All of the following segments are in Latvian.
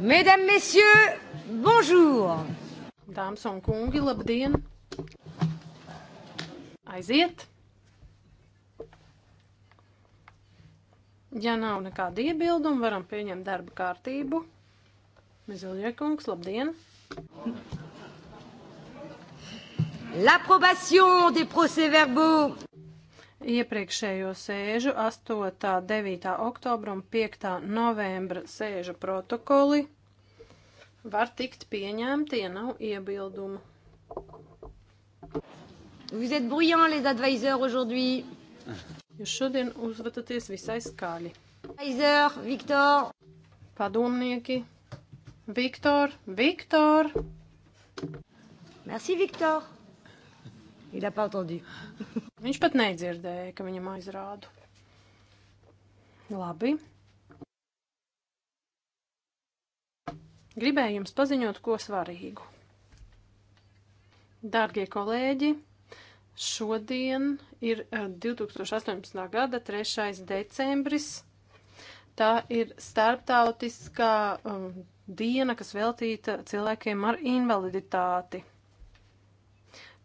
Mesdames, Messieurs, bonjour! Dāmas un kungi, labdien! Aiziet! Ja nav nekāda iebilduma, varam pieņemt darba kārtību. Mezilie kungs, labdien! L'approbation des procès-verbaux iepriekšējo sēžu 8. 9. oktobra un 5. novembra sēžu protokoli var tikt pieņemti, ja nav iebildumu. Vous êtes bruyants, les advisors, aujourd'hui. Jūs šodien uzvedaties visai skaļi. Advisor, Viktor. Padomnieki. Viktor, Viktor. Merci, Viktor. Il n'a pas entendu. Viņš pat nedzirdēja, ka viņam aizrādu. Labi. Gribēju jums paziņot, ko svarīgu. Dārgie kolēģi, šodien ir 2018. Eh, gada 3. decembris. Tā ir starptautiskā um, diena, kas veltīta cilvēkiem ar invaliditāti.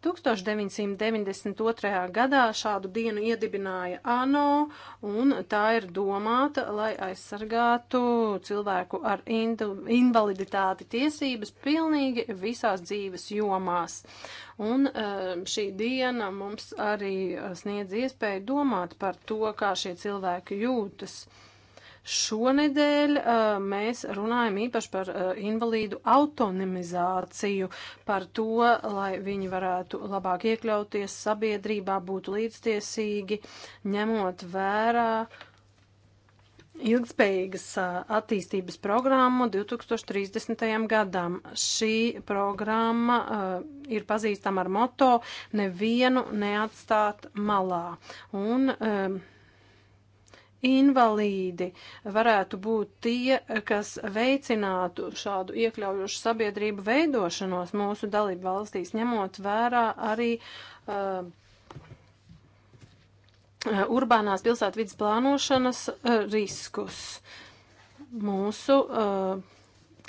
1992. gadā šādu dienu iedibināja ANO, un tā ir domāta, lai aizsargātu cilvēku ar invaliditāti tiesības pilnīgi visās dzīves jomās. Un eh, šī diena mums arī eh, sniedz iespēju domāt par to, kā šie cilvēki jūtas. Šonedēļ uh, mēs runājam īpaši par uh, invalīdu autonomizāciju, par to, lai viņi varētu labāk iekļauties sabiedrībā, būtu līdztiesīgi, ņemot vērā ilgspējīgas attīstības programmu 2030. gadam. Šī programma uh, ir pazīstama ar moto nevienu neatstāt malā. Un, uh, invalīdi varētu būt tie, kas veicinātu šādu iekļaujošu sabiedrību veidošanos mūsu dalību valstīs, ņemot vērā arī uh, uh urbānās pilsētvidas plānošanas uh, riskus. Mūsu uh,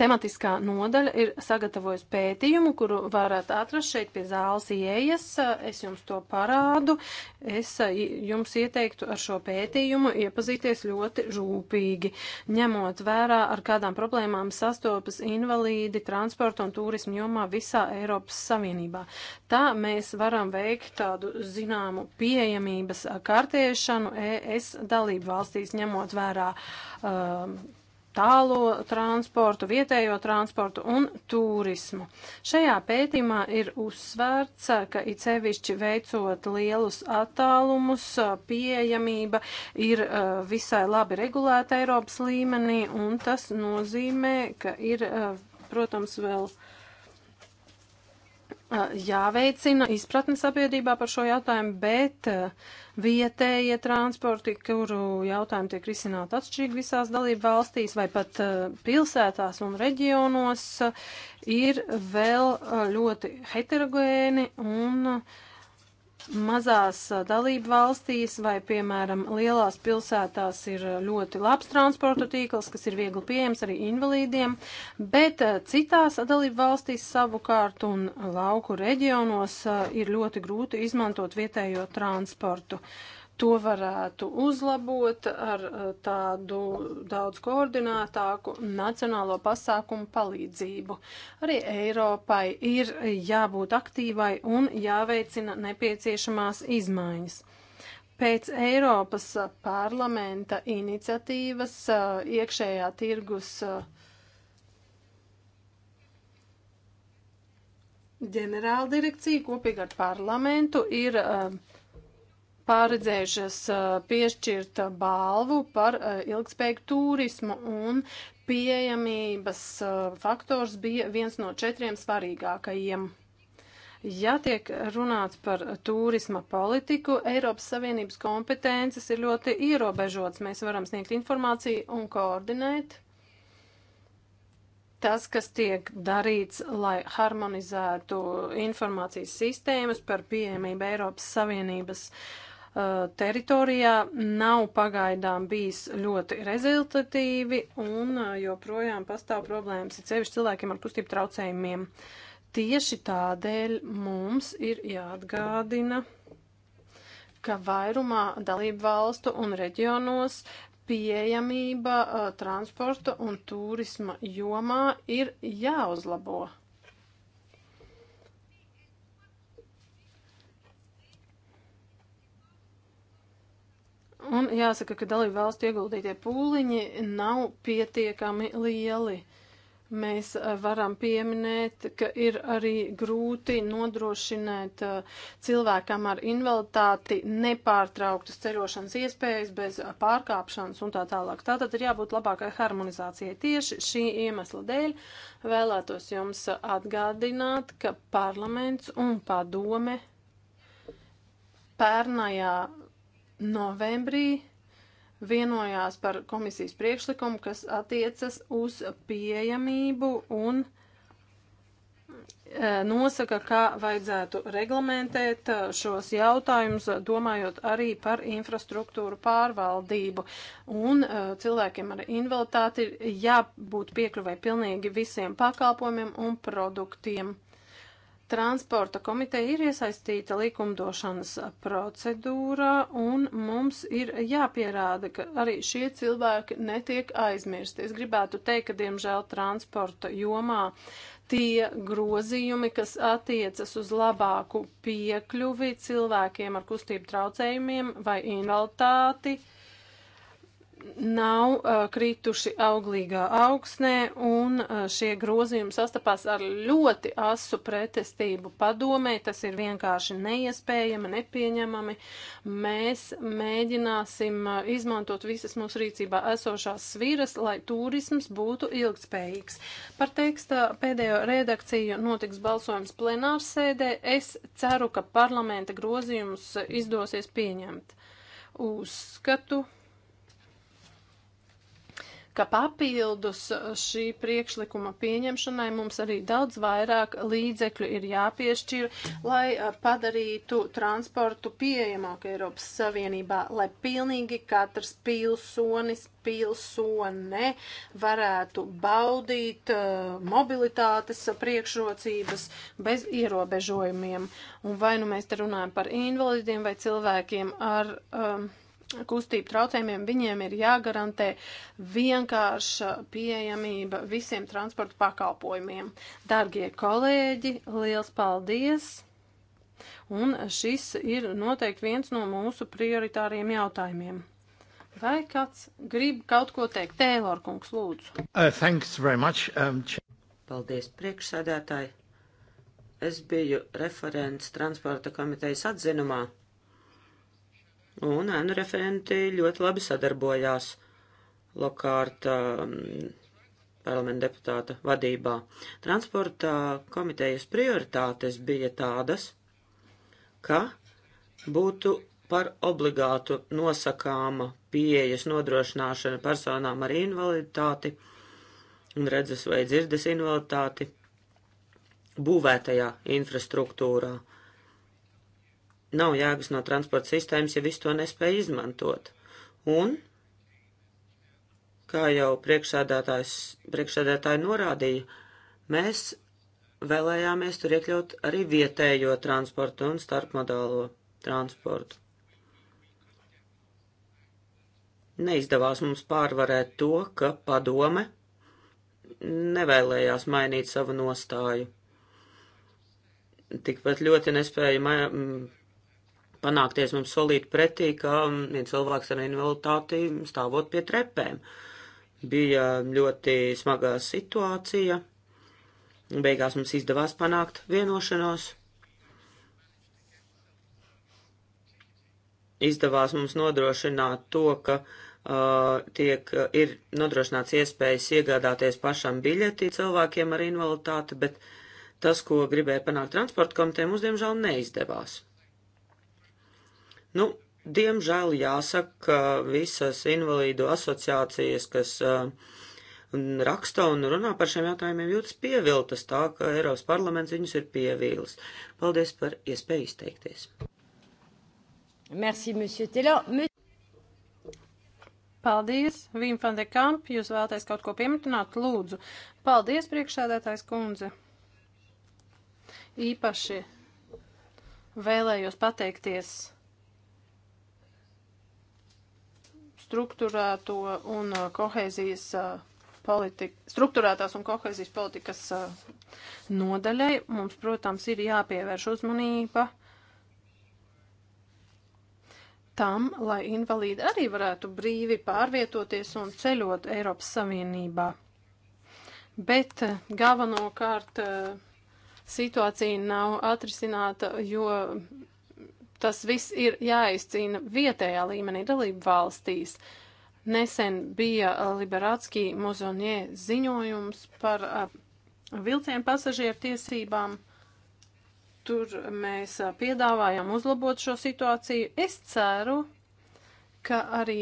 tematiskā nodaļa ir sagatavojusi pētījumu, kuru varat atrast šeit pie zāles ieejas. Es jums to parādu. Es eh, jums ieteiktu ar šo pētījumu iepazīties ļoti rūpīgi, ņemot vērā, ar kādām problēmām sastopas invalīdi transporta un turismu jomā visā Eiropas Savienībā. Tā mēs varam veikt tādu zināmu pieejamības kartēšanu ES dalību valstīs, ņemot vērā. Uh, um, tālo transportu, vietējo transportu un turismu. Šajā pētījumā ir uzsvērts, ka it sevišķi veicot lielus attālumus, pieejamība ir eh, visai labi regulēta Eiropas līmenī, un tas nozīmē, ka ir, eh, protams, vēl jāveicina izpratne sabiedrībā par šo jautājumu, bet vietējie transporti, kuru jautājumi tiek risināti atšķirīgi visās dalību valstīs vai pat pilsētās un reģionos, ir vēl ļoti heterogēni un uh, mazās dalību valstīs vai, piemēram, lielās pilsētās ir ļoti labs transporta tīkls, kas ir viegli pieejams arī invalīdiem, bet citās dalību valstīs savukārt un lauku reģionos ir ļoti grūti izmantot vietējo transportu. Uh, to varētu uzlabot ar uh, tādu daudz koordinētāku nacionālo pasākumu palīdzību. Arī Eiropai ir jābūt aktīvai un jāveicina nepieciešamās izmaiņas. Pēc Eiropas parlamenta iniciatīvas uh, iekšējā tirgus uh, ģenerāldirekcija kopīgi ar parlamentu ir uh, paredzējušas eh, piešķirt balvu par eh, ilgspējīgu turismu un pieejamības eh, faktors bija viens no četriem svarīgākajiem. Ja tiek runāts par turisma politiku, Eiropas Savienības kompetences ir ļoti ierobežotas. Mēs varam sniegt informāciju un koordinēt tas, kas tiek darīts, lai harmonizētu informācijas sistēmas par pieejamību Eiropas Savienības uh, Eh, teritorijā nav pagaidām bijis ļoti rezultatīvi un eh, joprojām pastāv problēmas, ir sevišķi cilvēkiem ar kustību traucējumiem. Tieši tādēļ mums ir jāatgādina, ka vairumā dalību valstu un reģionos pieejamība eh, transporta un turisma jomā ir jāuzlabo. Un jāsaka, ka dalību valstu ieguldītie pūliņi nav pietiekami lieli. Mēs eh, varam pieminēt, ka ir arī grūti nodrošināt eh, cilvēkam ar invaliditāti nepārtrauktas ceļošanas iespējas bez pārkāpšanas un tā tālāk. Tātad ir jābūt labākai harmonizācijai. Tieši šī iemesla dēļ vēlētos jums atgādināt, ka parlaments un padome pērnajā novembrī vienojās par komisijas priekšlikumu, kas attiecas uz pieejamību un e, nosaka, kā vajadzētu reglamentēt e, šos jautājumus, domājot arī par infrastruktūru pārvaldību. Un e, cilvēkiem ar invaliditāti ir jābūt piekļuvai pilnīgi visiem pakalpojumiem un produktiem. Transporta komiteja ir iesaistīta likumdošanas procedūrā, un mums ir jāpierāda, ka arī šie cilvēki netiek aizmirsti. Es gribētu teikt, ka, diemžēl, transporta jomā tie grozījumi, kas attiecas uz labāku piekļuvi cilvēkiem ar kustību traucējumiem vai invaliditāti, uh, nav uh, krituši auglīgā augsnē, un uh, šie grozījumi sastapās ar ļoti asu pretestību padomē. Tas ir vienkārši neiespējami, nepieņemami. Mēs mēģināsim uh, izmantot visas mūsu rīcībā esošās sviras, lai turisms būtu ilgspējīgs. Par teksta pēdējo redakciju notiks balsojums plenārsēdē. Es ceru, ka parlamenta grozījumus izdosies pieņemt. Uzskatu ka papildus šī priekšlikuma pieņemšanai mums arī daudz vairāk līdzekļu ir jāpiešķir, lai padarītu transportu pieejamāku Eiropas Savienībā, lai pilnīgi katrs pilsonis, pilsone varētu baudīt mobilitātes priekšrocības bez ierobežojumiem. Un vai nu mēs te runājam par invalidiem vai cilvēkiem ar um, kustību traucējumiem, viņiem ir jāgarantē vienkārša pieejamība visiem transporta pakalpojumiem. Dargie kolēģi, liels paldies! Un šis ir noteikti viens no mūsu prioritāriem jautājumiem. Vai kāds grib kaut ko teikt? Tēlor kungs, lūdzu. Uh, thanks very much. Um, Paldies, priekšsēdētāji. Es biju referents transporta komitejas atzinumā un ēnu referenti ļoti labi sadarbojās Lokārta mm, parlamenta deputāta vadībā. Transporta komitejas prioritātes bija tādas, ka būtu par obligātu nosakāma pieejas nodrošināšana personām ar invaliditāti un redzes vai dzirdes invaliditāti būvētajā infrastruktūrā Nav jēgas no transporta sistēmas, ja visu to nespēja izmantot. Un, kā jau priekšsēdētāji norādīja, mēs vēlējāmies tur iekļaut arī vietējo transportu un starpmodālo transportu. Neizdevās mums pārvarēt to, ka padome nevēlējās mainīt savu nostāju. Tikpat ļoti nespēja panākties mums solīt pretī, ka viens mm, cilvēks ar invaliditāti stāvot pie trepēm. Bija ļoti smagā situācija. Beigās mums izdevās panākt vienošanos. Izdevās mums nodrošināt to, ka Uh, tiek, ir nodrošināts iespējas iegādāties pašam biļeti cilvēkiem ar invaliditāti, bet tas, ko gribēja panākt transporta komitē, mums diemžēl neizdevās. Nu, diemžēl jāsaka, ka visas invalīdu asociācijas, kas uh, raksta un runā par šiem jautājumiem, jūtas pieviltas tā, ka Eiropas parlaments viņus ir pievīlis. Paldies par iespēju izteikties. Merci, monsieur Taylor. Paldies, Vīm van de Kamp, jūs vēlaties kaut ko pieminēt, lūdzu. Paldies, priekšsēdētājs kundze. Īpaši vēlējos pateikties struktūrēto un uh, kohēzijas uh, politika, struktūrētās un kohēzijas politikas uh, nodaļai mums, protams, ir jāpievērš uzmanība tam, lai invalīdi arī varētu brīvi pārvietoties un ceļot Eiropas Savienībā. Bet galvenokārt situācija nav atrisināta, jo Tas viss ir jāizcīna vietējā līmenī dalību valstīs. Nesen bija Liberatskī muzonie ziņojums par vilcienu pasažieru tiesībām. Tur mēs piedāvājam uzlabot šo situāciju. Es ceru, ka arī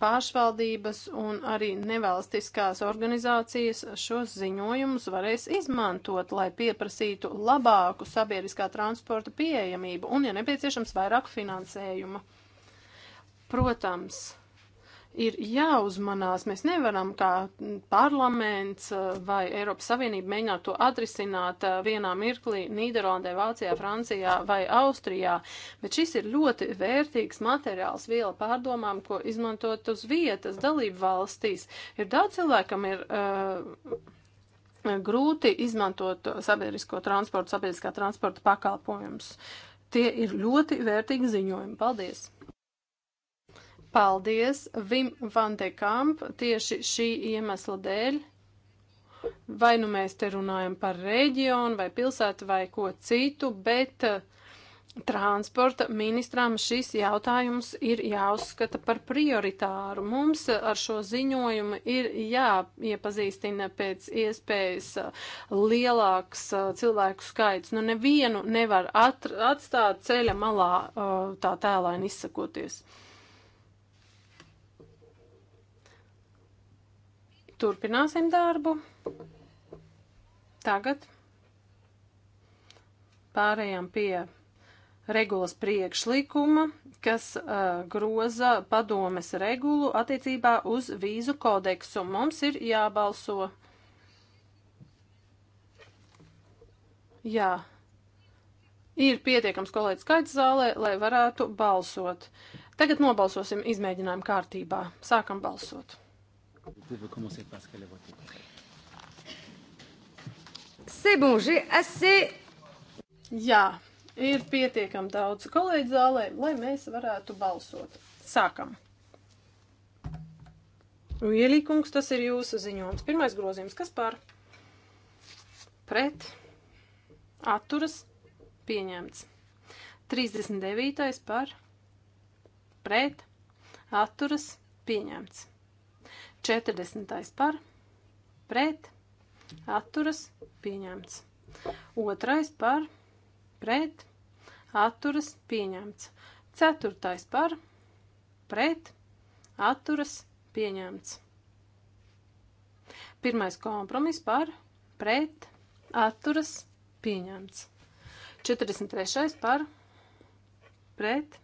Pašvaldības un arī nevalstiskās organizācijas šos ziņojumus varēs izmantot, lai pieprasītu labāku sabiedriskā transporta pieejamību un, ja nepieciešams, vairāk finansējuma. Protams, ir jāuzmanās. Mēs nevaram kā parlaments eh, vai Eiropas Savienība mēģināt to atrisināt eh, vienā mirklī Nīderlandē, Vācijā, Francijā vai Austrijā, bet šis ir ļoti vērtīgs materiāls viela pārdomām, ko izmantot uz vietas dalību valstīs. Ir daudz cilvēkam ir. Uh, Grūti izmantot sabiedrisko transportu, sabiedriskā transporta pakalpojumus. Tie ir ļoti vērtīgi ziņojumi. Paldies! Paldies Vim van de Kamp tieši šī iemesla dēļ. Vai nu mēs te runājam par reģionu vai pilsētu vai ko citu, bet eh, transporta ministram šis jautājums ir jāuzskata par prioritāru. Mums eh, ar šo ziņojumu ir jāiepazīstina pēc iespējas eh, lielāks cilvēku skaits. Nu, nevienu nevar atstāt ceļa malā tā tēlēni izsakoties. turpināsim darbu. Tagad pārējām pie regulas priekšlikuma, kas uh, groza padomes regulu attiecībā uz vīzu kodeksu. Mums ir jābalso. Jā. Ir pietiekams kolēģis skaits zālē, lai varētu balsot. Tagad nobalsosim izmēģinājumu kārtībā. Sākam balsot. C'est bon, j'ai assez. Jā, ir pietiekami daudz kolēģi zālē, lai mēs varētu balsot. Sākam. Ielīkums, tas ir jūsu ziņojums. Pirmais grozījums, kas par pret atturas pieņemts. 39. par pret atturas pieņemts. 40. par, pret, atturas, pieņemts. Otrais par, pret, atturas, pieņemts. Ceturtais par, pret, atturas, pieņemts. Pirmais kompromiss par, pret, atturas, pieņemts. 43. par, pret,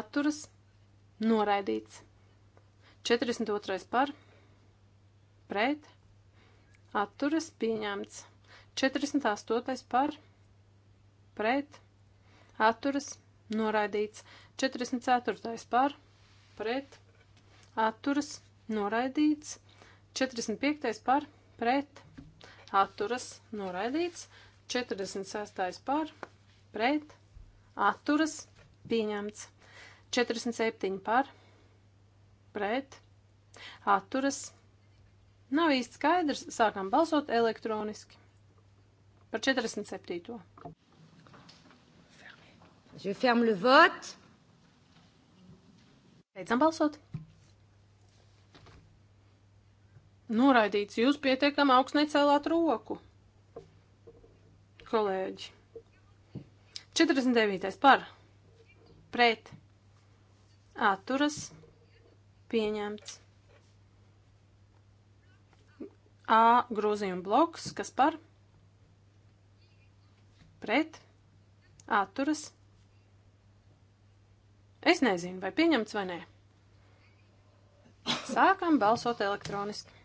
atturas, noraidīts. 42. par pret atturas pieņemts. 48. par pret atturas noraidīts. 44. par pret atturas noraidīts. 45. par pret atturas noraidīts. 46. par pret atturas pieņemts. 47. par pret, atturas, nav īsti skaidrs, sākam balsot elektroniski par 47. Je ferme le vote. Beidzam balsot. Noraidīts, jūs pietiekam augsts necēlāt roku. Kolēģi. 49. par. Pret. Atturas pieņemts. A grozījuma bloks, kas par pret atturas. Es nezinu, vai pieņemts vai nē. Sākam balsot elektroniski.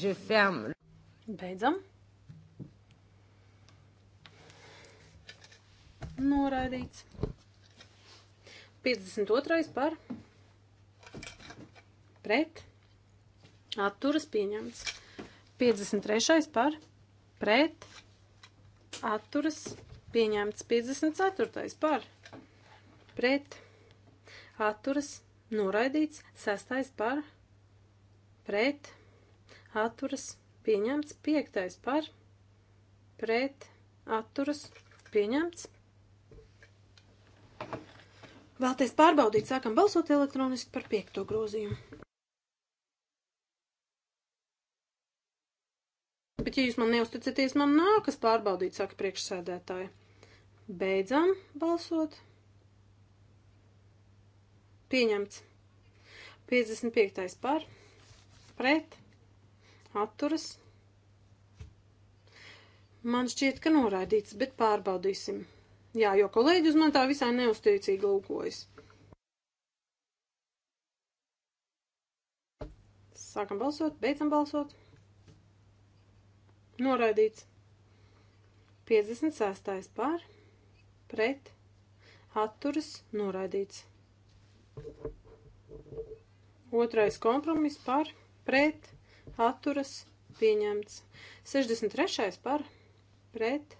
Je ferme. Beidzam. Noraidīts. 52. par pret atturas pieņemts. 53. par pret atturas pieņemts. 54. par pret atturas noraidīts. 6. par pret atturas pieņemts. 5. par pret atturas pieņemts. Vēlties pārbaudīt, sākam balsot elektroniski par piekto grozījumu. Bet, ja jūs man neusticaties, man nākas pārbaudīt, saka priekšsēdētāja. Beidzam balsot. Pieņemts. 55. par. Pret. Atturas. Man šķiet, ka noraidīts, bet pārbaudīsim. Jā, jo kolēģi uz man tā visai neusticīgi lūkojas. Sākam balsot, beidzam balsot. Noraidīts. 56. pār, pret, atturas, noraidīts. Otrais kompromiss par, pret, atturas, pieņemts. 63. par, pret,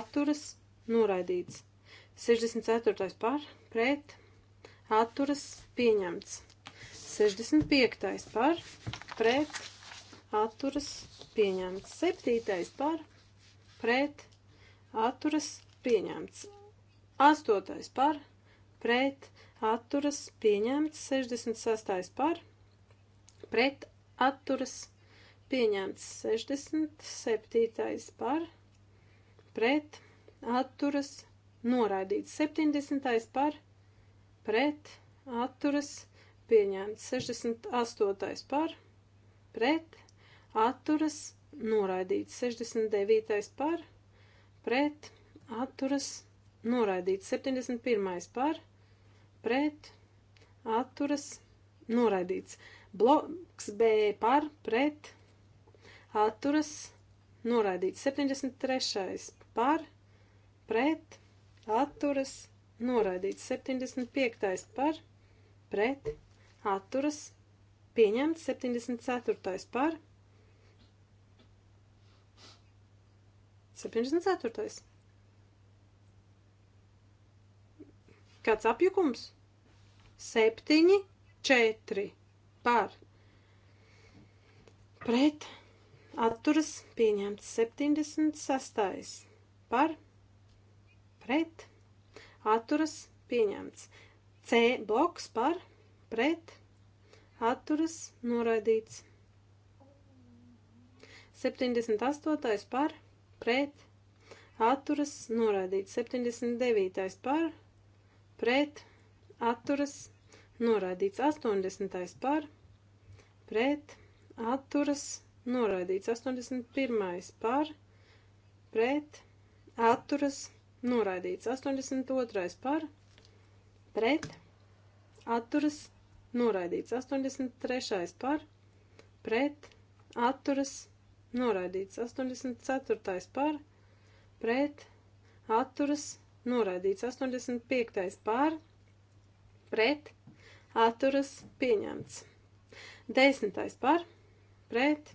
atturas, noraidīts. 64. par, pret, atturas, pieņemts. 65. par, pret, atturas, pieņemts. 7. par, pret, atturas, pieņemts. 8. par, pret, atturas, pieņemts. 66. par, pret, atturas, pieņemts pieņemts 67. par pret atturas noraidīts. 70. par pret atturas pieņemts. 68. par pret atturas noraidīts. 69. par pret atturas noraidīts. 71. par pret atturas noraidīts. Bloks B par pret atturas noraidīts. 73. par pret pret, atturas, noraidīts. 75. par, pret, atturas, pieņemts. 74. par, 74. Kāds apjukums? 7, 4 par, pret, atturas, pieņemts. 76. par, pret, pret, atturas pieņemts. C bloks par, pret, atturas noraidīts. 78. par, pret, atturas, noraidīts. 79. par, pret, atturas, noraidīts. 80. par, pret, atturas, noraidīts. 81. par, pret, atturas, noraidīts. 82. par, pret, atturas, noraidīts. 83. par, pret, atturas, noraidīts. 84. par, pret, atturas, noraidīts. 85. par, pret, atturas, pieņemts. 10. par, pret,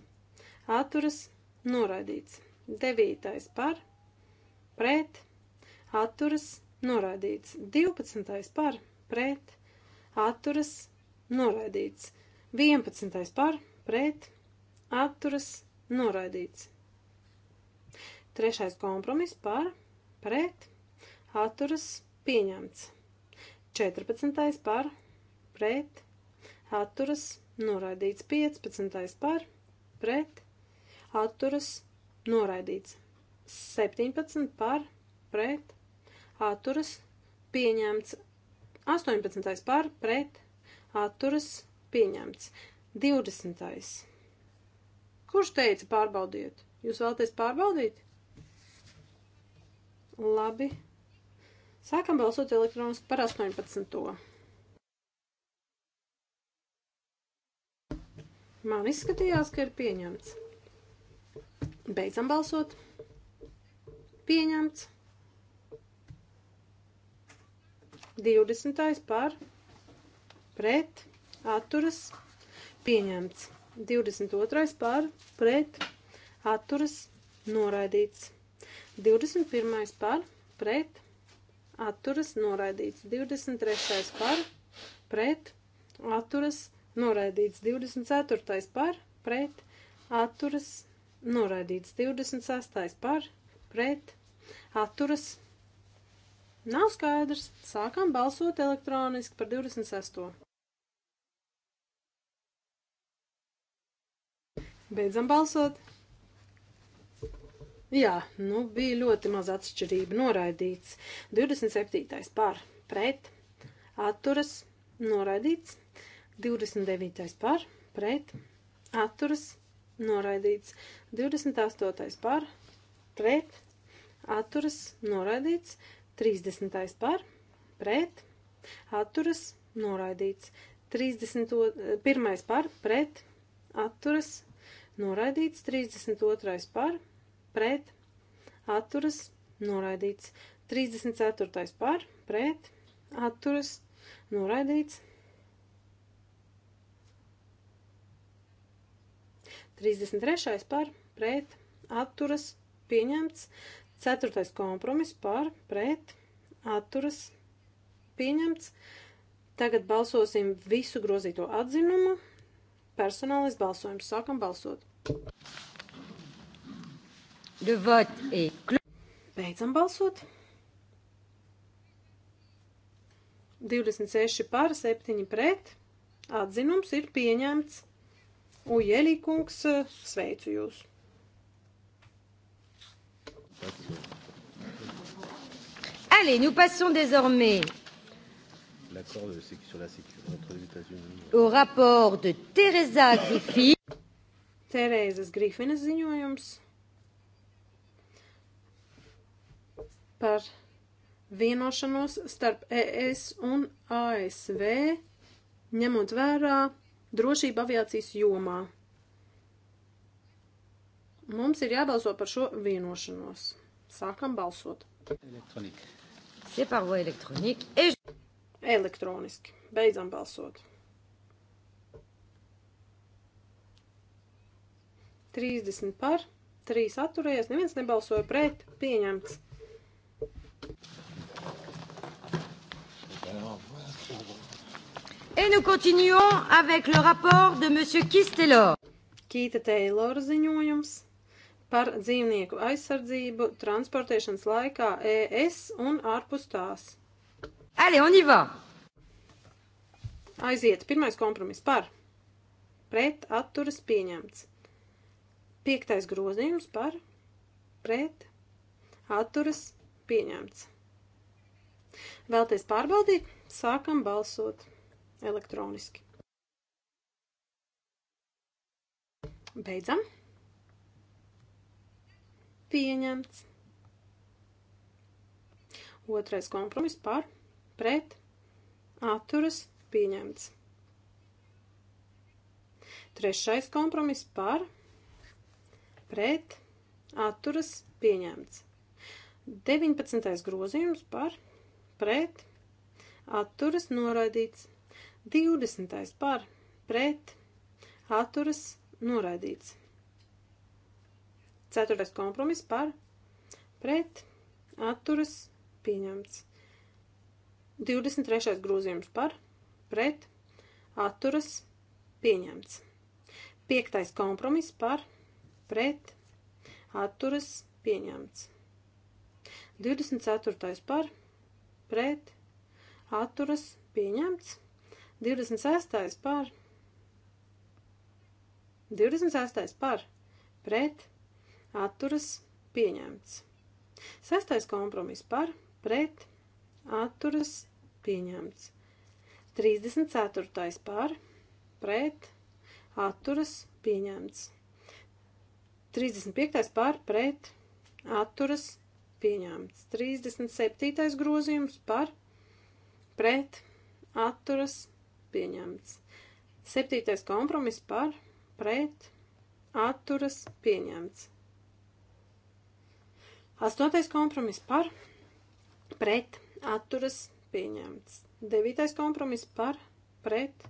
atturas, noraidīts. 9. par, pret, atturas, noraidīts. 9. par, pret, atturas noraidīts. 12. par pret atturas noraidīts. 11. par pret atturas noraidīts. Trešais kompromiss par pret atturas pieņemts. 14. par pret atturas noraidīts. 15. par pret atturas noraidīts. 17 par pret atturas pieņemts. 18. par pret atturas pieņemts. 20. Kurš teica pārbaudiet? Jūs vēlaties pārbaudīt? Labi. Sākam balsot elektroniski par 18. Man izskatījās, ka ir pieņemts. Beidzam balsot. Pieņemts. 20. par pret atturas pieņemts. 22. par pret atturas noraidīts. 21. par pret atturas noraidīts. 23. par pret atturas noraidīts. 24. par pret atturas noraidīts. 26. par pret atturas noraidīts Nav skaidrs. Sākam balsot elektroniski par 26. Beidzam balsot. Jā, nu bija ļoti maz atšķirība noraidīts. 27. par pret atturas noraidīts. 29. par pret atturas noraidīts. 28. par pret atturas noraidīts. 30. par, pret, atturas, noraidīts. 31. par, pret, atturas, noraidīts. 32. par, pret, atturas, noraidīts. 34. par, pret, atturas, noraidīts. 33. par, pret, atturas, pieņemts. Ceturtais kompromis par pret atturas pieņemts. Tagad balsosim visu grozīto atzinumu. Personālais balsojums. Sākam balsot. Beidzam balsot. 26 pār 7 pret. Atzinums ir pieņemts. Ujelī kungs, sveicu jūs! Allez, nous passons désormais l'accord de, sur la sécurité entre les États-Unis. Au rapport de Teresa Griffin. Terēzes Grifinas ziņojums par vienošanos starp ES un ASV, ņemot vērā drošību aviācijas jomā. Mums ir jābalso par šo vienošanos. Sākam balsot. Elektronika. Separo elektronika. Ež... Elektroniski. Beidzam balsot. 30 par, 3 atturējies, neviens nebalsoja pret, pieņemts. Et nous continuons avec le rapport de M. Keith Taylor. Keith Taylor ziņojums par dzīvnieku aizsardzību transportēšanas laikā ES un ārpus tās. Allez, on y va! Aiziet, pirmais kompromis par. Pret atturas pieņemts. Piektais grozījums par. Pret atturas pieņemts. Vēlties pārbaudīt, sākam balsot elektroniski. Beidzam! pieņemts. Otrais kompromiss par, pret, atturas, pieņemts. Trešais kompromiss par, pret, atturas, pieņemts. 19. grozījums par, pret, atturas, noraidīts. 20. par, pret, atturas, noraidīts. Ceturtais kompromiss par pret atturas pieņemts. 23. grozījums par pret atturas pieņemts. Piektais kompromiss par pret atturas pieņemts. 24. par pret atturas pieņemts. 26. par 26. par pret atturas pieņemts. Sestais kompromiss par, pret, atturas pieņemts. 34. par, pret, atturas pieņemts. 35. par, pret, atturas pieņemts. 37. grozījums par, pret, atturas pieņemts. 7. kompromiss par, pret, atturas pieņemts. Astotais kompromis par pret atturas pieņemts. Devītais kompromis par pret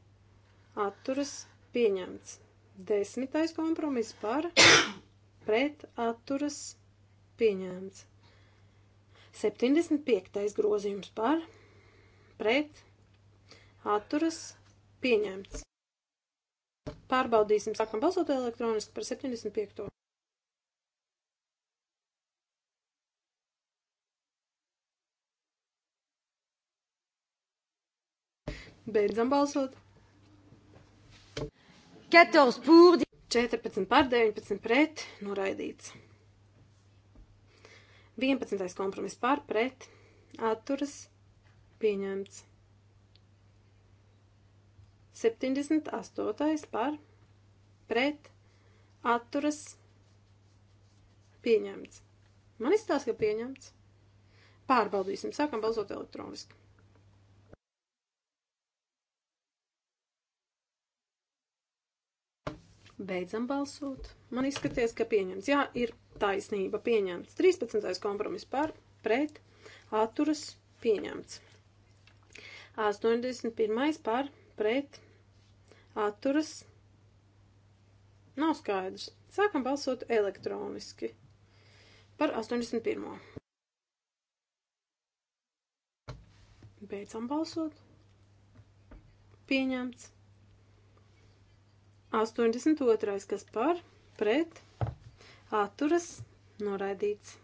atturas pieņemts. Desmitais kompromis par pret atturas pieņemts. 75. grozījums par pret atturas pieņemts. Pārbaudīsim, sākam balsot elektroniski par 75. Beidzam balsot. 14 pūr, 14 par 19 pret, noraidīts. 11. kompromiss par pret, atturas, pieņemts. 78. par pret, atturas, pieņemts. Man izstāsta, ka pieņemts. Pārbaudīsim, sākam balsot elektroniski. Beidzam balsot. Man izskaties, ka pieņemts. Jā, ir taisnība pieņemts. 13. kompromiss par, pret, atturas pieņemts. 81. par, pret, atturas nav skaidrs. Sākam balsot elektroniski par 81. Beidzam balsot. Pieņemts. 82. kas par, pret, atturas, noraidīts.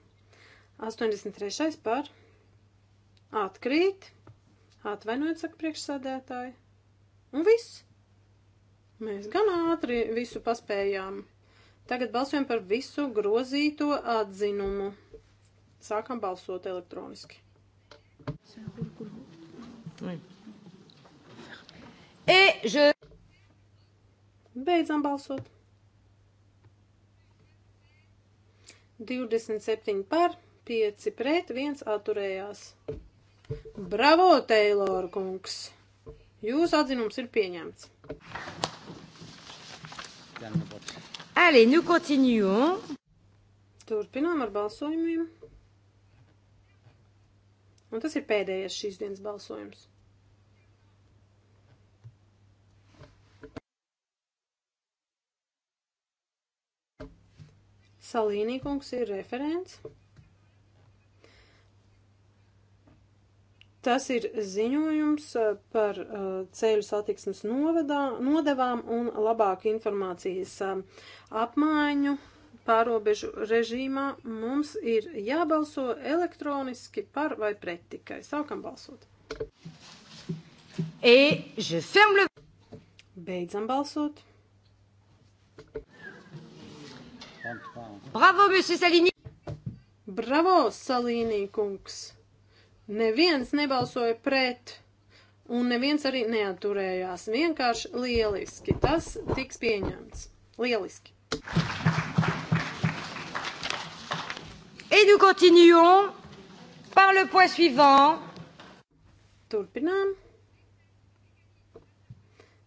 83. par, atkrīt, atvainojot, saka priekšsādētāji. Un viss. Mēs gan ātri visu paspējām. Tagad balsojam par visu grozīto atzinumu. Sākam balsot elektroniski. Et je Beidzam balsot. 27 par, 5 pret, 1 atturējās. Bravo, Teilor kungs! Jūsu atzinums ir pieņemts. Allez, nous continuons. Turpinām ar balsojumiem. Un tas ir pēdējais šīs dienas balsojums. Salīnīkungs ir referents. Tas ir ziņojums uh, par uh, ceļu satiksmes novadā, nodevām un labāku informācijas um, apmaiņu pārobežu režīmā. Mums ir jābalso elektroniski par vai pret tikai. Sākam balsot. Et je ferme le... Beidzam balsot. Bravo, Mr. Salīnī! Bravo, Salīnī kungs! Neviens nebalsoja pret, un neviens arī neaturējās. Vienkārši lieliski. Tas tiks pieņemts. Lieliski. Et nous continuons par le point suivant. Turpinām.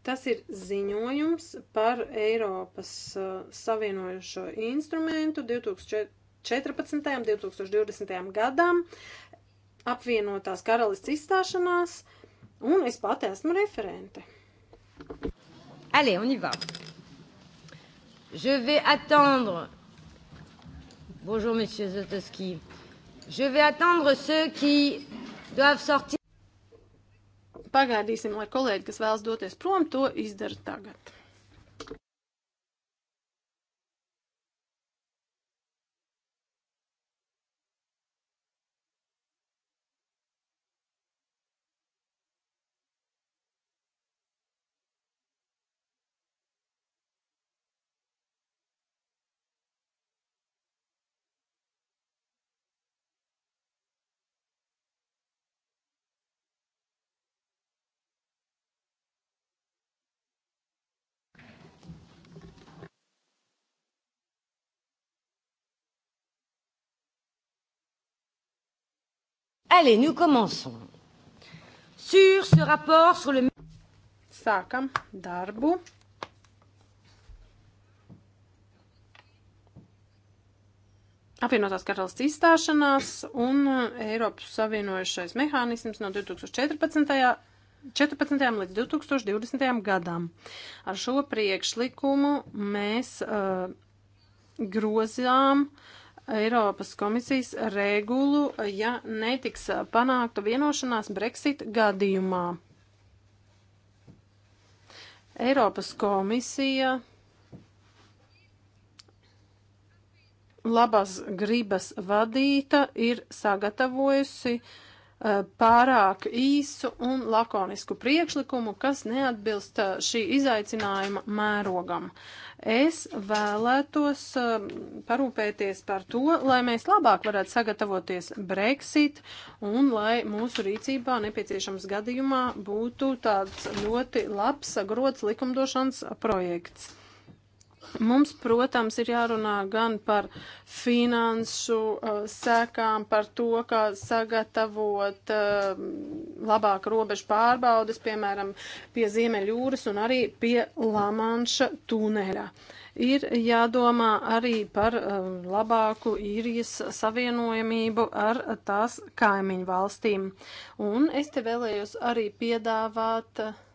Tas ir ziņojums par Eiropas uh, savienojušo instrumentu 2014. un 2020. gadam apvienotās karalists izstāšanās, un es pati esmu referente. Allez, on y va. Je vais attendre. Bonjour, monsieur Zotoski. Je vais attendre ceux qui doivent sortir. Pagaidīsim, lai kolēģi, kas vēlas doties prom, to izdara tagad. Allez, nous commençons. Sur ce rapport sur le... Sākam darbu. Apvienotās karalists izstāšanās un eh, Eiropas savienojušais mehānisms no 2014. 14. līdz 2020. gadam. Ar šo priekšlikumu mēs uh, grozām uh, Eiropas komisijas regulu, ja netiks panākta vienošanās Brexit gadījumā. Eiropas komisija labas gribas vadīta ir sagatavojusi uh, Uh, pārāk īsu un lakonisku priekšlikumu, kas neatbilst uh, šī izaicinājuma mērogam. Es vēlētos um, parūpēties par to, lai mēs labāk varētu sagatavoties Brexit un lai mūsu rīcībā nepieciešams gadījumā būtu tāds ļoti labs, grots likumdošanas projekts. Mums, protams, ir jārunā gan par finansu uh, sekām, par to, kā sagatavot uh, labāk robežu pārbaudas, piemēram, pie Ziemeļjūras un arī pie Lamanša tunelā. Ir jādomā arī par uh, labāku īrijas savienojamību ar tās kaimiņu valstīm. Un es te vēlējos arī piedāvāt. Uh,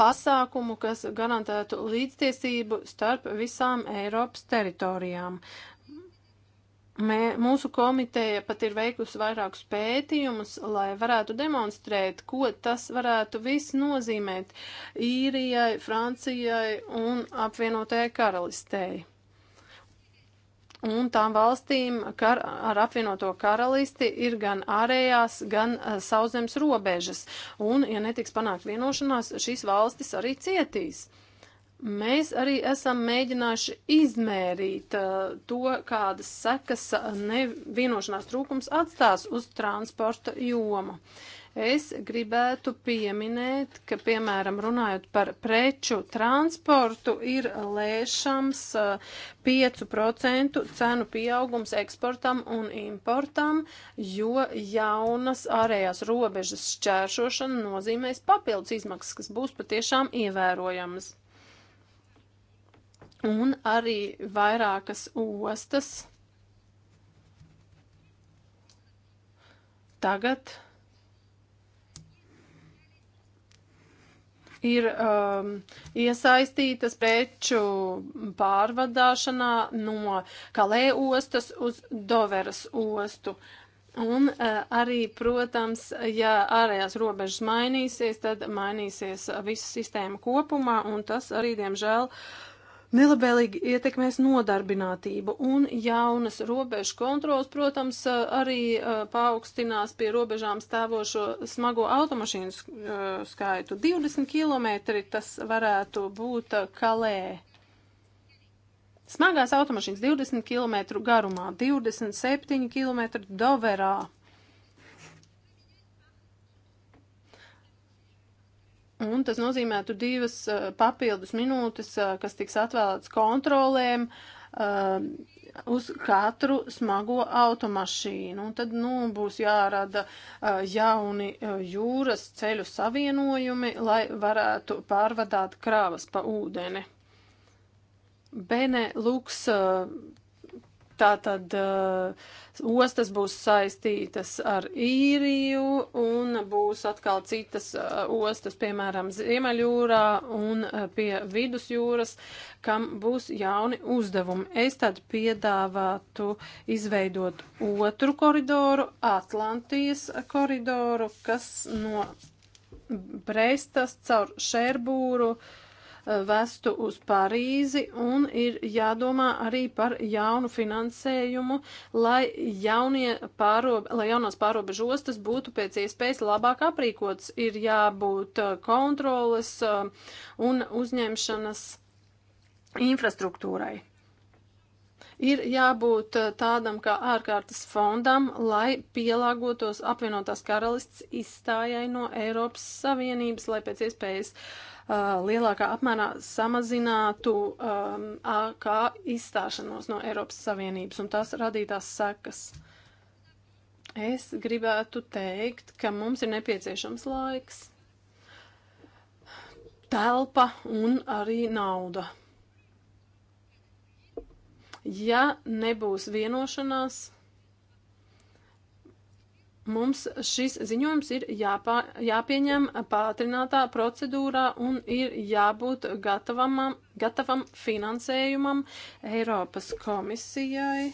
pasākumu, kas garantētu līdztiesību starp visām Eiropas teritorijām. Mē, mūsu komiteja pat ir veikusi vairākus pētījumus, lai varētu demonstrēt, ko tas varētu viss nozīmēt īrijai, Francijai un apvienotajai karalistei. Un tām valstīm kar, ar apvienoto karalisti ir gan ārējās, gan uh, sauszemes robežas. Un, ja netiks panākt vienošanās, šīs valstis arī cietīs. Mēs arī esam mēģinājuši izmērīt uh, to, kādas sekas eh, nevienošanās trūkums atstās uz transporta jomu. Uh, Es gribētu pieminēt, ka, piemēram, runājot par preču transportu, ir lēšams 5% eh, cenu pieaugums eksportam un importam, jo jaunas ārējās robežas šķēršošana nozīmēs papildus izmaksas, kas būs patiešām ievērojamas. Un arī vairākas ostas tagad ir um, iesaistītas preču pārvadāšanā no Kalē ostas uz Doveras ostu. Un uh, arī, protams, ja ārējās robežas mainīsies, tad mainīsies visa sistēma kopumā, un tas arī, diemžēl, uh, nelabēlīgi ietekmēs nodarbinātību un jaunas robežu kontrols, protams, arī paaugstinās pie robežām stāvošo smago automašīnu skaitu. 20 km tas varētu būt kalē. Smagās automašīnas 20 km garumā, 27 km doverā. Un tas nozīmētu divas uh, papildus minūtes, uh, kas tiks atvēlētas kontrolēm uh, uz katru smago automašīnu. Un tad nu, būs jārada uh, jauni uh, jūras ceļu savienojumi, lai varētu pārvadāt krāvas pa ūdeni. Bene Luks uh, Tātad uh, ostas būs saistītas ar īriju un būs atkal citas uh, ostas, piemēram, Ziemeļjūrā un uh, pie vidusjūras, kam būs jauni uzdevumi. Es tad piedāvātu izveidot otru koridoru, Atlantijas koridoru, kas no Brestas caur Šerbūru. Uh, vestu uz Parīzi un ir jādomā arī par jaunu finansējumu, lai, jaunie pārobe, lai jaunās pārobežu ostas būtu pēc iespējas labāk aprīkots. Ir jābūt uh, kontroles uh, un uzņemšanas infrastruktūrai ir jābūt uh, tādam kā ārkārtas fondam, lai pielāgotos apvienotās karalists izstājai no Eiropas Savienības, lai pēc iespējas Uh, lielākā apmērā samazinātu um, AK izstāšanos no Eiropas Savienības un tās radītās sekas. Es gribētu teikt, ka mums ir nepieciešams laiks, telpa un arī nauda. Ja nebūs vienošanās, Mums šis ziņojums ir jāpā, jāpieņem pātrinātā procedūrā un ir jābūt gatavam, gatavam finansējumam Eiropas komisijai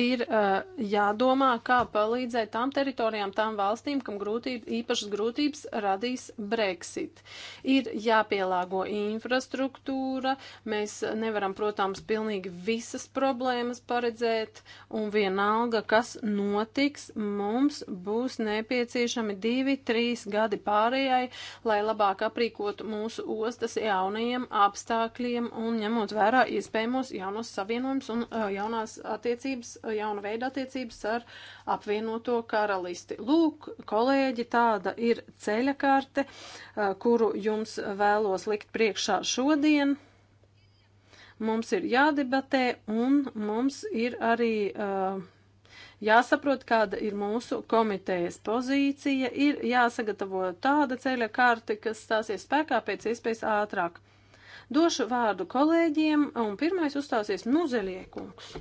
ir uh, jādomā, kā palīdzēt tām teritorijām, tām valstīm, kam grūtība, īpašas grūtības radīs Brexit. Ir jāpielāgo infrastruktūra, mēs nevaram, protams, pilnīgi visas problēmas paredzēt, un vienalga, kas notiks, mums būs nepieciešami divi, trīs gadi pārējai, lai labāk aprīkotu mūsu ostas jaunajiem apstākļiem un ņemot vērā iespējamos jaunos savienojums un uh, jaunās attiecības jauna veida attiecības ar apvienoto karalisti. Lūk, kolēģi, tāda ir ceļakārte, eh, kuru jums vēlos likt priekšā šodien. Mums ir jādebatē un mums ir arī. Uh, jāsaprot, kāda ir mūsu komitejas pozīcija, ir jāsagatavo tāda ceļa karte, kas stāsies spēkā pēc iespējas ātrāk. Došu vārdu kolēģiem, un pirmais uzstāsies muzeļiekungs.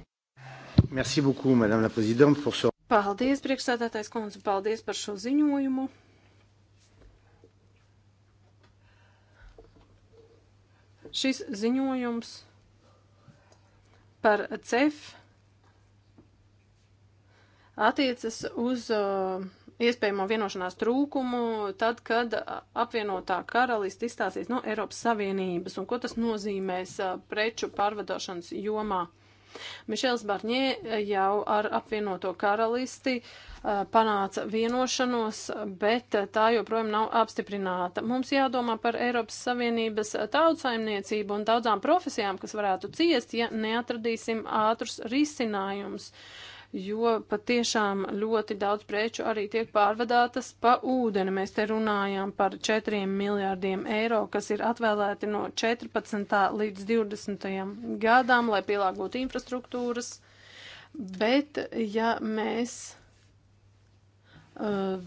Merci beaucoup, madame la présidente, pour šo. Paldies, priekšsēdētājs kundze, paldies par šo ziņojumu. Šis ziņojums par CEF attiecas uz uh, iespējamo vienošanās trūkumu, tad, kad apvienotā karalista izstāsies no Eiropas Savienības un ko tas nozīmēs uh, preču pārvadošanas jomā. Mišels Barņē jau ar apvienoto karalisti eh, panāca vienošanos, bet tā joprojām nav apstiprināta. Mums jādomā par Eiropas Savienības tautsaimniecību un daudzām profesijām, kas varētu ciest, ja neatradīsim ātrus risinājumus jo patiešām ļoti daudz preču arī tiek pārvadātas pa ūdeni. Mēs te runājām par 4 miljārdiem eiro, kas ir atvēlēti no 14. līdz 20. gadām, lai pielāgotu infrastruktūras. Bet, ja mēs uh,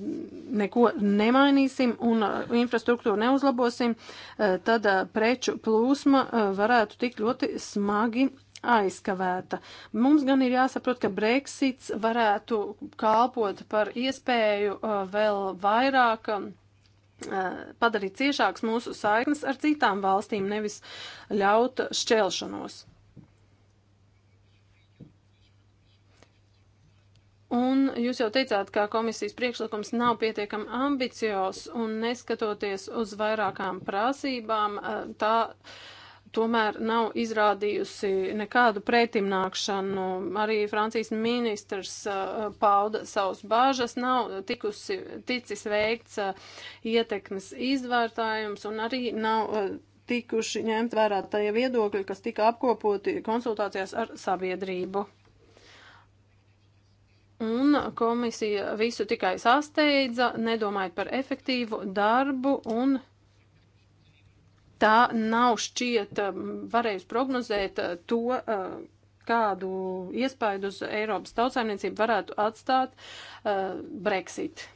neko nemainīsim un uh, infrastruktūru neuzlabosim, uh, tad preču plūsma varētu tik ļoti smagi aizkavēta. Mums gan ir jāsaprot, ka Brexits varētu kalpot par iespēju uh, vēl vairāk um, uh, padarīt ciešāks mūsu saiknes ar citām valstīm, nevis ļaut šķelšanos. Un jūs jau teicāt, ka komisijas priekšlikums nav pietiekami ambicios un neskatoties uz vairākām prasībām, uh, tā tomēr nav izrādījusi nekādu pretimnākšanu. Arī Francijas ministrs uh, pauda savus bāžas, nav tikusi, ticis veikts uh, ietekmes izvērtājums un arī nav uh, tikuši ņemt vērā tie viedokļi, kas tika apkopoti konsultācijās ar sabiedrību. Un komisija visu tikai sasteidza, nedomājot par efektīvu darbu un darbu tā nav šķiet um, varējusi prognozēt uh, to, uh, kādu iespaidu uz Eiropas tautsājumniecību varētu atstāt uh, Brexit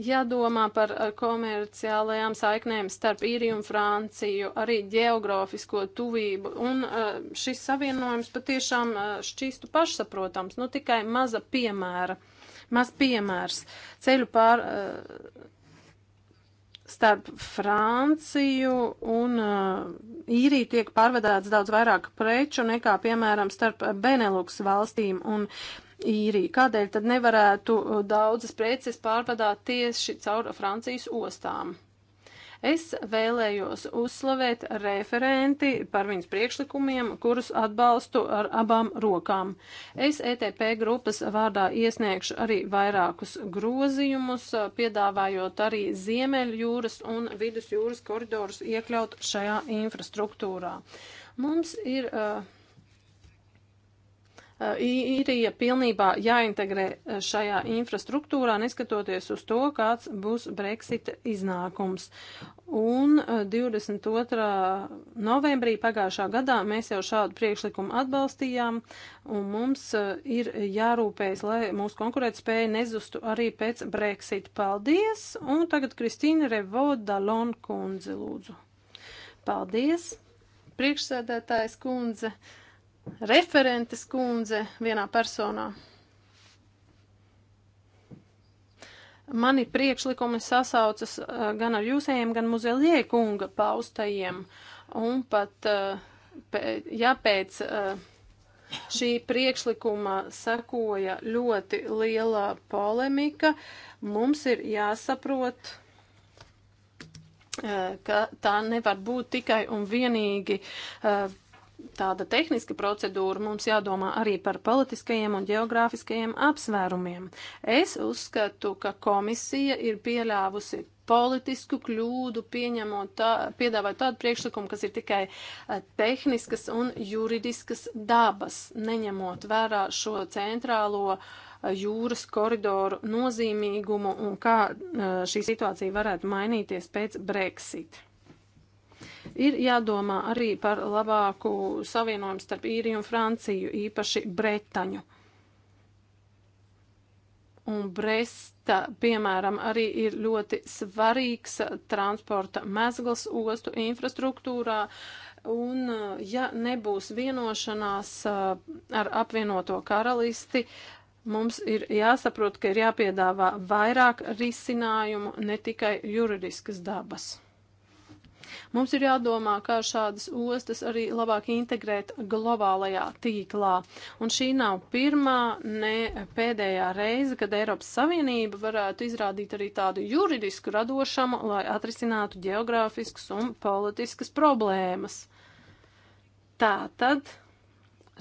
jādomā par komerciālajām saiknēm starp īriju un Franciju, arī geogrāfisko tuvību, un šis savienojums patiešām šķīstu pašsaprotams, nu tikai maza piemēra, maz piemērs ceļu pār starp Franciju un uh, Īriju tiek pārvedāts daudz vairāk preču nekā, piemēram, starp Beneluks valstīm un Īriju. Kādēļ tad nevarētu uh, daudzas preces pārvedāt tieši caur Francijas ostām? Es vēlējos uzslavēt referenti par viņas priekšlikumiem, kurus atbalstu ar abām rokām. Es ETP grupas vārdā iesniegšu arī vairākus grozījumus, piedāvājot arī Ziemeļjūras un Vidusjūras koridorus iekļaut šajā infrastruktūrā. Mums ir uh, īrija pilnībā jāintegrē šajā infrastruktūrā, neskatoties uz to, kāds būs Brexit iznākums. Un 22. novembrī pagājušā gadā mēs jau šādu priekšlikumu atbalstījām, un mums ir jārūpējas, lai mūsu konkurētspēja nezustu arī pēc Brexit. Paldies! Un tagad Kristīna Revoda Lonkundze lūdzu. Paldies! Priekšsēdētājs kundze. Uh, referentes kundze vienā personā. Mani priekšlikumi sasaucas eh, gan ar jūsējiem, gan muzeļie kunga paustajiem. Un pat, eh, ja pēc eh, šī priekšlikuma sekoja ļoti liela polemika, mums ir jāsaprot, ka tā nevar būt tikai un vienīgi uh, tāda tehniska procedūra, mums jādomā arī par politiskajiem un geogrāfiskajiem apsvērumiem. Es uzskatu, ka komisija ir pieļāvusi politisku kļūdu, pieņemot tā, piedāvāt tādu priekšlikumu, kas ir tikai eh, tehniskas un juridiskas dabas, neņemot vērā šo centrālo eh, jūras koridoru nozīmīgumu un kā eh, šī situācija varētu mainīties pēc Brexit. Ir jādomā arī par labāku savienojumu starp īriju un Franciju, īpaši Bretaņu. Un Bresta, piemēram, arī ir ļoti svarīgs transporta mezgls ostu infrastruktūrā. Un, ja nebūs vienošanās eh, ar apvienoto karalisti, Mums ir jāsaprot, ka ir jāpiedāvā vairāk risinājumu, ne tikai juridiskas dabas. Mums ir jādomā, kā šādas ostas arī labāk integrēt globālajā tīklā. Un šī nav pirmā, ne pēdējā reize, kad Eiropas Savienība varētu izrādīt arī tādu juridisku radošumu, lai atrisinātu geogrāfiskas un politiskas problēmas. Tātad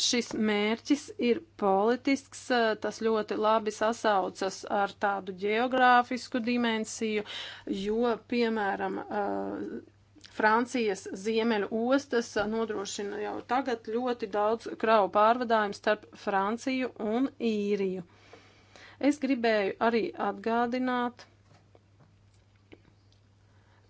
šis mērķis ir politisks, tas ļoti labi sasaucas ar tādu geogrāfisku dimensiju, jo, piemēram, Francijas ziemeļu ostas nodrošina jau tagad ļoti daudz kravu pārvadājumu starp Franciju un Īriju. Es gribēju arī atgādināt,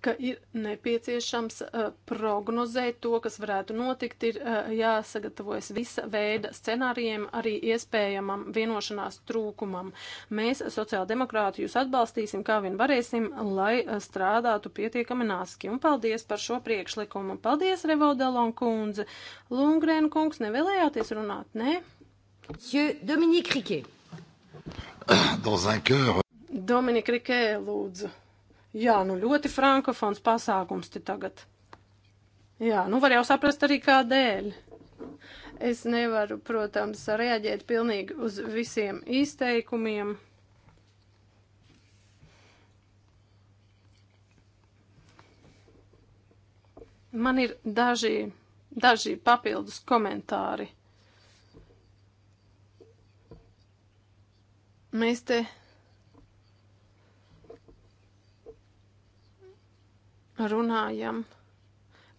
ka ir nepieciešams uh, prognozēt to, kas varētu notikt, ir uh, jāsagatavojas visa veida scenārijiem, arī iespējamam vienošanās trūkumam. Mēs, sociāldemokrāti, jūs atbalstīsim, kā vien varēsim, lai uh, strādātu pietiekami nāski. Un paldies par šo priekšlikumu. Paldies, Revodalon kundze. Lungrēn kungs, nevēlējāties runāt, nē? Dominika Rikē, lūdzu. Jā, nu ļoti frankofons pasākums te tagad. Jā, nu var jau saprast arī kādēļ. Es nevaru, protams, reaģēt pilnīgi uz visiem izteikumiem. Man ir daži, daži papildus komentāri. Mēs te runājam,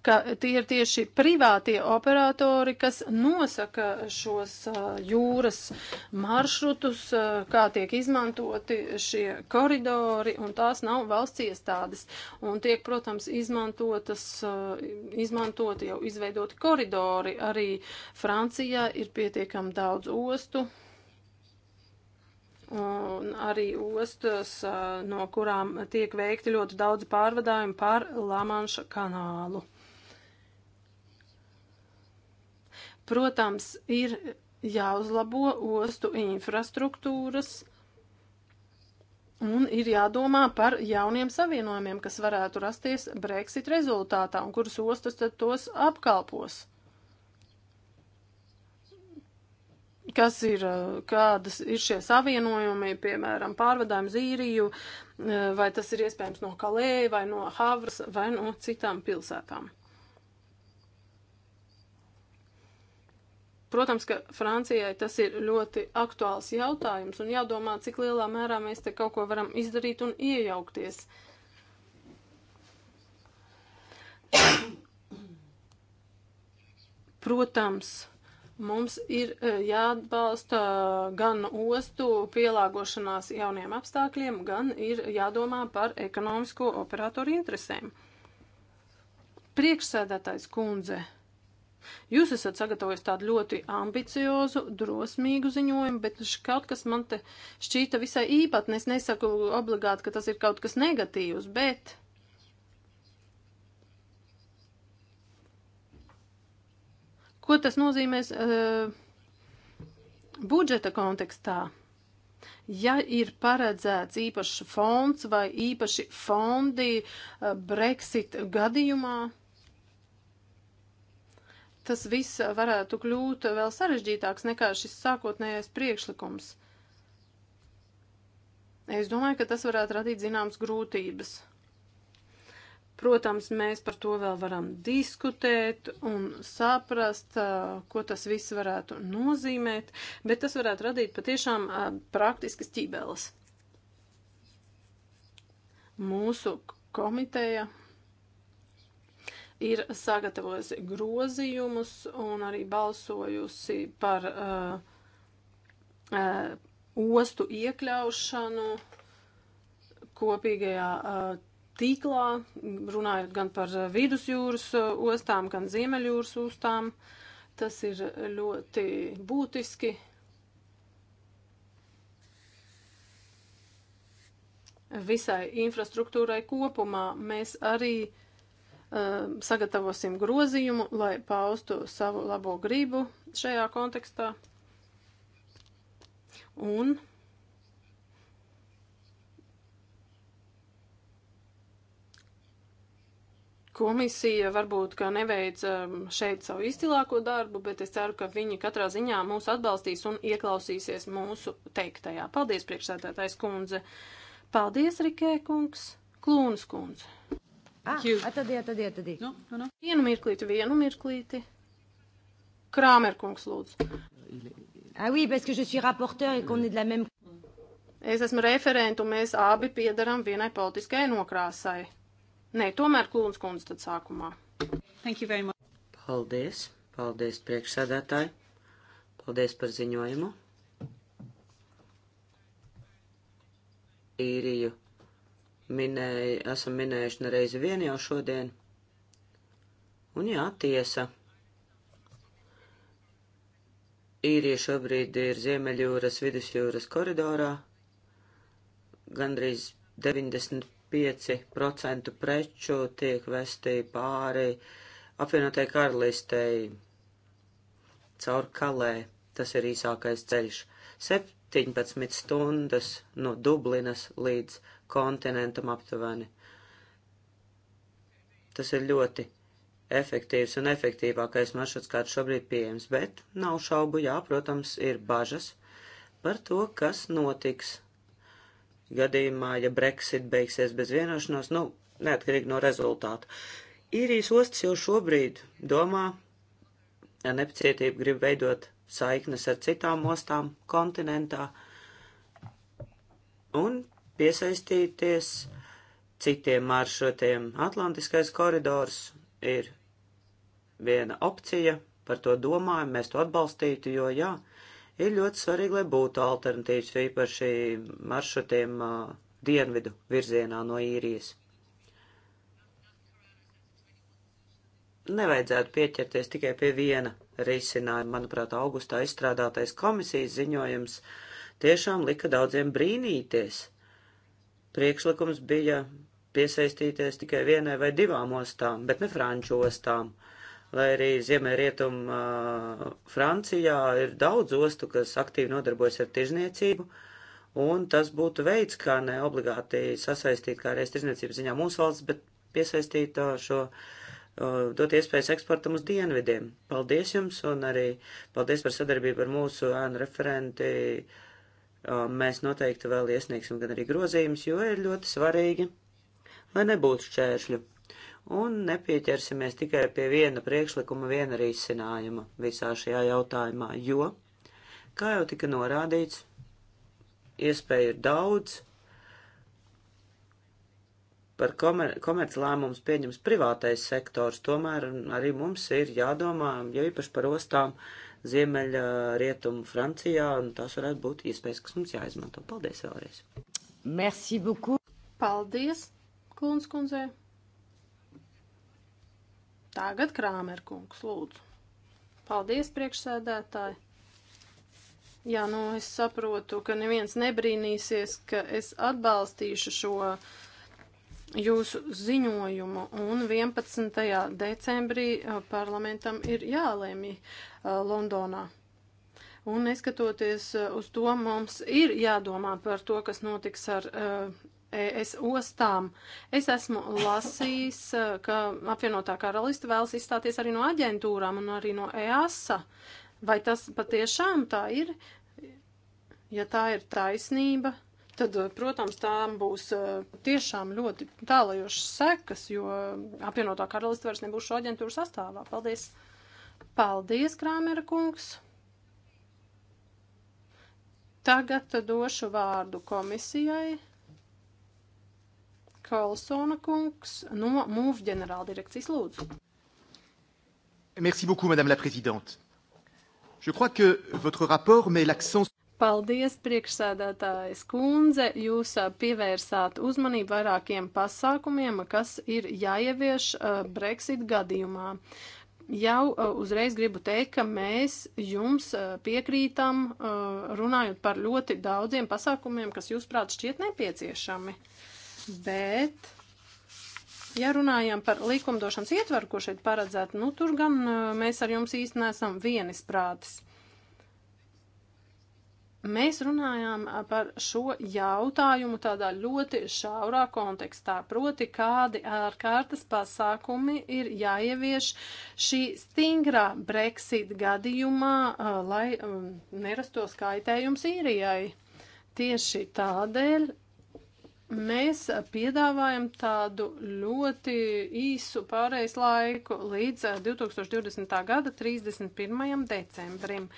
ka tie ir tieši privātie operatori, kas nosaka šos jūras maršrutus, kā tiek izmantoti šie koridori, un tās nav valsts iestādes. Un tiek, protams, izmantotas, izmantoti jau izveidoti koridori. Arī Francijā ir pietiekami daudz ostu un arī ostas, no kurām tiek veikti ļoti daudz pārvadājumu pār Lamanša kanālu. Protams, ir jāuzlabo ostu infrastruktūras un ir jādomā par jauniem savienojumiem, kas varētu rasties Brexit rezultātā un kuras ostas tad tos apkalpos. kas ir, kādas ir šie savienojumi, piemēram, pārvadājums Īriju, vai tas ir iespējams no Kalēja, vai no Havras, vai no citām pilsētām. Protams, ka Francijai tas ir ļoti aktuāls jautājums un jādomā, cik lielā mērā mēs te kaut ko varam izdarīt un iejaukties. Protams, Mums ir e, jāatbalsta e, gan ostu pielāgošanās jauniem apstākļiem, gan ir jādomā par ekonomisko operatoru interesēm. Priekšsēdētājs kundze, jūs esat sagatavojis tādu ļoti ambiciozu, drosmīgu ziņojumu, bet kaut kas man te šķīta visai īpatnēs. Nesaku obligāti, ka tas ir kaut kas negatīvs, bet Ko tas nozīmēs uh, budžeta kontekstā? Ja ir paredzēts īpašs fonds vai īpaši fondi uh, Brexit gadījumā, tas viss varētu kļūt vēl sarežģītāks nekā šis sākotnējais priekšlikums. Es domāju, ka tas varētu radīt zināmas grūtības. Protams, mēs par to vēl varam diskutēt un saprast, ko tas viss varētu nozīmēt, bet tas varētu radīt patiešām praktiskas ķībeles. Mūsu komiteja ir sagatavojusi grozījumus un arī balsojusi par uh, uh, ostu iekļaušanu kopīgajā uh, tīklā, runājot gan par eh, vidusjūras eh, ostām, gan ziemeļjūras ostām. Tas ir ļoti būtiski. Visai infrastruktūrai kopumā mēs arī uh, sagatavosim grozījumu, lai paustu savu labo gribu šajā kontekstā. Un komisija varbūt neveic um, šeit savu izcilāko darbu, bet es ceru, ka viņi katrā ziņā mūs atbalstīs un ieklausīsies mūsu teiktajā. Paldies, priekšsēdētājs kundze. Paldies, Rikē kungs, Klūnas kundze. Ah, tad, jā, tad, jā, tad. Nu, nu, nu. Vienu mirklīti, vienu mirklīti. Krāmer kungs, lūdzu. Ah, oui, parce que je suis rapporteur et qu'on est de la même. Es esmu referentu, mēs abi piedaram vienai politiskai nokrāsai. Nē, tomēr Klūns kundze tad sākumā. Thank you very much. Paldies, paldies priekšsēdētāji. Paldies par ziņojumu. Īriju minēju, esam minējuši nereizi vien jau šodien. Un jā, tiesa. Īrija šobrīd ir Ziemeļjūras vidusjūras koridorā. Gandrīz 90 5% preču tiek vestī pāri apvienotai karalistei caur kalē. Tas ir īsākais ceļš. 17 stundas no Dublinas līdz kontinentam aptuveni. Tas ir ļoti efektīvs un efektīvākais maršruts, kāds šobrīd pieejams, bet nav šaubu, jā, protams, ir bažas par to, kas notiks gadījumā, ja Brexit beigsies bez vienošanos, nu, neatkarīgi no rezultātu. Īrijas ostas jau šobrīd domā, ja nepacietība grib veidot saiknes ar citām ostām kontinentā un piesaistīties citiem maršrutiem. Atlantiskais koridors ir viena opcija, par to domājam, mēs to atbalstītu, jo jā, ja, Ir ļoti svarīgi, lai būtu alternatīvas, jo īpaši maršrutiem uh, dienvidu virzienā no īrijas. Nevajadzētu pieķerties tikai pie viena risinājuma. Manuprāt, augustā izstrādātais komisijas ziņojums tiešām lika daudziem brīnīties. Priekšlikums bija piesaistīties tikai vienai vai divām ostām, bet ne franču ostām. Uh, vai arī Ziemeļrietuma Francijā ir daudz ostu, kas aktīvi nodarbojas ar tirzniecību, un tas būtu veids, kā ne obligāti sasaistīt kā reiz tirzniecības ziņā mūsu valsts, bet piesaistīt šo dot iespējas eksportam uz dienvidiem. Paldies jums un arī paldies par sadarbību ar mūsu ēnu referenti. Mēs noteikti vēl iesniegsim gan arī grozījumus, jo ir ļoti svarīgi, lai nebūtu šķēršļu un nepieķersimies tikai pie viena priekšlikuma, viena risinājuma visā šajā jautājumā, jo, kā jau tika norādīts, iespēju ir daudz, par komer komerclēmumus pieņems privātais sektors, tomēr arī mums ir jādomā, jo īpaši par ostām ziemeļa rietumu Francijā, un tās varētu būt iespējas, kas mums jāizmanto. Paldies vēlreiz! Merci beaucoup! Paldies, kundz kundzei! Tagad Krāmerkungs, lūdzu. Paldies, priekšsēdētāji. Jā, nu es saprotu, ka neviens nebrīnīsies, ka es atbalstīšu šo jūsu ziņojumu, un 11. decembrī parlamentam ir jālēmī Londonā. Un neskatoties uz to, mums ir jādomā par to, kas notiks ar uh, ES ostām. Es esmu lasījis, eh, ka apvienotā karalista vēlas izstāties arī no aģentūrām un arī no EASA. Vai tas patiešām tā ir? Ja tā ir taisnība, tad, eh, protams, tām būs eh, tiešām ļoti tālajošas sekas, jo apvienotā karalista vairs nebūs šo aģentūru sastāvā. Paldies! Paldies, Krāmera kungs! Tagad došu vārdu komisijai. Kalsona kungs no MUV ģenerāldirekcijas lūdzu. Merci beaucoup, Madame la Présidente. Je crois que votre rapport met l'accent Paldies, priekšsēdētājas kundze. Jūs pievērsāt uzmanību vairākiem pasākumiem, kas ir jāievieš Brexit gadījumā. Jau uzreiz gribu teikt, ka mēs jums piekrītam runājot par ļoti daudziem pasākumiem, kas jūs prāt šķiet nepieciešami. Uh, bet, ja runājam par likumdošanas ietvaru, ko šeit paredzētu, nu tur gan e, mēs ar jums īsti nesam vienis prātis. Mēs runājām par šo jautājumu tādā ļoti šaurā kontekstā, proti, kādi ārkārtas pasākumi ir jāievieš šī stingrā Brexit gadījumā, e, lai e, nerastos kaitējums īrijai. Tieši tādēļ mēs piedāvājam tādu ļoti īsu pārejas laiku līdz 2020. Eh, gada 31. decembrim.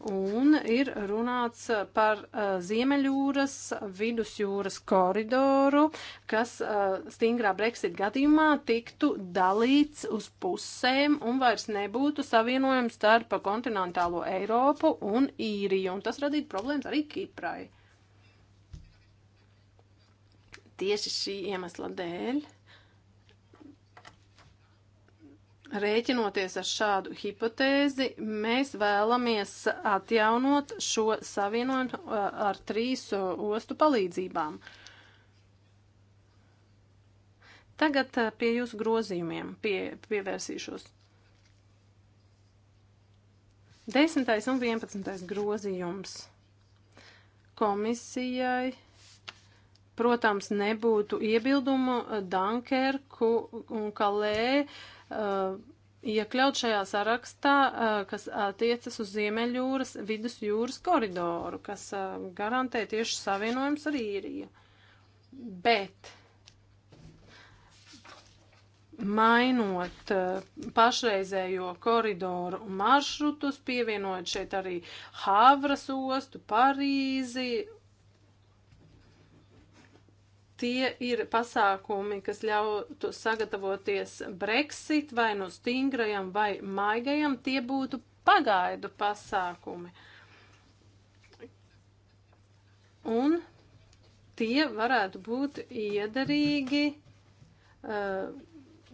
Un ir runāts par uh, Ziemeļjūras, Vidusjūras koridoru, kas uh, stingrā Brexit gadījumā tiktu dalīts uz pusēm un vairs nebūtu savienojums starp kontinentālo Eiropu un Īriju. Un tas radītu problēmas arī Kiprai tieši šī iemesla dēļ, rēķinoties ar šādu hipotēzi, mēs vēlamies atjaunot šo savienojumu uh, ar trīs uh, ostu palīdzībām. Tagad uh, pie jūsu grozījumiem pie, pievērsīšos. 10. un 11. grozījums komisijai Protams, nebūtu iebildumu Dunkerku un Kalē eh, iekļaut šajā sarakstā, eh, kas attiecas uz Ziemeļjūras, Vidusjūras koridoru, kas eh, garantē tieši savienojums ar īriju. Bet mainot pašreizējo koridoru maršrutus, pievienojot šeit arī Havras ostu, Parīzi tie ir pasākumi, kas ļautu sagatavoties Brexit vai no nu stingrajam vai maigajam, tie būtu pagaidu pasākumi. Un tie varētu būt iederīgi, eh,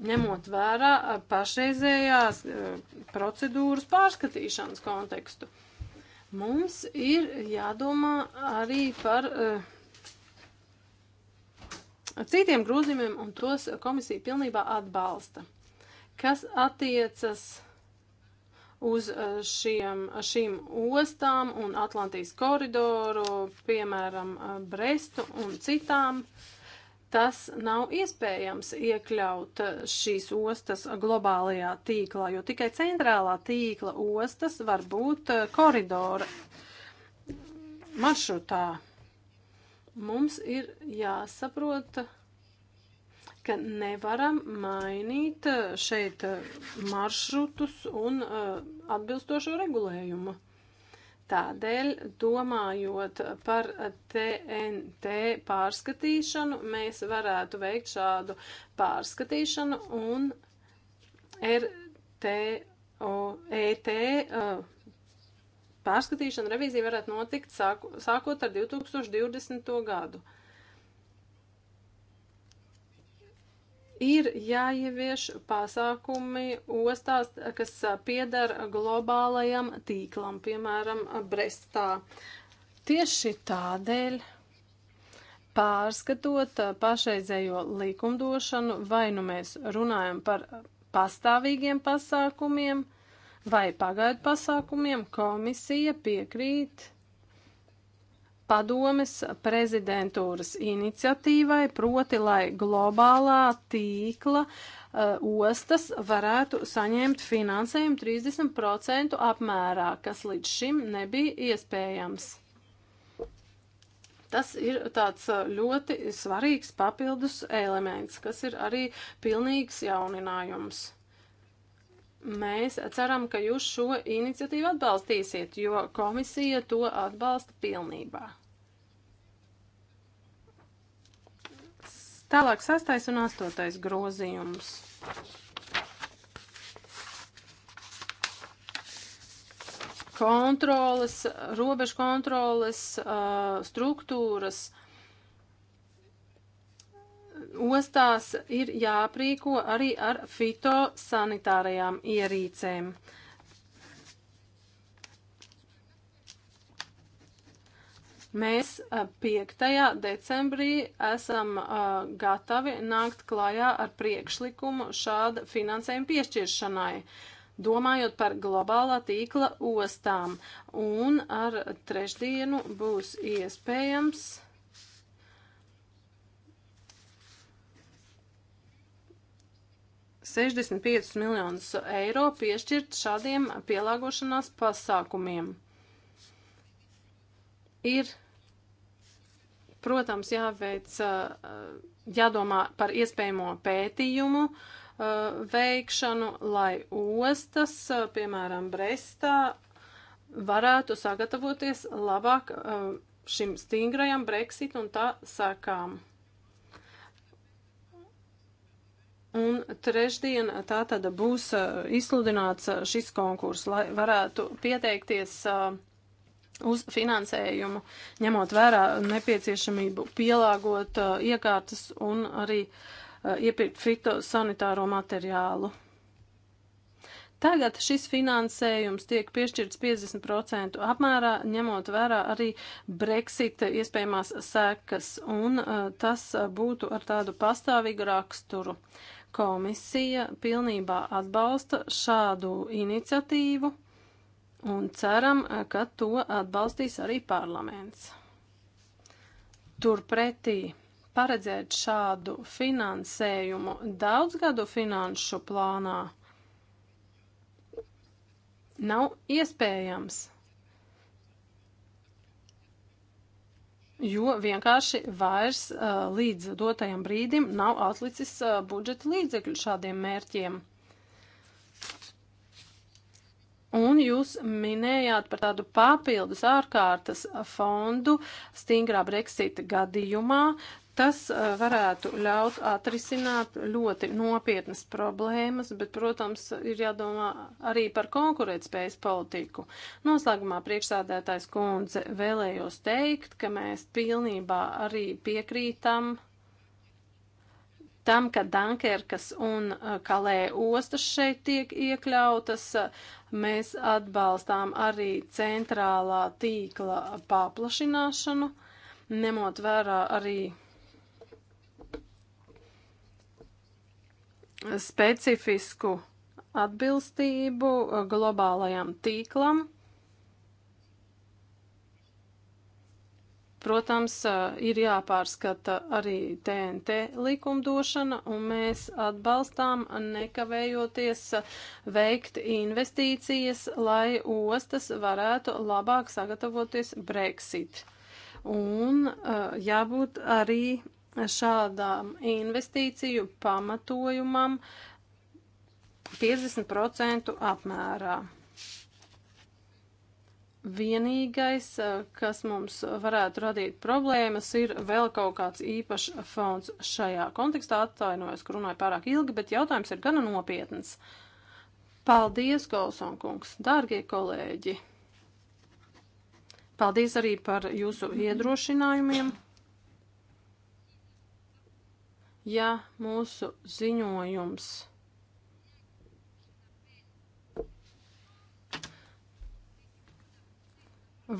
ņemot vērā pašreizējās eh, procedūras pārskatīšanas kontekstu. Mums ir jādomā arī par uh, citiem grozījumiem, un tos komisija pilnībā atbalsta. Kas attiecas uz uh, šiem, šīm ostām un Atlantijas koridoru, piemēram, uh, Brestu un citām, tas nav iespējams iekļaut uh, šīs ostas globālajā tīklā, jo tikai centrālā tīkla ostas var būt koridora maršrutā. Mums ir jāsaprot, ka nevaram mainīt eh, šeit eh, maršrutus un eh, atbilstošo regulējumu. Tādēļ, domājot par TNT pārskatīšanu, mēs varētu veikt šādu pārskatīšanu un RTOET uh, pārskatīšana, revīzija varētu notikt sāku, sākot ar 2020. gadu. Ir jāievieš pasākumi ostās, kas piedara globālajam tīklam, piemēram, Brestā. Tieši tādēļ pārskatot pašreizējo likumdošanu, vai nu mēs runājam par pastāvīgiem pasākumiem, vai pagaidu pasākumiem komisija piekrīt padomes prezidentūras iniciatīvai, proti, lai globālā tīkla uh, ostas varētu saņemt finansējumu 30% apmērā, kas līdz šim nebija iespējams. Tas ir tāds uh, ļoti svarīgs papildus elements, kas ir arī pilnīgs jauninājums. Mēs ceram, ka jūs šo iniciatīvu atbalstīsiet, jo komisija to atbalsta pilnībā. Tālāk sastais un astotais grozījums. Kontroles, robežu kontroles, uh, struktūras, uh, ostās ir jāprīko arī ar fitosanitārajām ierīcēm. Mēs 5. decembrī esam gatavi nākt klajā ar priekšlikumu šāda finansējuma piešķiršanai domājot par globālā tīkla ostām. Un ar trešdienu būs iespējams 65 miljonus eiro piešķirt šādiem pielāgošanās pasākumiem. Ir, protams, jāveic, jādomā par iespējamo pētījumu veikšanu, lai ostas, piemēram, Brestā, varētu sagatavoties labāk šim stingrajam Brexit un tā sākām. Un trešdien tā tad būs izsludināts šis konkurss, lai varētu pieteikties uz finansējumu, ņemot vērā nepieciešamību pielāgot iekārtas un arī iepirkt fitosanitāro materiālu. Tagad šis finansējums tiek piešķirts 50% apmērā, ņemot vērā arī Brexita iespējamās sekas, un tas būtu ar tādu pastāvīgu raksturu. Komisija pilnībā atbalsta šādu iniciatīvu un ceram, ka to atbalstīs arī parlaments. Turpretī paredzēt šādu finansējumu daudzgadu finanšu plānā nav iespējams. jo vienkārši vairs uh, līdz dotajam brīdim nav atlicis uh, budžeta līdzekļu šādiem mērķiem. Un jūs minējāt par tādu papildus ārkārtas fondu stingrā Brexita gadījumā. Tas uh, varētu ļaut atrisināt ļoti nopietnas problēmas, bet, protams, ir jādomā arī par konkurētspējas politiku. Noslēgumā priekšsādētājs kundze vēlējos teikt, ka mēs pilnībā arī piekrītam tam, ka Dunkerkas un uh, Kalē ostas šeit tiek iekļautas, mēs atbalstām arī centrālā tīkla paplašināšanu, nemot vērā arī specifisku atbilstību uh, globālajam tīklam. Protams, uh, ir jāpārskata arī TNT likumdošana, un mēs atbalstām nekavējoties uh, veikt investīcijas, lai ostas varētu labāk sagatavoties Brexit. Un jābūt arī šādām investīciju pamatojumam 50% apmērā. Vienīgais, eh, kas mums varētu radīt problēmas, ir vēl kaut kāds īpašs fonds šajā kontekstā. Atvainojos, ka runāju pārāk ilgi, bet jautājums ir gana nopietns. Paldies, Kolsonkungs, dārgie kolēģi! Paldies arī par jūsu iedrošinājumiem! ja mūsu ziņojums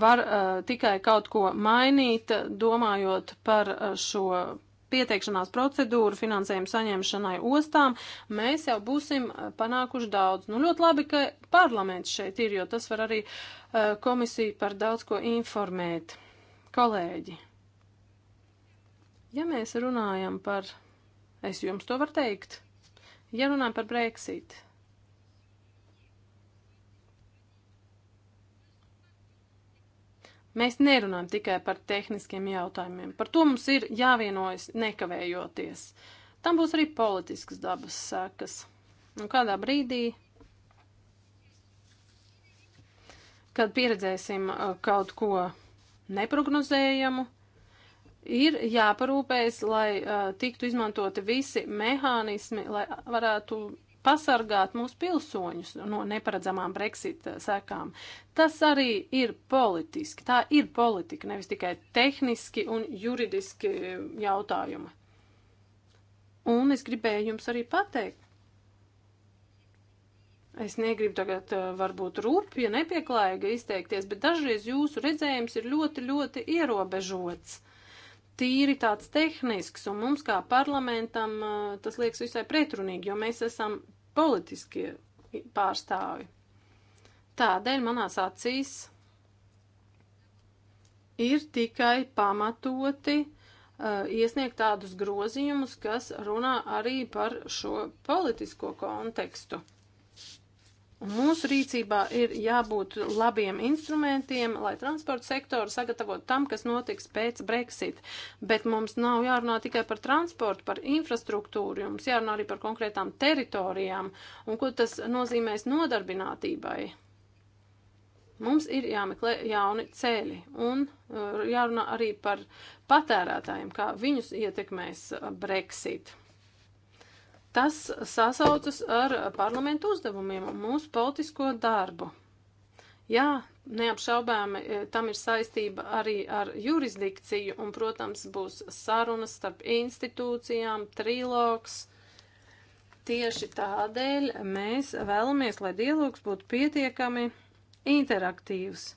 var uh, tikai kaut ko mainīt, domājot par uh, šo pieteikšanās procedūru finansējumu saņemšanai ostām, mēs jau būsim uh, panākuši daudz. Nu, ļoti labi, ka parlaments šeit ir, jo tas var arī uh, komisiju par daudz ko informēt. Kolēģi, ja mēs runājam par Es jums to varu teikt. Ja runājam par Brexit. Mēs nerunājam tikai par tehniskiem jautājumiem. Par to mums ir jāvienojas nekavējoties. Tam būs arī politiskas dabas sekas. Un kādā brīdī kad pieredzēsim uh, kaut ko neprognozējamu, ir jāparūpējas, lai uh, tiktu izmantoti visi mehānismi, lai varētu pasargāt mūsu pilsoņus no neparedzamām Brexit sekām. Tas arī ir politiski. Tā ir politika, nevis tikai tehniski un juridiski jautājumi. Un es gribēju jums arī pateikt. Es negribu tagad uh, varbūt rūpīgi, ja nepieklājīgi izteikties, bet dažreiz jūsu redzējums ir ļoti, ļoti ierobežots. Uh, tīri tāds tehnisks, un mums kā parlamentam tas liekas visai pretrunīgi, jo mēs esam politiskie pārstāvi. Tādēļ manās acīs ir tikai pamatoti uh, iesniegt tādus grozījumus, kas runā arī par šo politisko kontekstu. Mūsu rīcībā ir jābūt labiem instrumentiem, lai transporta sektoru sagatavotu tam, kas notiks pēc Brexit. Bet mums nav jārunā tikai par transportu, par infrastruktūru, mums jārunā arī par konkrētām teritorijām un ko tas nozīmēs nodarbinātībai. Mums ir jāmeklē jauni ceļi un uh, jārunā arī par patērētājiem, kā viņus ietekmēs uh, Brexit. Tas sasaucas ar parlamentu uzdevumiem un mūsu politisko darbu. Jā, neapšaubāmi e, tam ir saistība arī ar jurisdikciju, un, protams, būs sarunas starp institūcijām, trilogs. Tieši tādēļ mēs vēlamies, lai dialogs būtu pietiekami interaktīvs.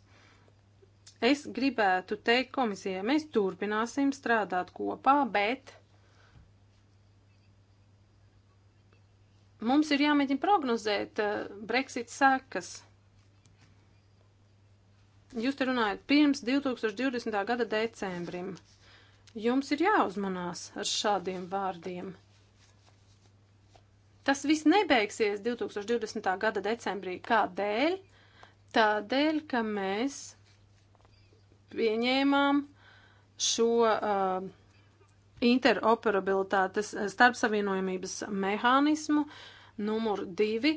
Es gribētu teikt komisijai, mēs turpināsim strādāt kopā, bet Mums ir jāmēģina prognozēt uh, Brexit sekas. Jūs te runājat pirms 2020. gada decembrim. Jums ir jāuzmanās ar šādiem vārdiem. Tas viss nebeigsies 2020. gada decembrī. Kādēļ? Tādēļ, ka mēs pieņēmām šo uh, interoperabilitātes eh, starpsavienojumības mehānismu numur divi,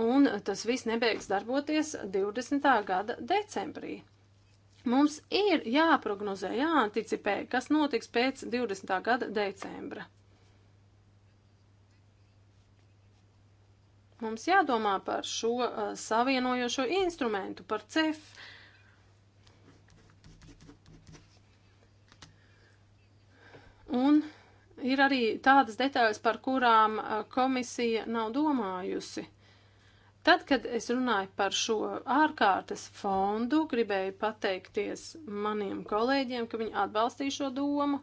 un tas viss nebeigs darboties 20. gada decembrī. Mums ir jāprognozē, jāanticipē, kas notiks pēc 20. gada decembra. Mums jādomā par šo uh, savienojošo instrumentu, par CEF, uh, Un ir arī tādas detaļas, par kurām komisija nav domājusi. Tad, kad es runāju par šo ārkārtas fondu, gribēju pateikties maniem kolēģiem, ka viņi atbalstīja šo domu,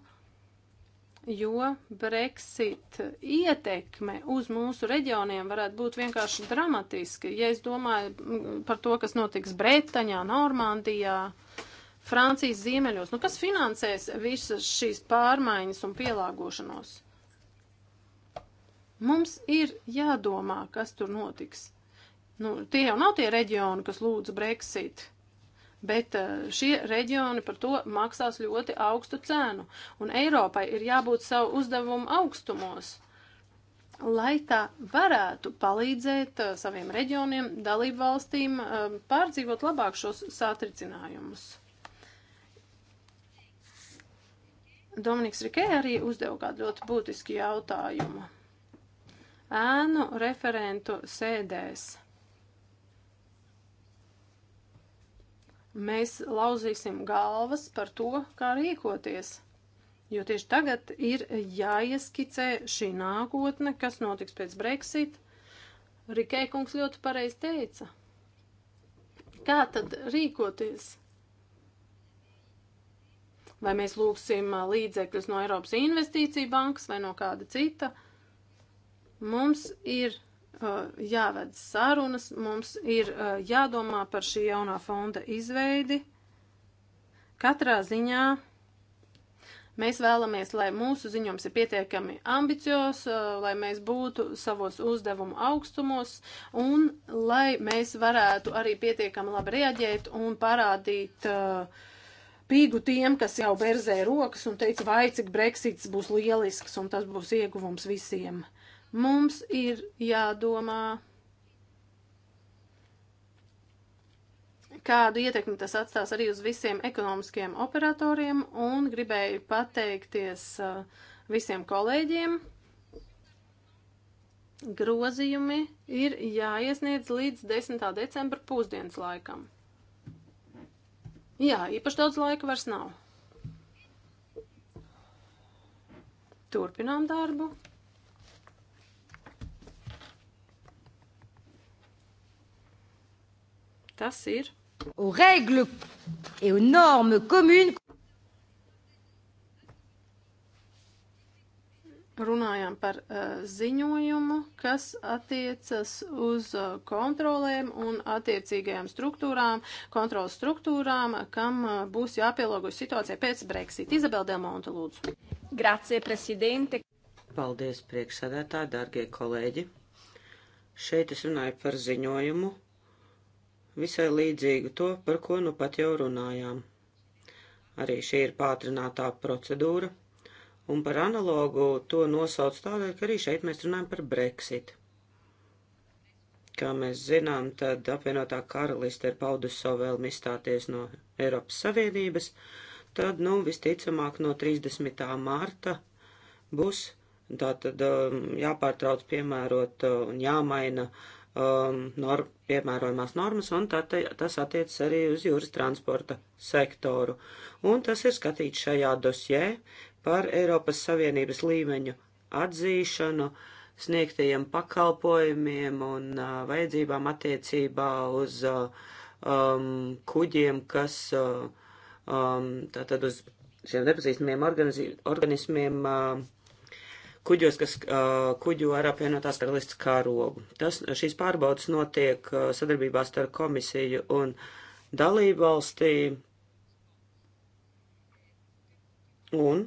jo Brexit ietekme uz mūsu reģioniem varētu būt vienkārši dramatiska. Ja es domāju par to, kas notiks Bretaņā, Normandijā, uh, Francijas ziemeļos. Nu, kas finansēs visas šīs pārmaiņas un pielāgošanos? Mums ir jādomā, kas tur notiks. Nu, tie jau nav tie reģioni, kas lūdz Brexit. Bet eh, šie reģioni par to maksās ļoti augstu cenu, un Eiropai ir jābūt savu uzdevumu augstumos, lai tā varētu palīdzēt eh, saviem reģioniem, dalību valstīm eh, pārdzīvot labāk šos satricinājumus. Dominiks Rikē arī uzdeva kādu ļoti būtisku jautājumu. Ēnu referentu sēdēs. mēs lauzīsim galvas par to, kā rīkoties. Jo tieši tagad ir jāieskicē šī nākotne, kas notiks pēc Brexit. Rikē kungs ļoti pareizi teica. Kā tad rīkoties? vai mēs lūgsim uh, līdzekļus no Eiropas investīcija bankas vai no kāda cita. Mums ir uh, jāved sarunas, mums ir uh, jādomā par šī jaunā fonda izveidi. Katrā ziņā mēs vēlamies, lai mūsu ziņojums ir pietiekami ambicios, uh, lai mēs būtu savos uzdevumu augstumos un lai mēs varētu arī pietiekami labi reaģēt un parādīt uh, pīgu tiem, kas jau berzē rokas un teica, vai cik Brexits būs lielisks un tas būs ieguvums visiem. Mums ir jādomā, kādu ietekmi tas atstās arī uz visiem ekonomiskiem operatoriem un gribēju pateikties uh, visiem kolēģiem. Grozījumi ir jāiesniedz līdz 10. decembra pusdienas laikam. Jā, īpaši daudz laika vairs nav. Turpinām darbu. Tas ir. Aux règles et aux normes communes. runājām par uh, ziņojumu, kas attiecas uz uh, kontrolēm un attiecīgajām struktūrām, kontrolas struktūrām, kam uh, būs jāpielāgojas situācija pēc Brexit. Izabela Delmonte, lūdzu. Grazie, prezidente. Paldies, priekšsēdētāji, dārgie kolēģi. Šeit es runāju par ziņojumu, visai līdzīgu to, par ko nu pat jau runājām. Arī šī ir pātrinātā procedūra un par analogu to nosauc tādēļ, ka arī šeit mēs runājam par Brexit. Kā mēs zinām, tad apvienotā karaliste ir paudusi savu vēlmi izstāties no Eiropas Savienības, tad, nu, visticamāk, no 30. mārta būs tātad um, jāpārtrauc piemērot uh, un jāmaina um, nor, piemērojumās normas, un tā, tā, tas attiecas arī uz jūras transporta sektoru. Un tas ir skatīts šajā dosjē, par Eiropas Savienības līmeņu atzīšanu, sniegtajiem pakalpojumiem un uh, vajadzībām attiecībā uz uh, um, kuģiem, kas uh, um, tātad uz šiem nepazīstamiem organismiem. Uh, kuģos, kas uh, kuģo ar apvienotās karalistas kārogu. Tas, šīs pārbaudas notiek uh, sadarbībā starp komisiju un dalību valstī. Un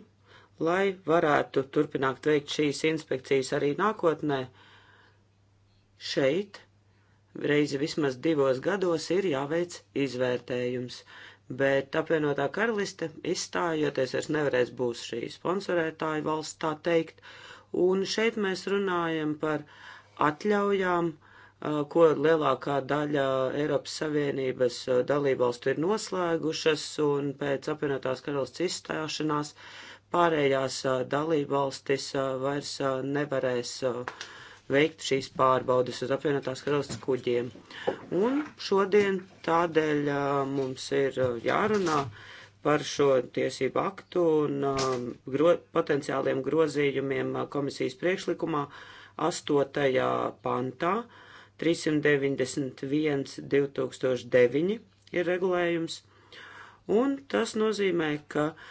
lai varētu turpināt veikt šīs inspekcijas arī nākotnē. Šeit reizi vismaz divos gados ir jāveic izvērtējums, bet apvienotā karaliste izstājoties vairs nevarēs būs šī sponsorētāja valsts tā teikt, un šeit mēs runājam par atļaujām, uh, ko lielākā daļa Eiropas Savienības uh, dalībvalstu ir noslēgušas, un pēc apvienotās karalists izstāšanās uh, pārējās dalībvalstis vairs nevarēs veikt šīs pārbaudes uz apvienotās karalists kuģiem. Un šodien tādēļ mums ir jārunā par šo tiesību aktu un gro, potenciāliem grozījumiem komisijas priekšlikumā 8. pantā 391 2009 ir regulējums. Un tas nozīmē, ka uh,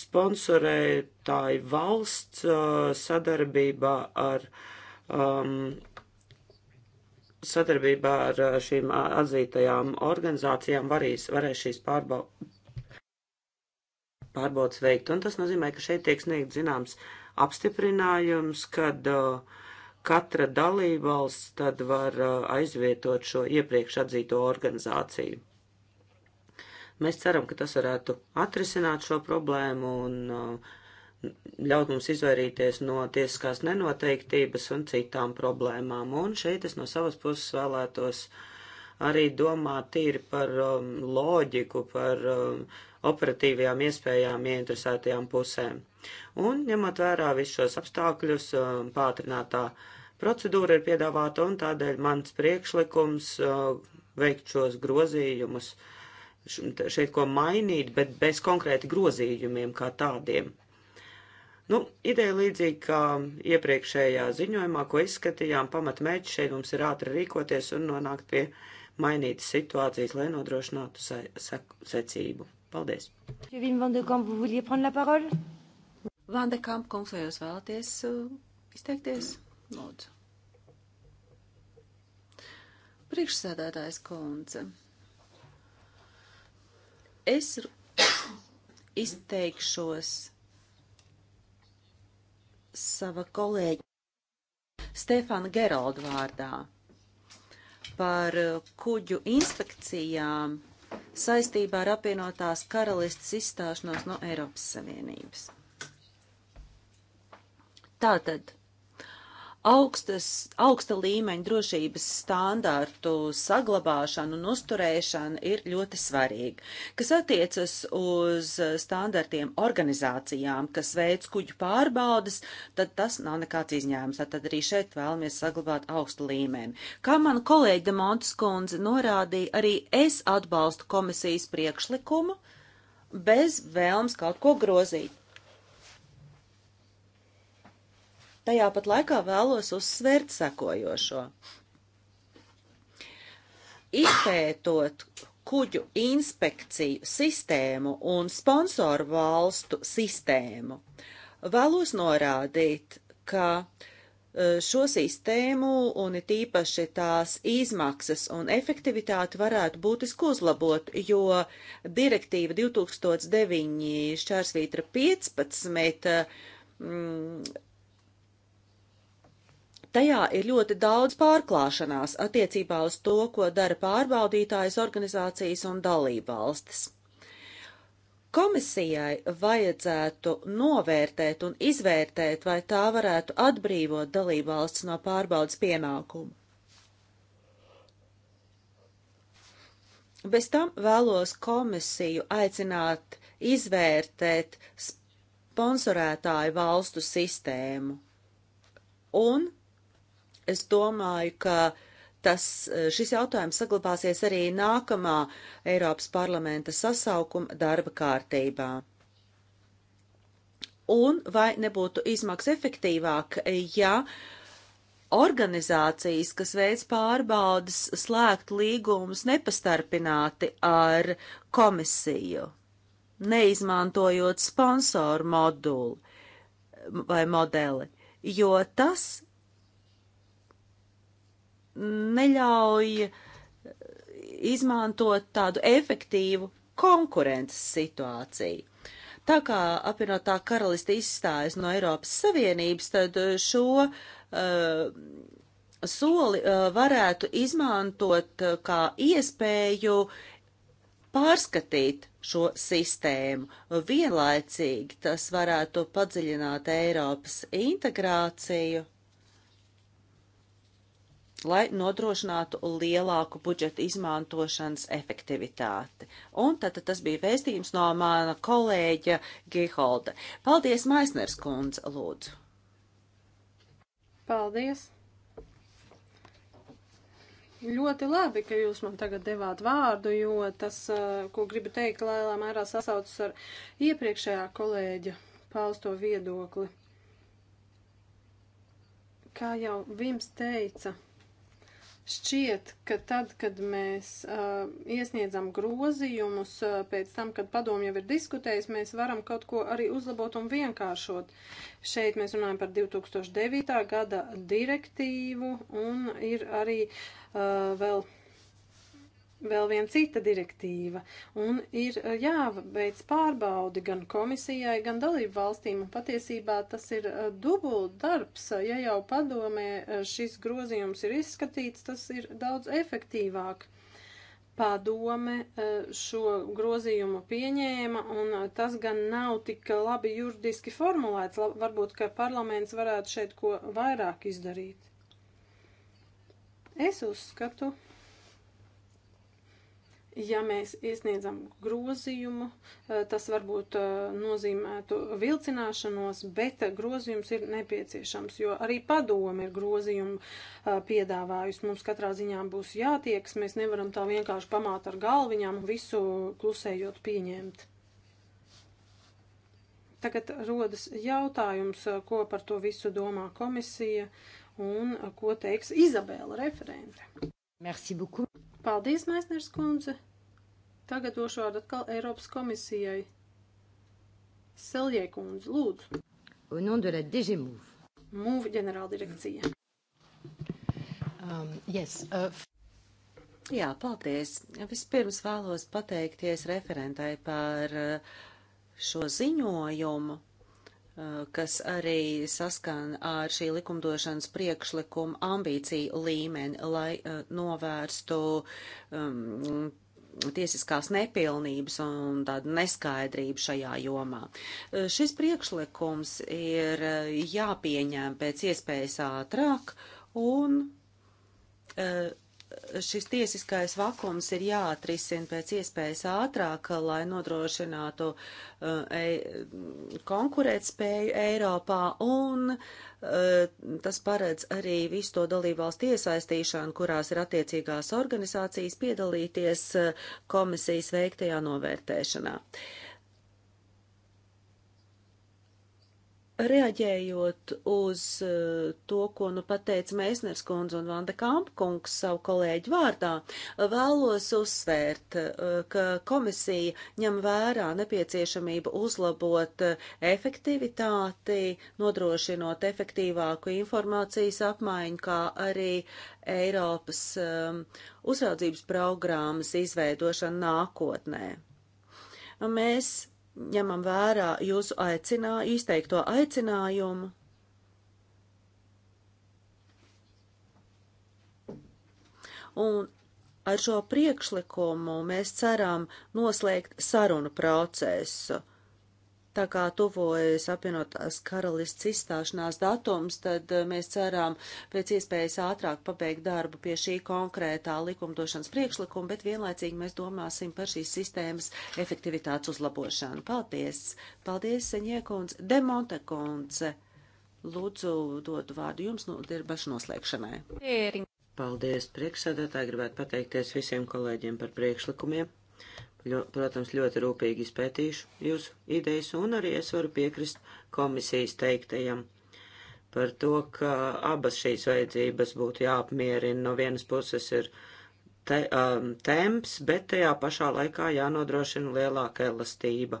sponsorētāji valsts uh, sadarbībā ar um, sadarbībā ar uh, šīm uh, atzītajām organizācijām varīs, varēs šīs pārbau, pārbaudas veikt. Un tas nozīmē, ka šeit tiek sniegt zināms apstiprinājums, kad uh, katra dalībvalsts tad var uh, aizvietot šo iepriekš atzīto organizāciju. Mēs ceram, ka tas varētu atrisināt šo problēmu un uh, ļaut mums izvairīties no tiesiskās nenoteiktības un citām problēmām. Un šeit es no savas puses vēlētos arī domāt tīri par um, loģiku, par um, operatīvajām iespējām ieinteresētajām pusēm. Un, ņemot vērā visus šos apstākļus, um, pātrinātā procedūra ir piedāvāta, un tādēļ mans priekšlikums uh, veikt šos grozījumus uh, šeit ko mainīt, bet bez konkrēti grozījumiem kā tādiem. Nu, ideja līdzīga kā iepriekšējā ziņojumā, ko izskatījām, pamatmērķis šeit mums ir ātri rīkoties un nonākt pie mainītas situācijas, lai nodrošinātu se se secību. Paldies! Vande Kamp, kungs, vai jūs vēlaties uh, izteikties? Lūdzu. Priekšsēdētājs kundze. Es izteikšos sava kolēģa Stefana Geralda vārdā par kuģu inspekcijām saistībā ar apvienotās karalistes izstāšanos no Eiropas Savienības. Tātad augstas, augsta līmeņa drošības standārtu saglabāšana un uzturēšana ir ļoti svarīga. Kas attiecas uz standartiem organizācijām, kas veids kuģu pārbaudas, tad tas nav nekāds izņēmums. Tad arī šeit vēlamies saglabāt augstu līmeni. Kā man kolēģi Demontas kundze norādīja, arī es atbalstu komisijas priekšlikumu bez vēlms kaut ko grozīt. Tajā pat laikā vēlos uzsvērt sekojošo. Izpētot kuģu inspekciju sistēmu un sponsoru valstu sistēmu, vēlos norādīt, ka e, šo sistēmu un it īpaši tās izmaksas un efektivitāti varētu būtiski uzlabot, jo direktīva 2009 šķērsvītra 15 mm, Tajā ir ļoti daudz pārklāšanās attiecībā uz to, ko dara pārbaudītājas organizācijas un dalībvalstis. Komisijai vajadzētu novērtēt un izvērtēt, vai tā varētu atbrīvot dalībvalsts no pārbaudas pienākumu. Bez tam vēlos komisiju aicināt izvērtēt sponsorētāju valstu sistēmu un Es domāju, ka tas, eh, šis jautājums saglabāsies arī nākamā Eiropas parlamenta sasaukuma darba kārtībā. Un vai nebūtu izmaks efektīvāk, ja organizācijas, kas veids pārbaudas, slēgt līgumus nepastarpināti ar komisiju, neizmantojot sponsoru modulu vai modeli, jo tas neļauj izmantot tādu efektīvu konkurences situāciju. Tā kā apvienotā karaliste izstājas no Eiropas Savienības, tad šo uh, soli uh, varētu izmantot uh, kā iespēju pārskatīt šo sistēmu. Vienlaicīgi tas varētu padziļināt Eiropas integrāciju lai nodrošinātu lielāku budžeta izmantošanas efektivitāti. Un tad, tad tas bija vēstījums no mana kolēģa Giholda. Paldies, Maisners kundze, lūdzu. Paldies. Ļoti labi, ka jūs man tagad devāt vārdu, jo tas, eh, ko gribu teikt, lielā mērā sasaucas ar iepriekšējā kolēģa pausto viedokli. Kā jau Vims teica, Šķiet, ka tad, kad mēs uh, iesniedzam grozījumus, uh, pēc tam, kad padomu jau ir diskutējis, mēs varam kaut ko arī uzlabot un vienkāršot. Šeit mēs runājam par 2009. gada direktīvu un ir arī uh, vēl vēl viena cita direktīva, un ir eh, jāveic pārbaudi gan komisijai, gan dalību valstīm, un patiesībā tas ir eh, dubult darbs, ja jau padomē eh, šis grozījums ir izskatīts, tas ir daudz efektīvāk. Padome šo grozījumu pieņēma, un tas gan nav tik labi juridiski formulēts, varbūt, ka parlaments varētu šeit ko vairāk izdarīt. Es uzskatu, ja mēs iesniedzam grozījumu, eh, tas varbūt eh, nozīmētu vilcināšanos, bet grozījums ir nepieciešams, jo arī padomi ir grozījumu eh, piedāvājus. Mums katrā ziņā būs jātieks, mēs nevaram tā vienkārši pamāt ar galviņām visu klusējot pieņemt. Tagad rodas jautājums, ko par to visu domā komisija un ko teiks Izabela referente. Merci beaucoup. Paldies, Maisners kundze. Tagad došu vārdu atkal Eiropas komisijai. Seljē kundze, lūdzu. Au nom de la DG Move. Move ģenerāldirekcija. Um, yes, uh... Jā, paldies. Vispirms vēlos pateikties referentai par uh, šo ziņojumu Eh, kas arī saskan ar šī likumdošanas priekšlikuma ambīciju līmeni, lai eh, novērstu um, tiesiskās nepilnības un tādu neskaidrību šajā jomā. Eh, šis priekšlikums ir jāpieņem pēc iespējas ātrāk un šis tiesiskais vakums ir jāatrisina pēc iespējas ātrāk, lai nodrošinātu uh, e konkurētspēju Eiropā, un uh, tas paredz arī visu to dalībvalstu iesaistīšanu, kurās ir attiecīgās organizācijas piedalīties uh, komisijas veiktajā novērtēšanā. Uh, Reaģējot uz eh, to, ko nu pateica Meisners kundze un Vanda Kampkungs savu kolēģu vārdā, vēlos uzsvērt, eh, ka komisija ņem vērā nepieciešamību uzlabot eh, efektivitāti, nodrošinot efektīvāku informācijas apmaiņu, kā arī Eiropas um, uzraudzības programmas izveidošanu nākotnē. Mēs ņemam vērā jūsu aicinā, izteikto aicinājumu. Un ar šo priekšlikumu mēs ceram noslēgt sarunu procesu tā kā tuvojas apvienotās karalists izstāšanās datums, tad eh, mēs cerām pēc iespējas ātrāk pabeigt darbu pie šī konkrētā likumdošanas priekšlikuma, bet vienlaicīgi mēs domāsim par šīs sistēmas efektivitātes uzlabošanu. Paldies! Paldies, Seņiekundze! Demontekundze! Lūdzu, dodu vārdu jums no dirbašu noslēgšanai. Paldies, priekšsēdētāji! Gribētu pateikties visiem kolēģiem par priekšlikumiem protams, ļoti rūpīgi izpētīšu jūsu idejas, un arī es varu piekrist komisijas teiktajam par to, ka abas šīs vajadzības būtu jāapmierina. No vienas puses ir te, um, temps, bet tajā pašā laikā jānodrošina lielāka elastība,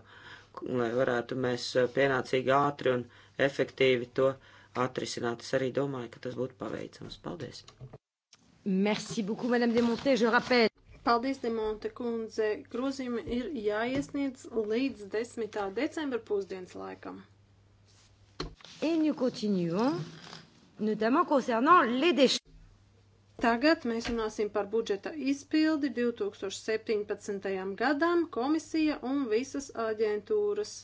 lai varētu mēs pienācīgi ātri un efektīvi to atrisināt. Es arī domāju, ka tas būtu paveicams. Paldies! Merci beaucoup, Madame Demonté. Je rappelle. Paldies, Demonte kundze. Grozījumi ir jāiesniedz līdz 10. decembra pusdienas laikam. Tagad mēs runāsim par budžeta izpildi 2017. gadam, komisija un visas aģentūras.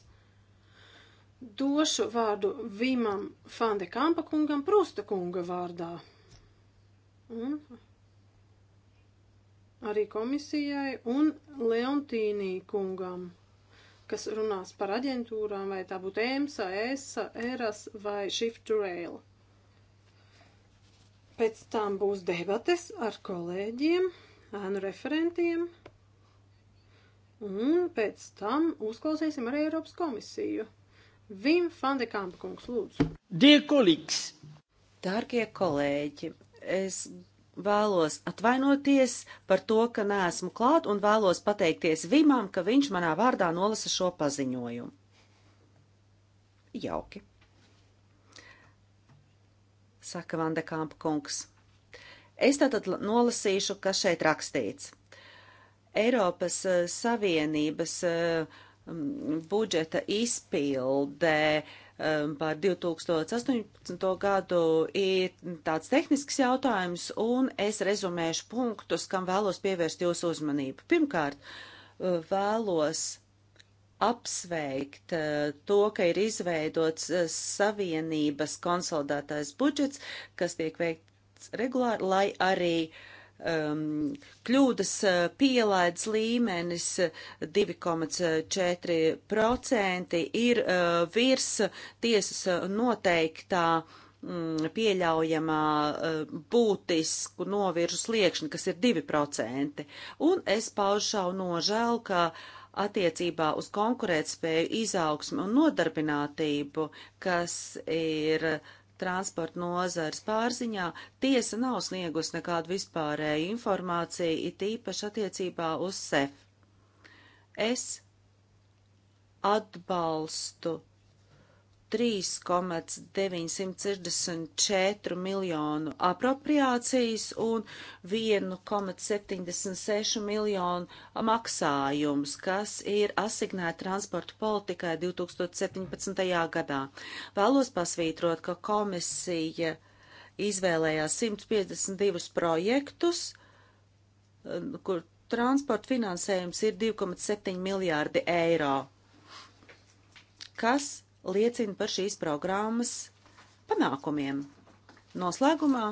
Došu vārdu Vimam Fande Kampa kungam, Prusta kunga vārdā. Un arī komisijai un Leontīnī kungam, kas runās par aģentūrām, vai tā būtu EMSA, ESA, ERAS vai Shift to Rail. Pēc tam būs debates ar kolēģiem, ēnu referentiem, un pēc tam uzklausīsim arī Eiropas komisiju. Vim Fandekampa kungs, lūdzu. Dear colleagues! Dārgie kolēģi, es vēlos atvainoties par to, ka neesmu klāt un vēlos pateikties Vimam, ka viņš manā vārdā nolasa šo paziņojumu. Jauki. Saka Vanda Kampa kungs. Es tātad nolasīšu, kas šeit rakstīts. Eiropas eh, Savienības eh, budžeta izpildē uh, Um, par 2018. gadu ir tāds tehnisks jautājums, un es rezumēšu punktus, kam vēlos pievērst jūsu uzmanību. Pirmkārt, uh, vēlos apsveikt uh, to, ka ir izveidots uh, savienības konsolidētais budžets, kas tiek veikts regulāri, lai arī uh, um, kļūdas uh, pielaides līmenis 2,4% uh, uh, ir uh, virs tiesas noteiktā mm, pieļaujamā uh, būtisku novirzu sliekšņa, kas ir 2%. Un es paužu šau nožēlu, ka attiecībā uz konkurētspēju, izaugsmu un nodarbinātību, kas ir uh, transporta nozares pārziņā, tiesa nav sniegus nekādu vispārēju informāciju, it īpaši attiecībā uz SEF. Es atbalstu 3,964 miljonu apropriācijas un 1,76 miljonu maksājums, kas ir asignēta transporta politikai 2017. gadā. Vēlos pasvītrot, ka komisija izvēlējās 152 projektus, kur transporta finansējums ir 2,7 miljārdi eiro, kas liecina par šīs programmas panākumiem. Noslēgumā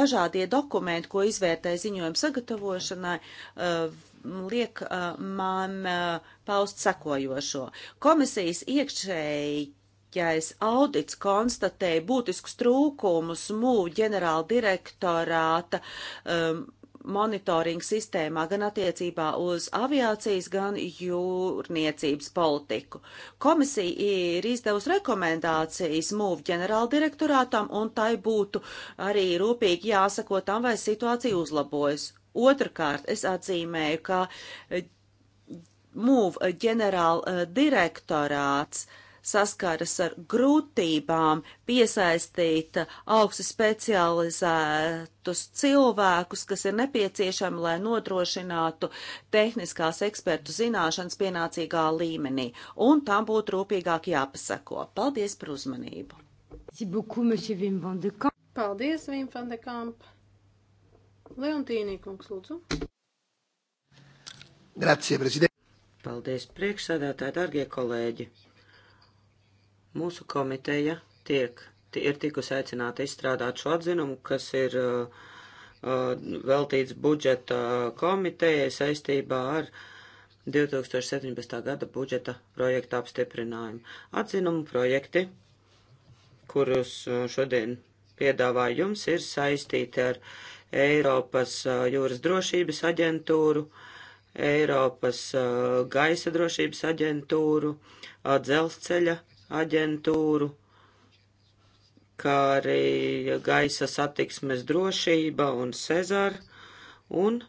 dažādie dokumenti, ko izvērtē ziņojuma sagatavošanai, uh, liek uh, man uh, paust sekojošo. Komisijas iekšēji Ķēs audits konstatēja būtiskus trūkumus MU ģenerāla direktorāta um, monitoringa sistēmā gan attiecībā uz aviācijas, gan jūrniecības politiku. Komisija ir izdevusi rekomendācijas MUV ģenerāldirektorātam, un tai būtu arī rūpīgi jāsako tam, vai situācija uzlabojas. Otrakārt, es atzīmēju, ka MUV ģenerāldirektorāts uh, saskaras ar grūtībām piesaistīt augstu specializētus cilvēkus, kas ir nepieciešami, lai nodrošinātu tehniskās ekspertu zināšanas pienācīgā līmenī, un tam būtu rūpīgāk jāpasako. Paldies par uzmanību! Paldies, Vim van de Kamp! Leontīnī kungs, lūdzu! Grazie, prezident! Paldies, priekšsēdētāji, dargie kolēģi! Mūsu komiteja tiek, ir tikusi aicināta izstrādāt šo atzinumu, kas ir uh, uh, veltīts budžeta komitejai saistībā ar 2017. gada budžeta projekta apstiprinājumu. Atzinumu projekti, kurus uh, šodien piedāvāju jums, ir saistīti ar Eiropas uh, jūras drošības aģentūru, Eiropas uh, gaisa drošības aģentūru, dzelzceļa aģentūru, kā arī gaisa satiksmes drošība un Cezar, un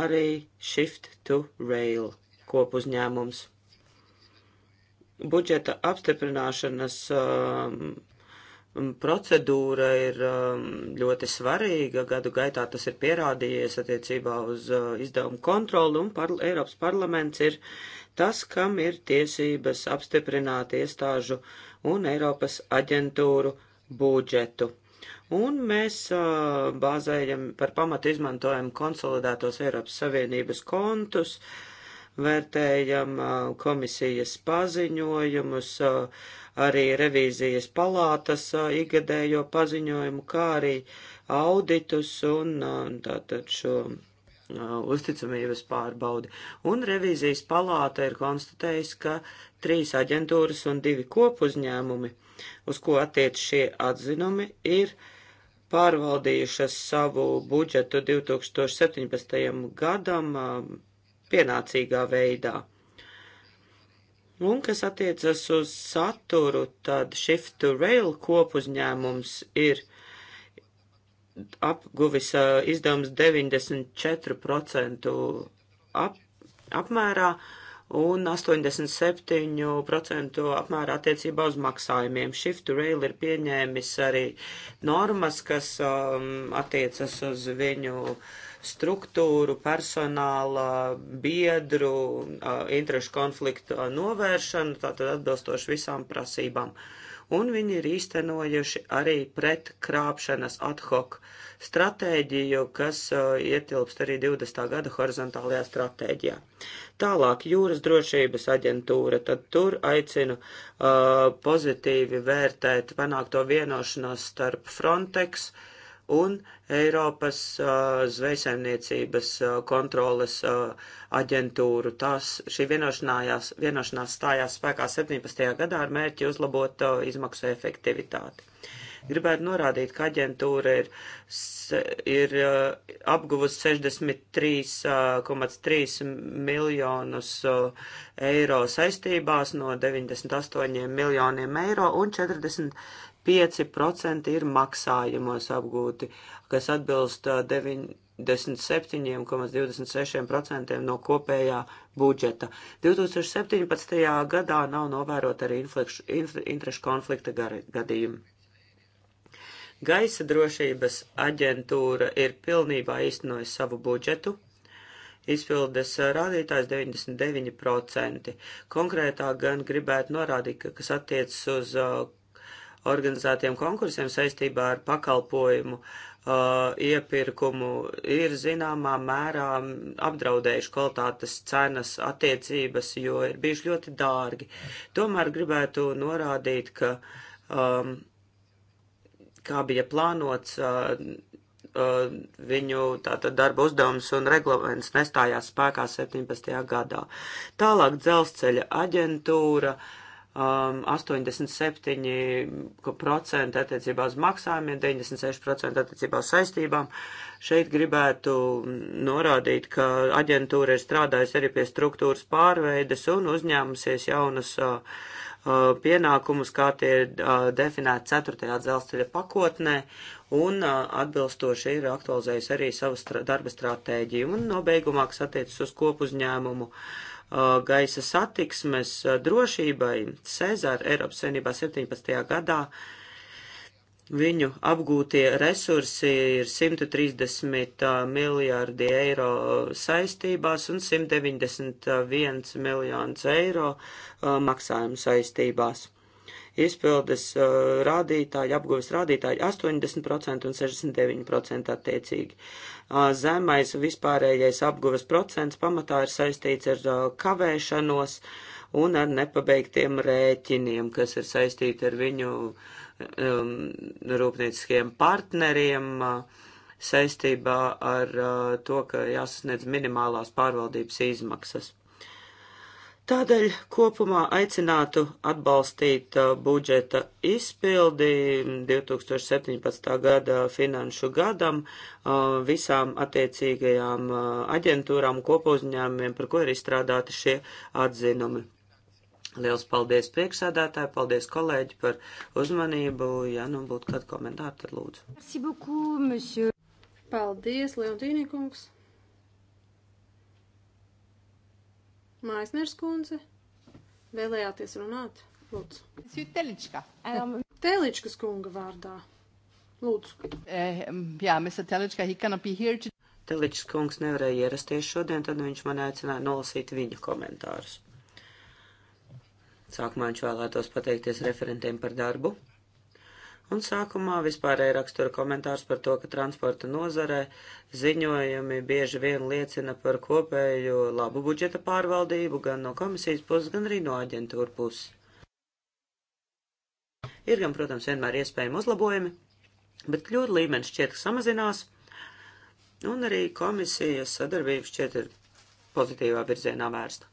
arī Shift to Rail kopuzņēmums. Budžeta apstiprināšanas um, procedūra ir um, ļoti svarīga. Gadu gaitā tas ir pierādījies attiecībā uz uh, izdevumu kontroli, un par, Eiropas parlaments ir uh, tas, kam ir tiesības apstiprināt iestāžu un Eiropas aģentūru budžetu. Un mēs uh, bāzējam par pamatu izmantojam konsolidētos Eiropas Savienības kontus, vērtējam uh, komisijas paziņojumus, uh, arī revīzijas palātas uh, igadējo paziņojumu, kā arī auditus un uh, tātad šo uzticamības pārbaudi. Un revīzijas palāta ir konstatējusi, ka trīs aģentūras un divi kopuzņēmumi, uz ko attiec šie atzinumi, ir pārvaldījušas savu budžetu 2017. gadam pienācīgā veidā. Un, kas attiecas uz saturu, tad Shift to Rail kopuzņēmums ir uh, apguvis izdevums 94% ap, apmērā un 87% apmērā attiecībā uz maksājumiem. Shift to Rail ir pieņēmis arī normas, kas um, attiecas uz viņu struktūru, personāla, biedru, uh, interešu konfliktu uh, novēršanu, tātad atbilstoši visām prasībām. Uh, un viņi ir īstenojuši arī pret krāpšanas ad hoc stratēģiju, kas uh, ietilpst arī 20. gada horizontālajā stratēģijā. Tālāk jūras drošības aģentūra, tad tur aicinu uh, pozitīvi vērtēt panākto vienošanos starp Frontex, uh, un Eiropas uh, zvejsaimniecības uh, kontroles uh, aģentūru. Tās šī vienošanās, vienošanās stājās spēkā 17. gadā ar mērķi uzlabot uh, izmaksu efektivitāti. Gribētu norādīt, ka aģentūra ir, ir uh, apguvusi 63,3 uh, miljonus uh, eiro saistībās no 98 miljoniem eiro un 40 5% ir maksājumos apgūti, kas atbilst 97,26% no kopējā budžeta. 2017. gadā nav novērot arī interešu konflikta gadījumu. Gaisa drošības aģentūra ir pilnībā īstenojusi savu budžetu, izpildes rādītājs 99%. Konkrētāk gan gribētu norādīt, ka, kas attiecas uz organizētiem konkursiem saistībā ar pakalpojumu uh, iepirkumu ir zināmā mērā apdraudējuši kvalitātes cenas attiecības, jo ir bijuši ļoti dārgi. Tomēr gribētu norādīt, ka um, kā bija plānots, uh, uh, viņu tātad darba uzdevums un reglaments nestājās spēkā 17. gadā. Tālāk dzelzceļa aģentūra. Uh, um, 87% attiecībā uz maksājumiem, 96% attiecībā uz saistībām. Šeit gribētu norādīt, ka aģentūra ir strādājusi arī pie struktūras pārveides un uzņēmusies jaunas uh, uh pienākumus, kā tie ir uh, definēti 4. dzelzceļa pakotnē, un uh, atbilstoši ir aktualizējusi arī savu stra darba stratēģiju. Un nobeigumā, kas attiecas uz kopuzņēmumu, uh, Uh, gaisa satiksmes uh, drošībai Cezara Eiropas Savienībā 17. gadā. Viņu apgūtie resursi ir 130 uh, miljārdi eiro saistībās un 191 miljons eiro maksājumu saistībās. Izpildes rādītāji, apguves rādītāji 80% un 69% attiecīgi zemais vispārējais apguves procents pamatā ir saistīts ar kavēšanos un ar nepabeigtiem rēķiniem, kas ir saistīti ar viņu um, rūpnieciskiem partneriem. Uh, saistībā ar uh, to, ka jāsasniedz minimālās pārvaldības izmaksas. Tādēļ kopumā aicinātu atbalstīt uh, budžeta izpildi 2017. gada finanšu gadam uh, visām attiecīgajām uh, aģentūrām un kopuzņēmumiem, par ko ir izstrādāti šie atzinumi. Liels paldies priekšsādātāji, paldies kolēģi par uzmanību. Ja nu būtu kādi komentāri, tad lūdzu. Paldies, Leontīnī kungs! Maisners kundze, vēlējāties runāt? Lūdzu. Es jūtu Telička. Um. Teličkas kunga vārdā. Lūdzu. Uh, jā, mēs ar Telička, he cannot be here today. Teličs kungs nevarēja ierasties šodien, tad viņš man aicināja nolasīt viņa komentārus. Sākumā viņš vēlētos pateikties referentiem par darbu. Un sākumā vispārēja rakstura komentārs par to, ka transporta nozarē ziņojumi bieži vien liecina par kopēju labu budžeta pārvaldību gan no komisijas puses, gan arī no aģentūra puses. Ir gan, protams, vienmēr iespējami uzlabojumi, bet kļūda līmenis šķiet, ka samazinās, un arī komisijas sadarbība šķiet ir pozitīvā virzienā vērsta.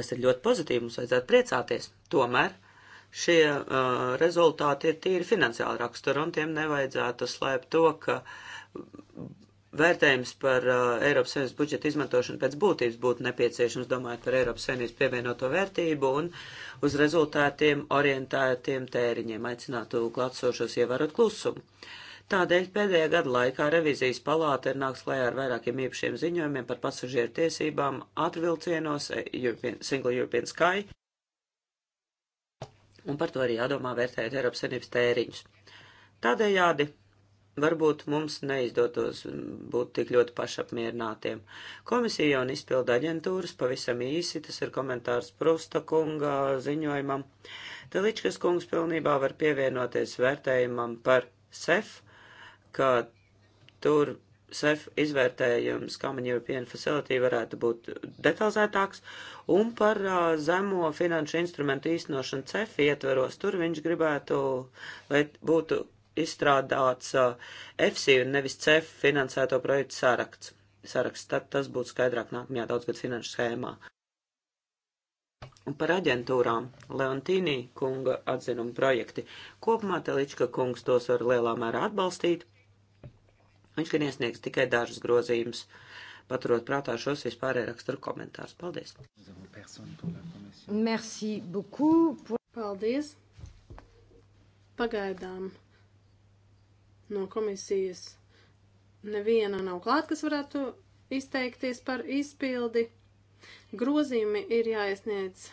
Tas ir ļoti pozitīvi, mums vajadzētu priecāties. Tomēr šie uh, rezultāti ir tīri finansiāli rakstura, un tiem nevajadzētu slēpt to, ka vērtējums par uh, Eiropas Savienības budžeta izmantošanu pēc būtības būtu nepieciešams, domājot par Eiropas Savienības pievienoto vērtību un uz rezultātiem orientētiem tēriņiem, aicinātu klātsošos ievērot klusumu. Tādēļ pēdējā gada laikā revizijas palāta ir nāks klajā ar vairākiem īpašiem ziņojumiem par pasažieru tiesībām atvilcienos eh, European, Single European Sky un par to arī jādomā vērtējot Eiropas Savienības tēriņus. Tādējādi varbūt mums neizdotos būt tik ļoti pašapmierinātiem. Komisija un izpilda aģentūras pavisam īsi, tas ir komentārs Prusta kunga ziņojumam. Teličkas kungs pilnībā var pievienoties vērtējumam par SEF, ka tur SEF izvērtējums Common European Facility varētu būt detalizētāks, un par uh, zemo finanšu instrumentu īstenošanu CEF ietveros, tur viņš gribētu, lai būtu izstrādāts uh, EFSI un nevis CEF finansēto projektu saraksts. saraksts. Tad tas būtu skaidrāk nākamajā daudzgad finanšu schēmā. Un par aģentūrām Leontīnī kunga atzinuma projekti. Kopumā Telička kungs tos var lielā mērā atbalstīt Viņš ir iesniegts tikai dažus grozījumus, paturot prātā šos vispārēju raksturu komentārus. Paldies! Merci beaucoup! Pour... Paldies! Pagaidām no komisijas neviena nav klāt, kas varētu izteikties par izpildi. Grozījumi ir jāiesniedz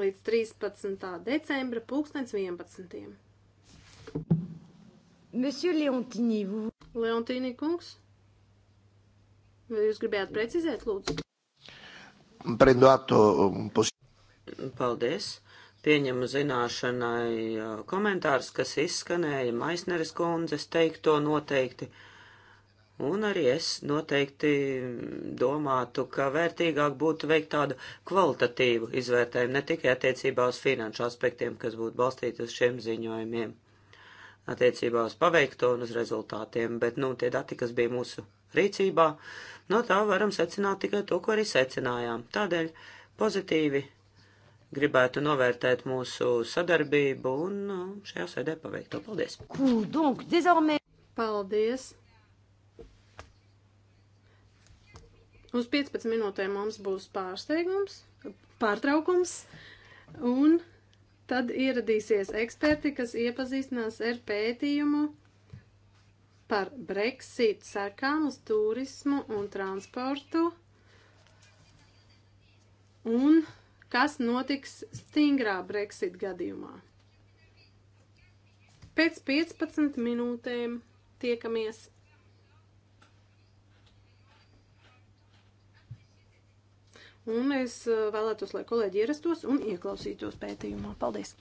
līdz 13. decembra 2011. Monsieur Leontini, vous Leontīnī kungs, vai jūs gribējāt precizēt, lūdzu? Prendo atto um, Paldies. Pieņemu zināšanai uh, komentārus, kas izskanēja Maisneres kundzes teikto noteikti. Un arī es noteikti domātu, ka vērtīgāk būtu veikt tādu kvalitatīvu izvērtējumu, ne tikai attiecībā uz finanšu aspektiem, kas būtu balstīti uz šiem ziņojumiem attiecībā uz paveikto un uz rezultātiem, bet, nu, tie dati, kas bija mūsu rīcībā, no tā varam secināt tikai to, ko arī secinājām. Tādēļ pozitīvi gribētu novērtēt mūsu sadarbību un nu, šajā sēdē paveikto. Paldies! Paldies! Uz 15 minūtēm mums būs pārsteigums, pārtraukums, un Tad ieradīsies eksperti, kas iepazīstinās ar pētījumu par Brexit sekām uz turismu un transportu un kas notiks stingrā Brexit gadījumā. Pēc 15 minūtēm tiekamies Un es eh, vēlētos, lai kolēģi ierastos un ieklausītos pētījumā. Paldies!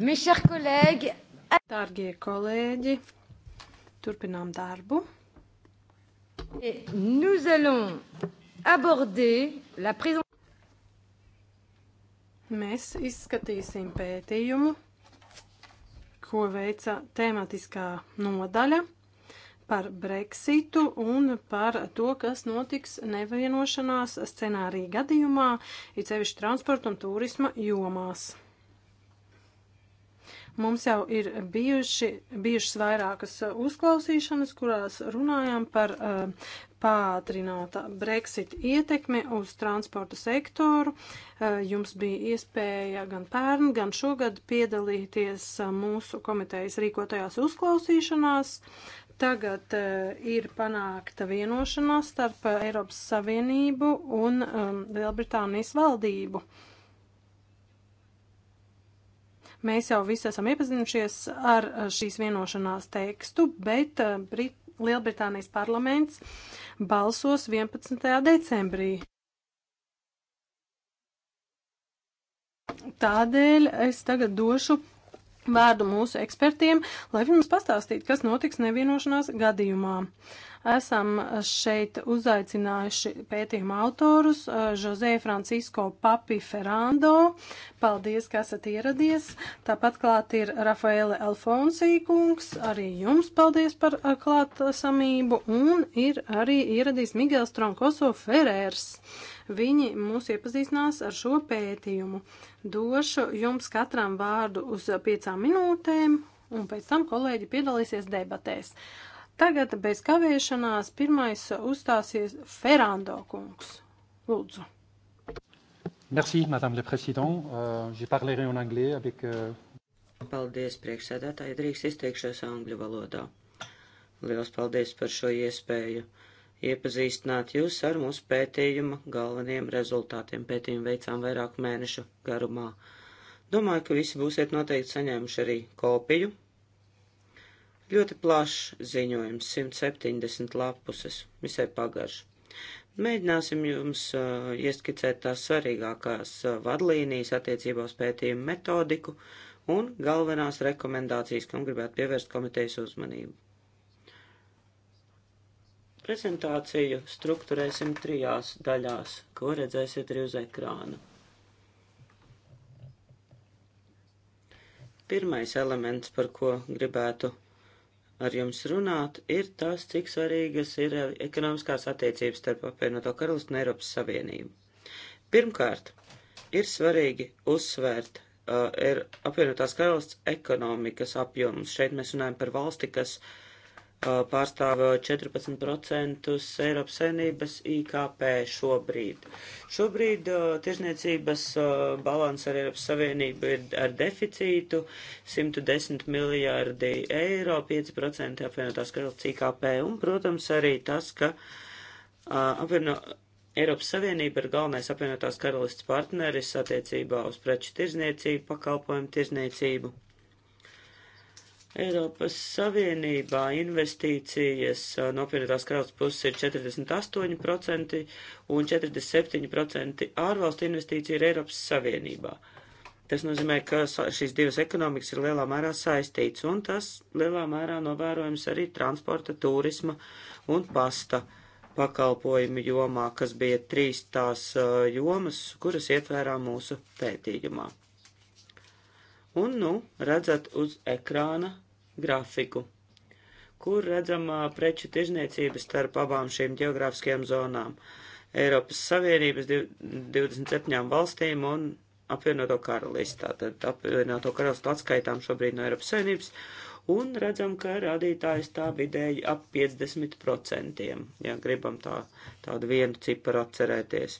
Kolēģi. Dārgie kolēģi, turpinām darbu. Nous allons aborder la présent... Mēs izskatīsim pētījumu, ko veica tematiskā nodaļa par Brexitu un par to, kas notiks nevienošanās scenārija gadījumā, it sevišķi transporta un turisma jomās. Mums jau ir bijuši, bijušas vairākas uh, uzklausīšanas, kurās runājām par uh, pātrinātā Brexit ietekme uz transporta sektoru. Uh, jums bija iespēja gan pērn, gan šogad piedalīties uh, mūsu komitejas rīkotajās uzklausīšanās. Tagad uh, ir panākta vienošanās starp uh, Eiropas Savienību un um, Lielbritānijas valdību. Uh, Mēs jau visi esam iepazinušies ar eh, šīs vienošanās tekstu, bet eh, Brit Lielbritānijas parlaments balsos 11. decembrī. Tādēļ es tagad došu vārdu mūsu ekspertiem, lai viņi mums pastāstītu, kas notiks nevienošanās gadījumā. Uh, Esam šeit uzaicinājuši pētījuma autorus eh, Jose Francisco Papi Ferrando. Paldies, ka esat ieradies. Tāpat klāt ir Rafaele Alfonsī kungs. Arī jums paldies par eh, klātsamību. Un ir arī ieradies Migels Tronkoso Ferērs. Viņi mūs iepazīstinās ar šo pētījumu. Došu jums katram vārdu uz piecām minūtēm, un pēc tam kolēģi piedalīsies debatēs. Tagad bez kavēšanās pirmais uzstāsies Ferando kungs. Lūdzu. Merci, Madame le Président. Uh, je parlerai en anglais avec. Uh... Paldies, priekšsēdētāji, drīkst izteikšos angļu valodā. Liels paldies par šo iespēju iepazīstināt jūs ar mūsu pētījuma galvenajiem rezultātiem. Pētījumu veicām vairāku mēnešu garumā. Domāju, ka visi būsiet noteikti saņēmuši arī kopiju Ļoti plašs ziņojums, 170 lapuses, visai pagarš. Mēģināsim jums uh, ieskicēt tās svarīgākās uh, vadlīnijas attiecībā uz pētījumu metodiku un galvenās rekomendācijas, kam gribētu pievērst komitejas uzmanību. Prezentāciju struktūrēsim trijās daļās, ko redzēsiet arī uz ekrāna. Pirmais elements, par ko gribētu ar jums runāt, ir tas, cik svarīgas ir eh, ekonomiskās attiecības starp apvienoto karalistu un Eiropas Savienību. Pirmkārt, ir svarīgi uzsvērt uh, eh, ir apvienotās karalists ekonomikas apjomus. Šeit mēs runājam par valsti, kas uh, Uh, pārstāv 14% uh, Eiropas saimnības IKP šobrīd. Šobrīd uh, tirzniecības uh, balans ar Eiropas Savienību ir ar deficītu 110 miljārdi eiro, 5% apvienotās karalists IKP un, protams, arī tas, ka uh, apvieno, Eiropas Savienība ir galvenais apvienotās karalists partneris attiecībā uz preču tirzniecību, pakalpojumu tirzniecību. Eiropas Savienībā investīcijas nopietnās kraujas puses ir 48% un 47% ārvalstu investīcija ir Eiropas Savienībā. Tas nozīmē, ka šīs divas ekonomikas ir lielā mērā saistītas, un tas lielā mērā novērojams arī transporta, turisma un pasta pakalpojumu jomā, kas bija trīs tās jomas, kuras ietvērā mūsu pētījumā. Un, nu, redzat uz ekrāna grafiku, kur redzama preču tirzniecības starp abām šīm geogrāfiskajām zonām - Eiropas Savienības 27 valstīm un apvienoto karalisti. Tātad apvienoto karalistu atskaitām šobrīd no Eiropas Savienības un redzam, ka rādītājs tā vidēji ap 50%, ja gribam tā, tādu vienu ciparu atcerēties.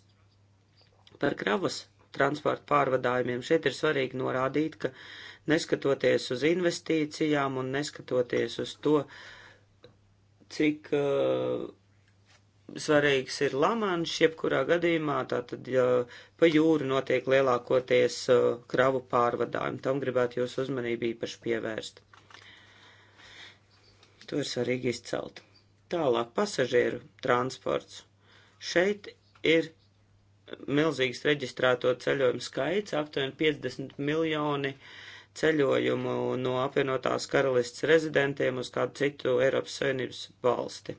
Par kravas transporta pārvadājumiem. Šeit ir svarīgi norādīt, ka neskatoties uz investīcijām un neskatoties uz to, cik uh, svarīgs ir lamanš, jebkurā gadījumā tātad uh, pa jūru notiek lielākoties uh, kravu pārvadājumi. Tam gribētu jūs uzmanību īpaši pievērst. To ir svarīgi izcelt. Tālāk pasažieru transports. Šeit ir milzīgs reģistrēto ceļojumu skaits, aptuveni 50 miljoni ceļojumu no apvienotās karalists rezidentiem uz kādu citu Eiropas Savienības valsti.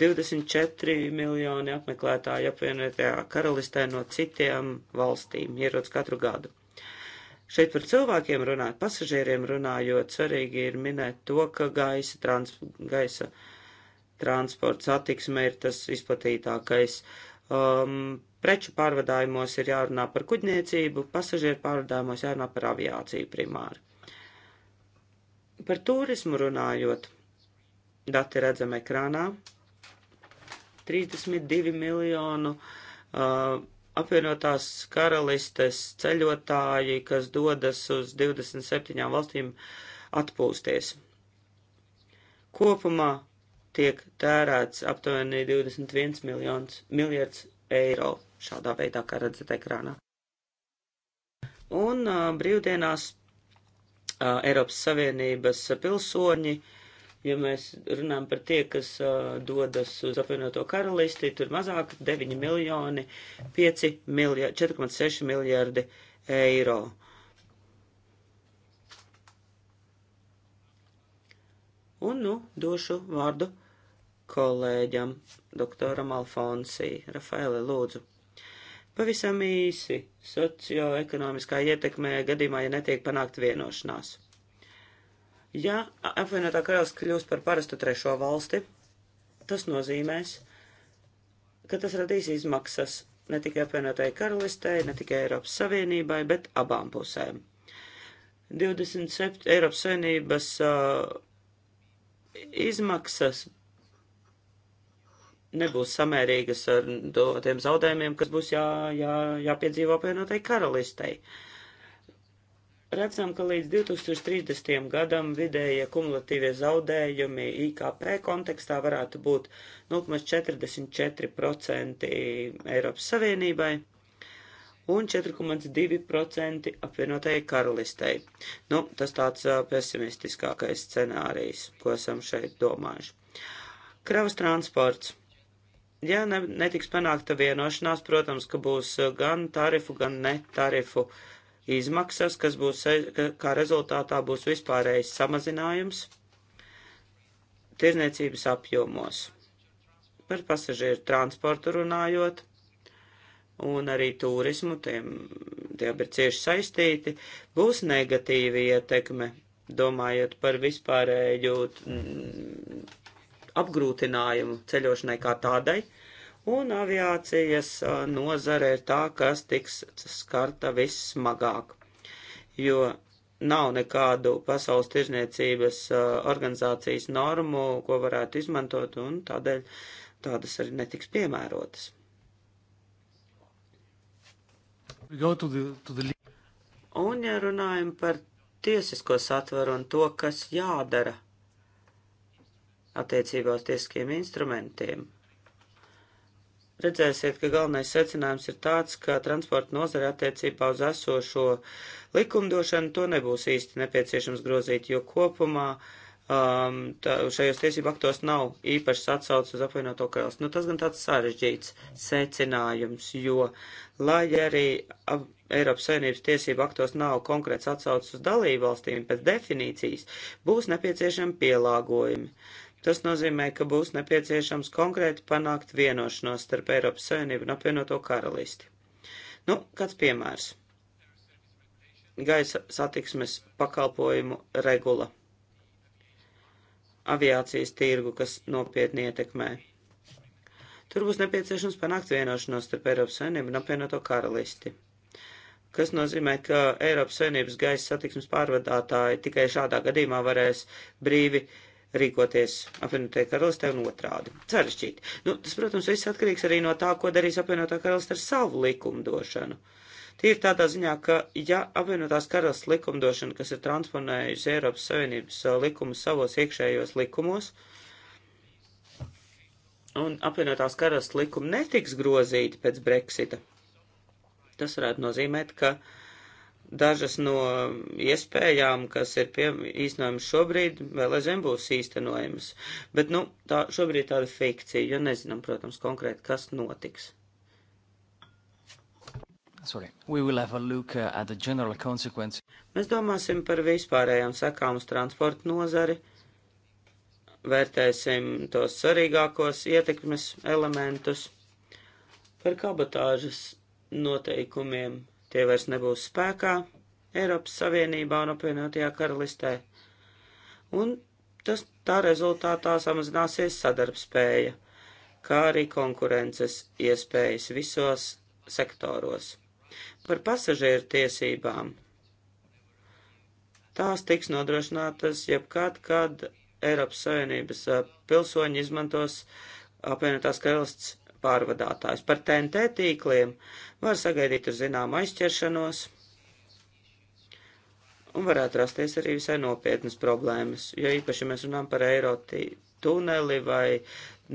24 miljoni apmeklētāji apvienotajā karalistē no citiem valstīm ierodas katru gadu. Šeit par cilvēkiem runājot, pasažieriem runājot, svarīgi ir minēt to, ka gaisa, trans, gaisa transports attiksme ir tas izplatītākais um, Preču pārvadājumos ir jārunā par kuģniecību, pasažieru pārvadājumos jārunā par aviāciju primāri. Par turismu runājot, dati redzam ekrānā, 32 miljonu uh, apvienotās karalistes ceļotāji, kas dodas uz 27 valstīm atpūsties. Kopumā tiek tērēts aptuveni 21 miljons, miljards eiro šādā veidā, kā redzat ekrānā. Un uh, brīvdienās uh, Eiropas Savienības pilsoņi, ja mēs runājam par tie, kas uh, dodas uz apvienoto karalisti, tur mazāk 9 miljoni, 5 miljardi, 4,6 miljardi eiro. Un, nu, došu vārdu kolēģam, doktoram Alfonsī. Rafaele, lūdzu. Pavisam īsi socioekonomiskā ietekmē gadījumā, ja netiek panākt vienošanās. Ja apvienotā karalists kļūs par parastu trešo valsti, tas nozīmēs, ka tas radīs izmaksas ne tikai apvienotai karalistei, ne tikai Eiropas Savienībai, bet abām pusēm. 27 Eiropas Savienības uh, izmaksas nebūs samērīgas ar to, tiem zaudējumiem, kas būs jā, jā, jāpiedzīvo apvienotai karalistei. Redzam, ka līdz 2030. gadam vidējie kumulatīvie zaudējumi IKP kontekstā varētu būt 0,44% Eiropas Savienībai un 4,2% apvienotajai karalistei. Nu, tas tāds pesimistiskākais scenārijs, ko esam šeit domājuši. Kravas transports. Ja ne, netiks panākta vienošanās, protams, ka būs uh, gan tarifu, gan netarifu izmaksas, kas būs, e, kā rezultātā būs vispārējais samazinājums tirzniecības apjomos. Par pasažieru transportu runājot un arī turismu, tiem, tiem ir cieši saistīti, būs negatīva ietekme, domājot par vispārēju mm, apgrūtinājumu ceļošanai kā tādai, un aviācijas nozare ir tā, kas tiks skarta vissmagāk, jo nav nekādu pasaules tirzniecības organizācijas normu, ko varētu izmantot, un tādēļ tādas arī netiks piemērotas. To the, to the... Un, ja runājam par tiesisko satveru un to, kas jādara attiecībā uz tiesiskiem instrumentiem. Redzēsiet, ka galvenais secinājums ir tāds, ka transporta nozare attiecībā uz esošo likumdošanu to nebūs īsti nepieciešams grozīt, jo kopumā um, tā, šajos tiesību aktos nav īpašas atsauces uz apvienoto karalistu. Nu, tas gan tāds sarežģīts secinājums, jo, lai arī ap, Eiropas Savienības tiesību aktos nav konkrēts atsaucis uz dalību valstīm pēc definīcijas, būs nepieciešami pielāgojumi. Tas nozīmē, ka būs nepieciešams konkrēti panākt vienošanos starp Eiropas Savienību un apvienoto karalisti. Nu, kāds piemērs? Gaisa satiksmes pakalpojumu regula. Aviācijas tirgu, kas nopietni ietekmē. Tur būs nepieciešams panākt vienošanos starp Eiropas Savienību un apvienoto karalisti kas nozīmē, ka Eiropas Savienības gaisa satiksmes pārvadātāji tikai šādā gadījumā varēs brīvi uh, rīkoties apvienotajai karalistē un otrādi. Sarežģīti. Nu, tas, protams, viss atkarīgs arī no tā, ko darīs apvienotā karalistē ar savu likumdošanu. Tīri tādā ziņā, ka ja apvienotās karalists likumdošana, kas ir transponējusi Eiropas Savienības uh, likumus savos iekšējos likumos, un apvienotās karalists likumi netiks grozīti pēc Brexita, tas varētu nozīmēt, ka uh, dažas no iespējām, kas ir pie, īstenojamas šobrīd, vēl aizvien būs īstenojamas. Bet, nu, tā šobrīd tāda fikcija, jo nezinām, protams, konkrēti, kas notiks. Sorry. We will have a look uh, at the general consequences. Mēs domāsim par vispārējām sekām uz transporta nozari, vērtēsim tos svarīgākos ietekmes elementus par kabatāžas noteikumiem tie vairs nebūs spēkā Eiropas Savienībā un apvienotajā karalistē. Un tas tā rezultātā samazināsies sadarbspēja, kā arī konkurences iespējas visos sektoros. Par pasažieru tiesībām. Tās tiks nodrošinātas jebkad, kad Eiropas Savienības pilsoņi izmantos apvienotās karalists pārvadātājus. Par TNT tīkliem var sagaidīt uz zinām aizķeršanos un varētu rasties arī visai nopietnas problēmas, jo īpaši mēs runājam par Eiroti tuneli vai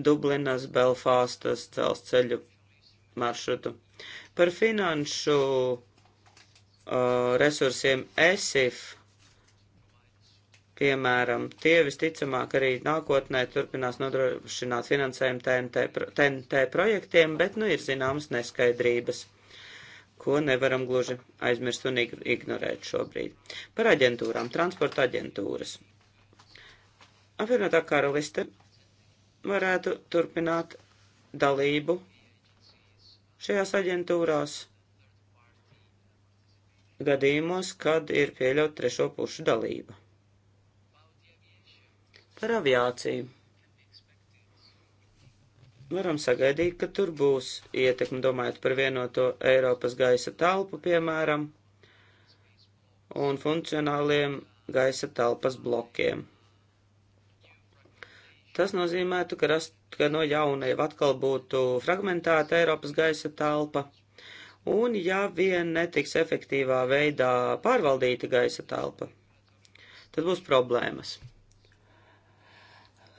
Dublinas, Belfāstas dzelzceļu maršrutu. Par finanšu uh, resursiem ESIF Piemēram, tie visticamāk arī nākotnē turpinās nodrošināt finansējumu TNT, TNT projektiem, bet nu ir zināmas neskaidrības, ko nevaram gluži aizmirst un ignorēt šobrīd. Par aģentūrām, transporta aģentūras. Apvienotā karaliste varētu turpināt dalību šajās aģentūrās gadījumos, kad ir pieļaut trešo pušu dalība. Par aviāciju. Varam sagaidīt, ka tur būs ietekme, domājot par vienoto Eiropas gaisa telpu, piemēram, un funkcionāliem gaisa telpas blokiem. Tas nozīmētu, ka, rast, ka no jauna jau atkal būtu fragmentēta Eiropas gaisa telpa, un ja vien netiks efektīvā veidā pārvaldīta gaisa telpa, tad būs problēmas.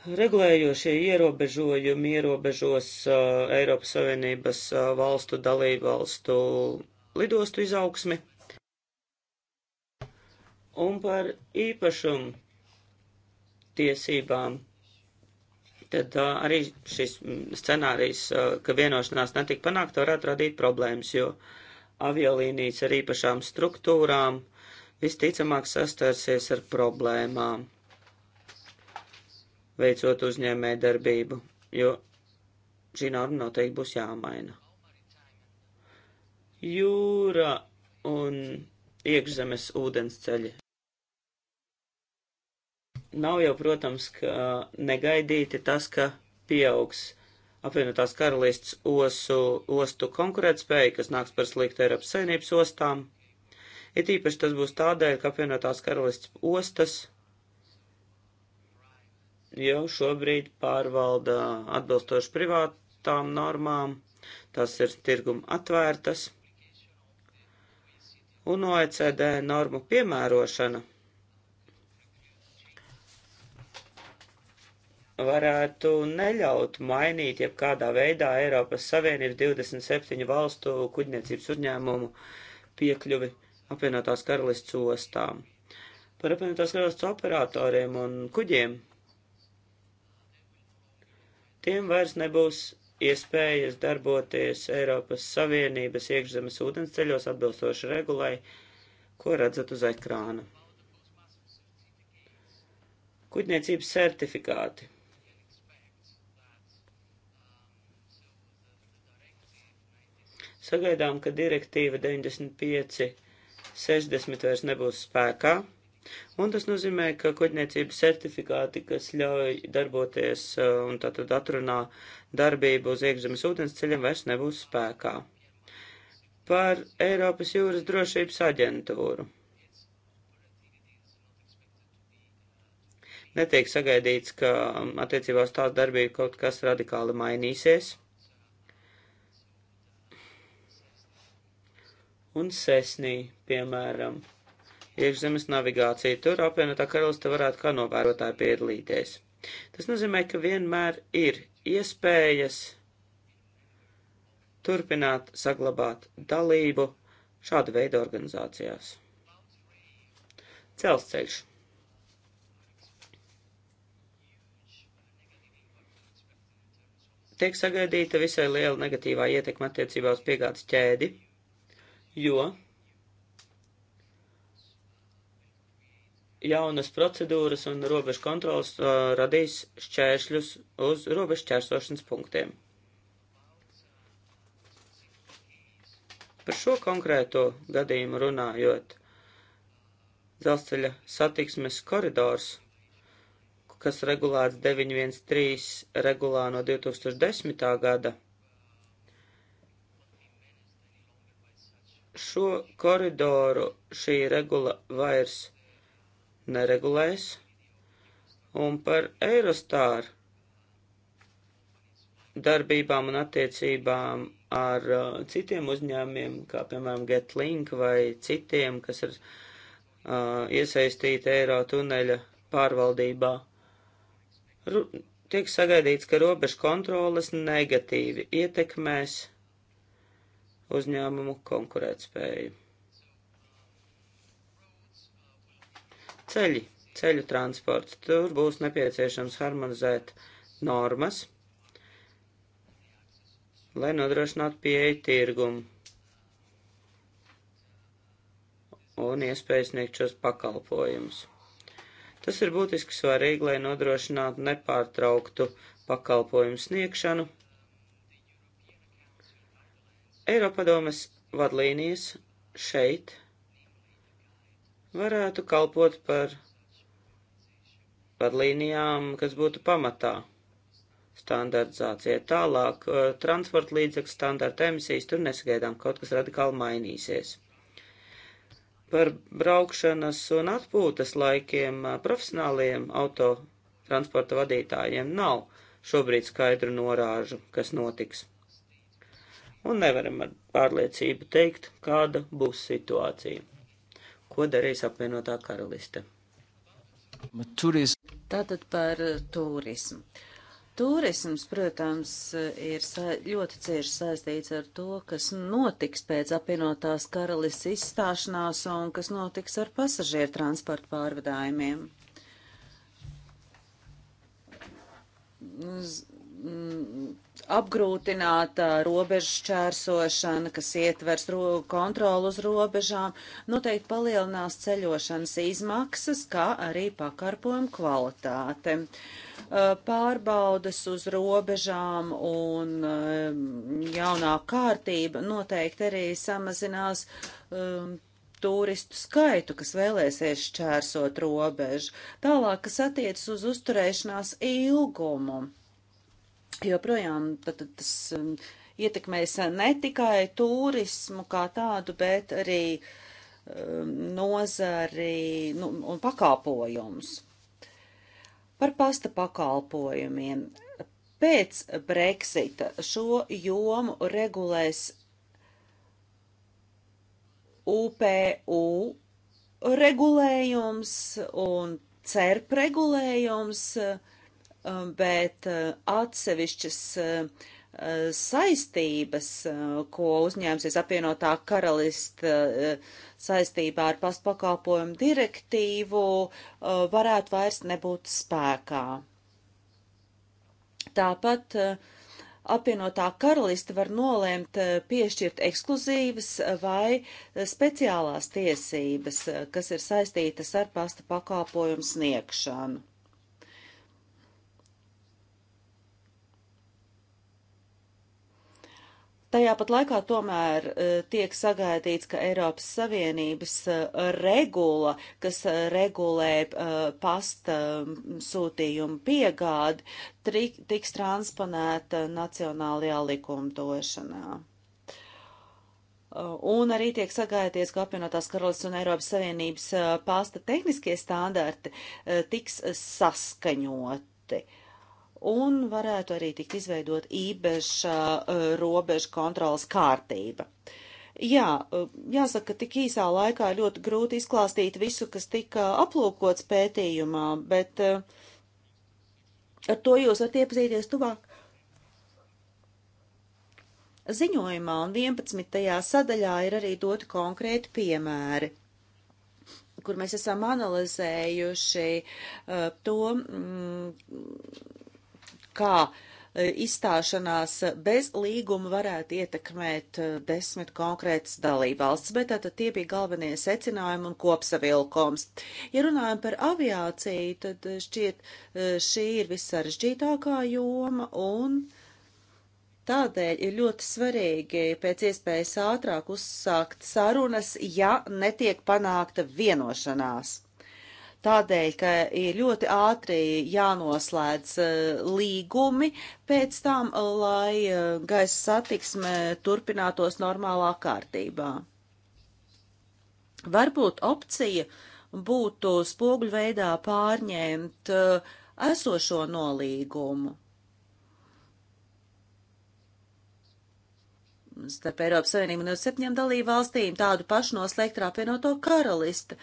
Regulējošie ierobežojumi ierobežos uh, Eiropas Savienības uh, valstu dalību valstu lidostu izaugsmi. Un par īpašumu tiesībām. Tad uh, arī šis mm, scenārijs, uh, ka vienošanās netika panākta, varētu radīt problēmas, jo aviolīnijas ar īpašām struktūrām visticamāk sastarsies ar problēmām veicot uzņēmē darbību, jo šī norma noteikti būs jāmaina. Jūra un iekšzemes ūdens ceļi. Nav jau, protams, ka negaidīti tas, ka pieaugs apvienotās karalists osu, ostu konkurētspēja, kas nāks par sliktu Eiropas saimnības ostām. It īpaši tas būs tādēļ, ka apvienotās karalists ostas jau šobrīd pārvalda atbilstoši privātām normām, tas ir tirguma atvērtas, un OECD normu piemērošana varētu neļaut mainīt jebkādā veidā Eiropas Savienības 27 valstu kuģniecības uzņēmumu piekļuvi apvienotās karalists ostām. Par apvienotās karalists operatoriem un kuģiem tiem vairs nebūs iespējas darboties Eiropas Savienības iekšzemes ūdensceļos atbilstoši regulai, ko redzat uz ekrāna. Kuģniecības certifikāti. Sagaidām, ka direktīva 95 60 vairs nebūs spēkā. Un tas nozīmē, ka kuģniecības certifikāti, kas ļauj darboties uh, un tātad atrunā darbību uz iekšzemes ūdens ceļiem, vairs nebūs spēkā. Par Eiropas jūras drošības aģentūru. netiek sagaidīts, ka um, attiecībā uz tās darbību kaut kas radikāli mainīsies. Un sesnī, piemēram, iekšzemes navigāciju. Tur apvienotā karaliste varētu kā novērotāji piedalīties. Tas nozīmē, ka vienmēr ir iespējas turpināt saglabāt dalību šāda veida organizācijās. Celsceļš. Tiek sagaidīta visai liela negatīvā ietekma attiecībā uz piegādes ķēdi, jo jaunas procedūras un robežu kontrols uh, radīs šķēršļus uz robežu čērsošanas punktiem. Par šo konkrēto gadījumu runājot, dzelzceļa satiksmes koridors, kas regulēts 913 regulā no 2010. gada, šo koridoru šī regula vairs neregulēs. Un par Eirostāru darbībām un attiecībām ar uh, citiem uzņēmiem, kā piemēram GetLink vai citiem, kas ir uh, iesaistīti eiro tuneļa pārvaldībā. Ru tiek sagaidīts, ka robežu kontroles negatīvi ietekmēs uzņēmumu konkurētspēju. Ceļi, ceļu transports. Tur būs nepieciešams harmonizēt normas, lai nodrošinātu pieeju tirgumu un iespēju sniegt šos pakalpojumus. Tas ir būtiski svarīgi, lai nodrošinātu nepārtrauktu pakalpojumu sniegšanu. Eiropadomes vadlīnijas šeit varētu kalpot par vadlīnijām, kas būtu pamatā standartizācijai. Tālāk, eh, transporta līdzekļu standarta emisijas, tur nesagaidām, kaut kas radikāli mainīsies. Par braukšanas un atpūtas laikiem eh, profesionāliem autotransporta vadītājiem nav šobrīd skaidru norāžu, kas notiks. Un nevaram ar pārliecību teikt, kāda būs situācija ko darīs apvienotā karaliste. Turism. Tātad par turismu. Turisms, protams, ir ļoti cieši saistīts ar to, kas notiks pēc apvienotās karalists izstāšanās un kas notiks ar pasažieru transportu pārvadājumiem. Z apgrūtināta robežu šķērsošana, kas ietvers kontroli uz robežām, noteikti palielinās ceļošanas izmaksas, kā arī pakarpojumu kvalitāte. Pārbaudas uz robežām un jaunā kārtība noteikti arī samazinās um, turistu skaitu, kas vēlēsies šķērsot robežu, tālāk, kas attiecas uz uzturēšanās ilgumu joprojām tad, tad tas um, ietekmēs uh, ne tikai turismu kā tādu, bet arī um, nozari nu, un pakalpojumus. Par pasta pakalpojumiem. Pēc Brexita šo jomu regulēs UPU regulējums un CERP regulējums. Uh, Um, bet uh, atsevišķas uh, saistības, uh, ko uzņēmsies apvienotā karalista saistībā ar pastpakalpojumu direktīvu, varētu vairs nebūt spēkā. Tāpat apvienotā karalista var nolēmt piešķirt ekskluzīvas vai speciālās tiesības, kas ir saistītas ar pasta pakalpojumu sniegšanu. Tajā pat laikā tomēr e, tiek sagaidīts, ka Eiropas Savienības e, regula, kas e, regulē pasta sūtījumu piegādi, tiks transponēta nacionālajā likumdošanā. Un arī tiek sagaidīts, ka apvienotās karalists un Eiropas Savienības pasta tehniskie standarti tiks saskaņoti un varētu arī tikt izveidot ībeža eh, robeža kontrolas kārtība. Jā, eh, jāsaka, ka tik īsā laikā ļoti grūti izklāstīt visu, kas tika aplūkots pētījumā, bet eh, ar to jūs varat iepazīties tuvāk Ziņojumā un 11. sadaļā ir arī doti konkrēti piemēri, kur mēs esam analizējuši uh, to, mm, kā e, izstāšanās bez līguma varētu ietekmēt e, desmit konkrētas dalībvalsts, bet tātad tie bija galvenie secinājumi un kopsavilkums. Ja runājam par aviāciju, tad e, šķiet šī ir vissaržģītākā joma un tādēļ ir ļoti svarīgi pēc iespējas ātrāk uzsākt sarunas, ja netiek panākta vienošanās tādēļ, ka ir ļoti ātri jānoslēdz eh, līgumi pēc tam, lai eh, gaisa satiksme turpinātos normālā kārtībā. Varbūt opcija būtu spoguļu veidā pārņemt eh, esošo nolīgumu. starp Eiropas Savienību un no septiņām dalību valstīm tādu pašu noslēgt ar apvienoto karalisti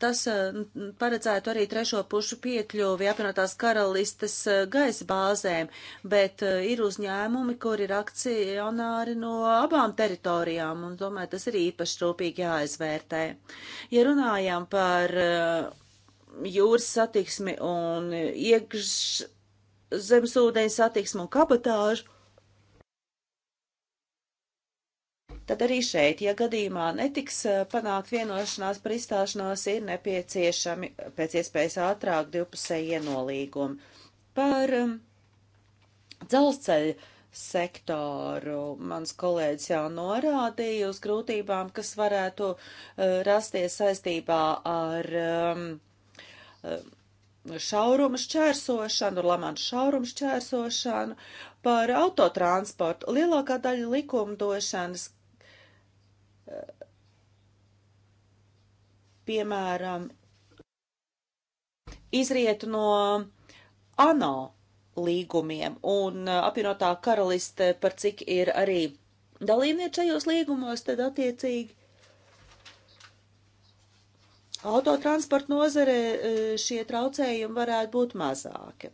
tas eh, paredzētu arī trešo pušu piekļuvi apvienotās karalistes eh, gaisa bāzēm, bet eh, ir uzņēmumi, kur ir akcionāri no abām teritorijām, un domāju, tas ir īpaši rūpīgi jāizvērtē. Ja runājam par jūras satiksmi un iekš zemes ūdeņu satiksmu un kabatāžu, Tad arī šeit, ja gadījumā netiks eh, panākt vienošanās par izstāšanos, ir nepieciešami pēc iespējas ātrāk divpusēji ienolīgumi. Par um, dzelzceļa sektoru mans kolēģis jau norādīja uz grūtībām, kas varētu eh, rasties saistībā ar um, eh, šaurumu šķērsošanu, ar lamantu šaurumu šķērsošanu, par autotransportu. Lielākā daļa likumdošanas, piemēram, izriet no ANO līgumiem, un uh, apvienotā karaliste par cik ir arī dalībnieki šajos līgumos, tad attiecīgi autotransporta nozare uh, šie traucējumi varētu būt mazāki.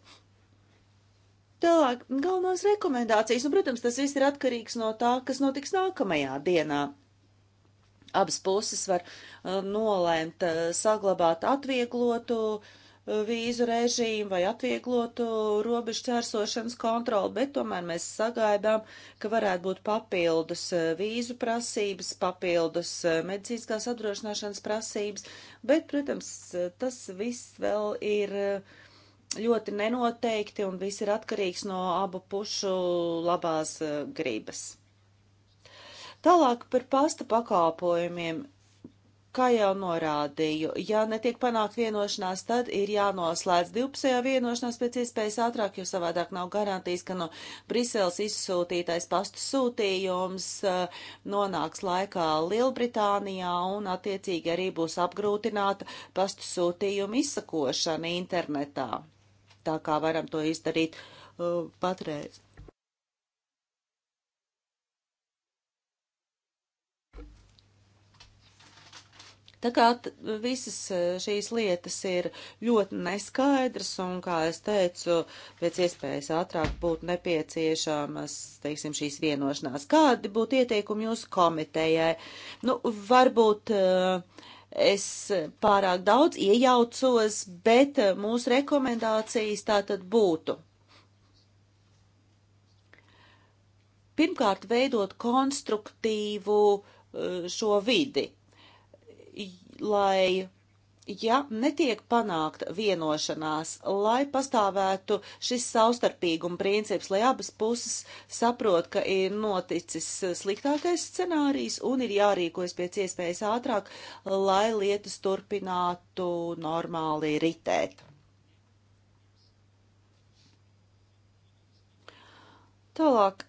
Tālāk, galvenās rekomendācijas, un, protams, tas viss ir atkarīgs no tā, kas notiks nākamajā dienā abas puses var uh, nolēmt uh, saglabāt atvieglotu uh, vīzu režīmu vai atvieglotu robežu čērsošanas kontroli, bet tomēr mēs sagaidām, ka varētu būt papildus vīzu prasības, papildus medicīniskās apdrošināšanas prasības, bet, protams, tas viss vēl ir ļoti nenoteikti un viss ir atkarīgs no abu pušu labās gribas. Tālāk par pasta pakalpojumiem. Kā jau norādīju, ja netiek panākt vienošanās, tad ir jānoslēdz divpusējā vienošanās pēc iespējas ātrāk, jo savādāk nav garantijas, ka no Briseles izsūtītais pastu sūtījums eh, nonāks laikā Lielbritānijā un attiecīgi arī būs apgrūtināta pastu sūtījuma izsakošana internetā. Tā kā varam to izdarīt uh, patreiz. Tā kā visas eh, šīs lietas ir ļoti neskaidras un, kā es teicu, pēc iespējas ātrāk būtu nepieciešamas, teiksim, šīs vienošanās. Kādi būtu ieteikumi jūsu komitejai? Nu, varbūt. Uh, es pārāk daudz iejaucos, bet eh, mūsu rekomendācijas tā tad būtu. Pirmkārt, veidot konstruktīvu šo vidi lai ja netiek panākta vienošanās, lai pastāvētu šis savstarpīguma princips, lai abas puses saprot, ka ir noticis sliktākais scenārijs un ir jārīkojas pēc iespējas ātrāk, lai lietas turpinātu normāli ritēt. Tālāk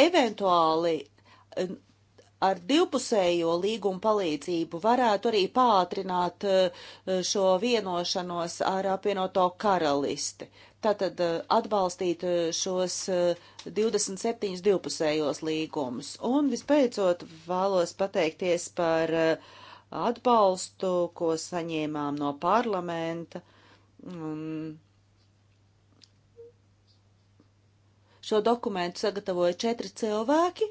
Eventuāli ar divpusējo līgumu palīdzību varētu arī pātrināt e, e, šo vienošanos ar apvienoto karalisti. Tātad e, atbalstīt šos 27 divpusējos līgumus. Un vispēcot vēlos pateikties par atbalstu, ko saņēmām no parlamenta. Un Šo dokumentu sagatavoja četri cilvēki,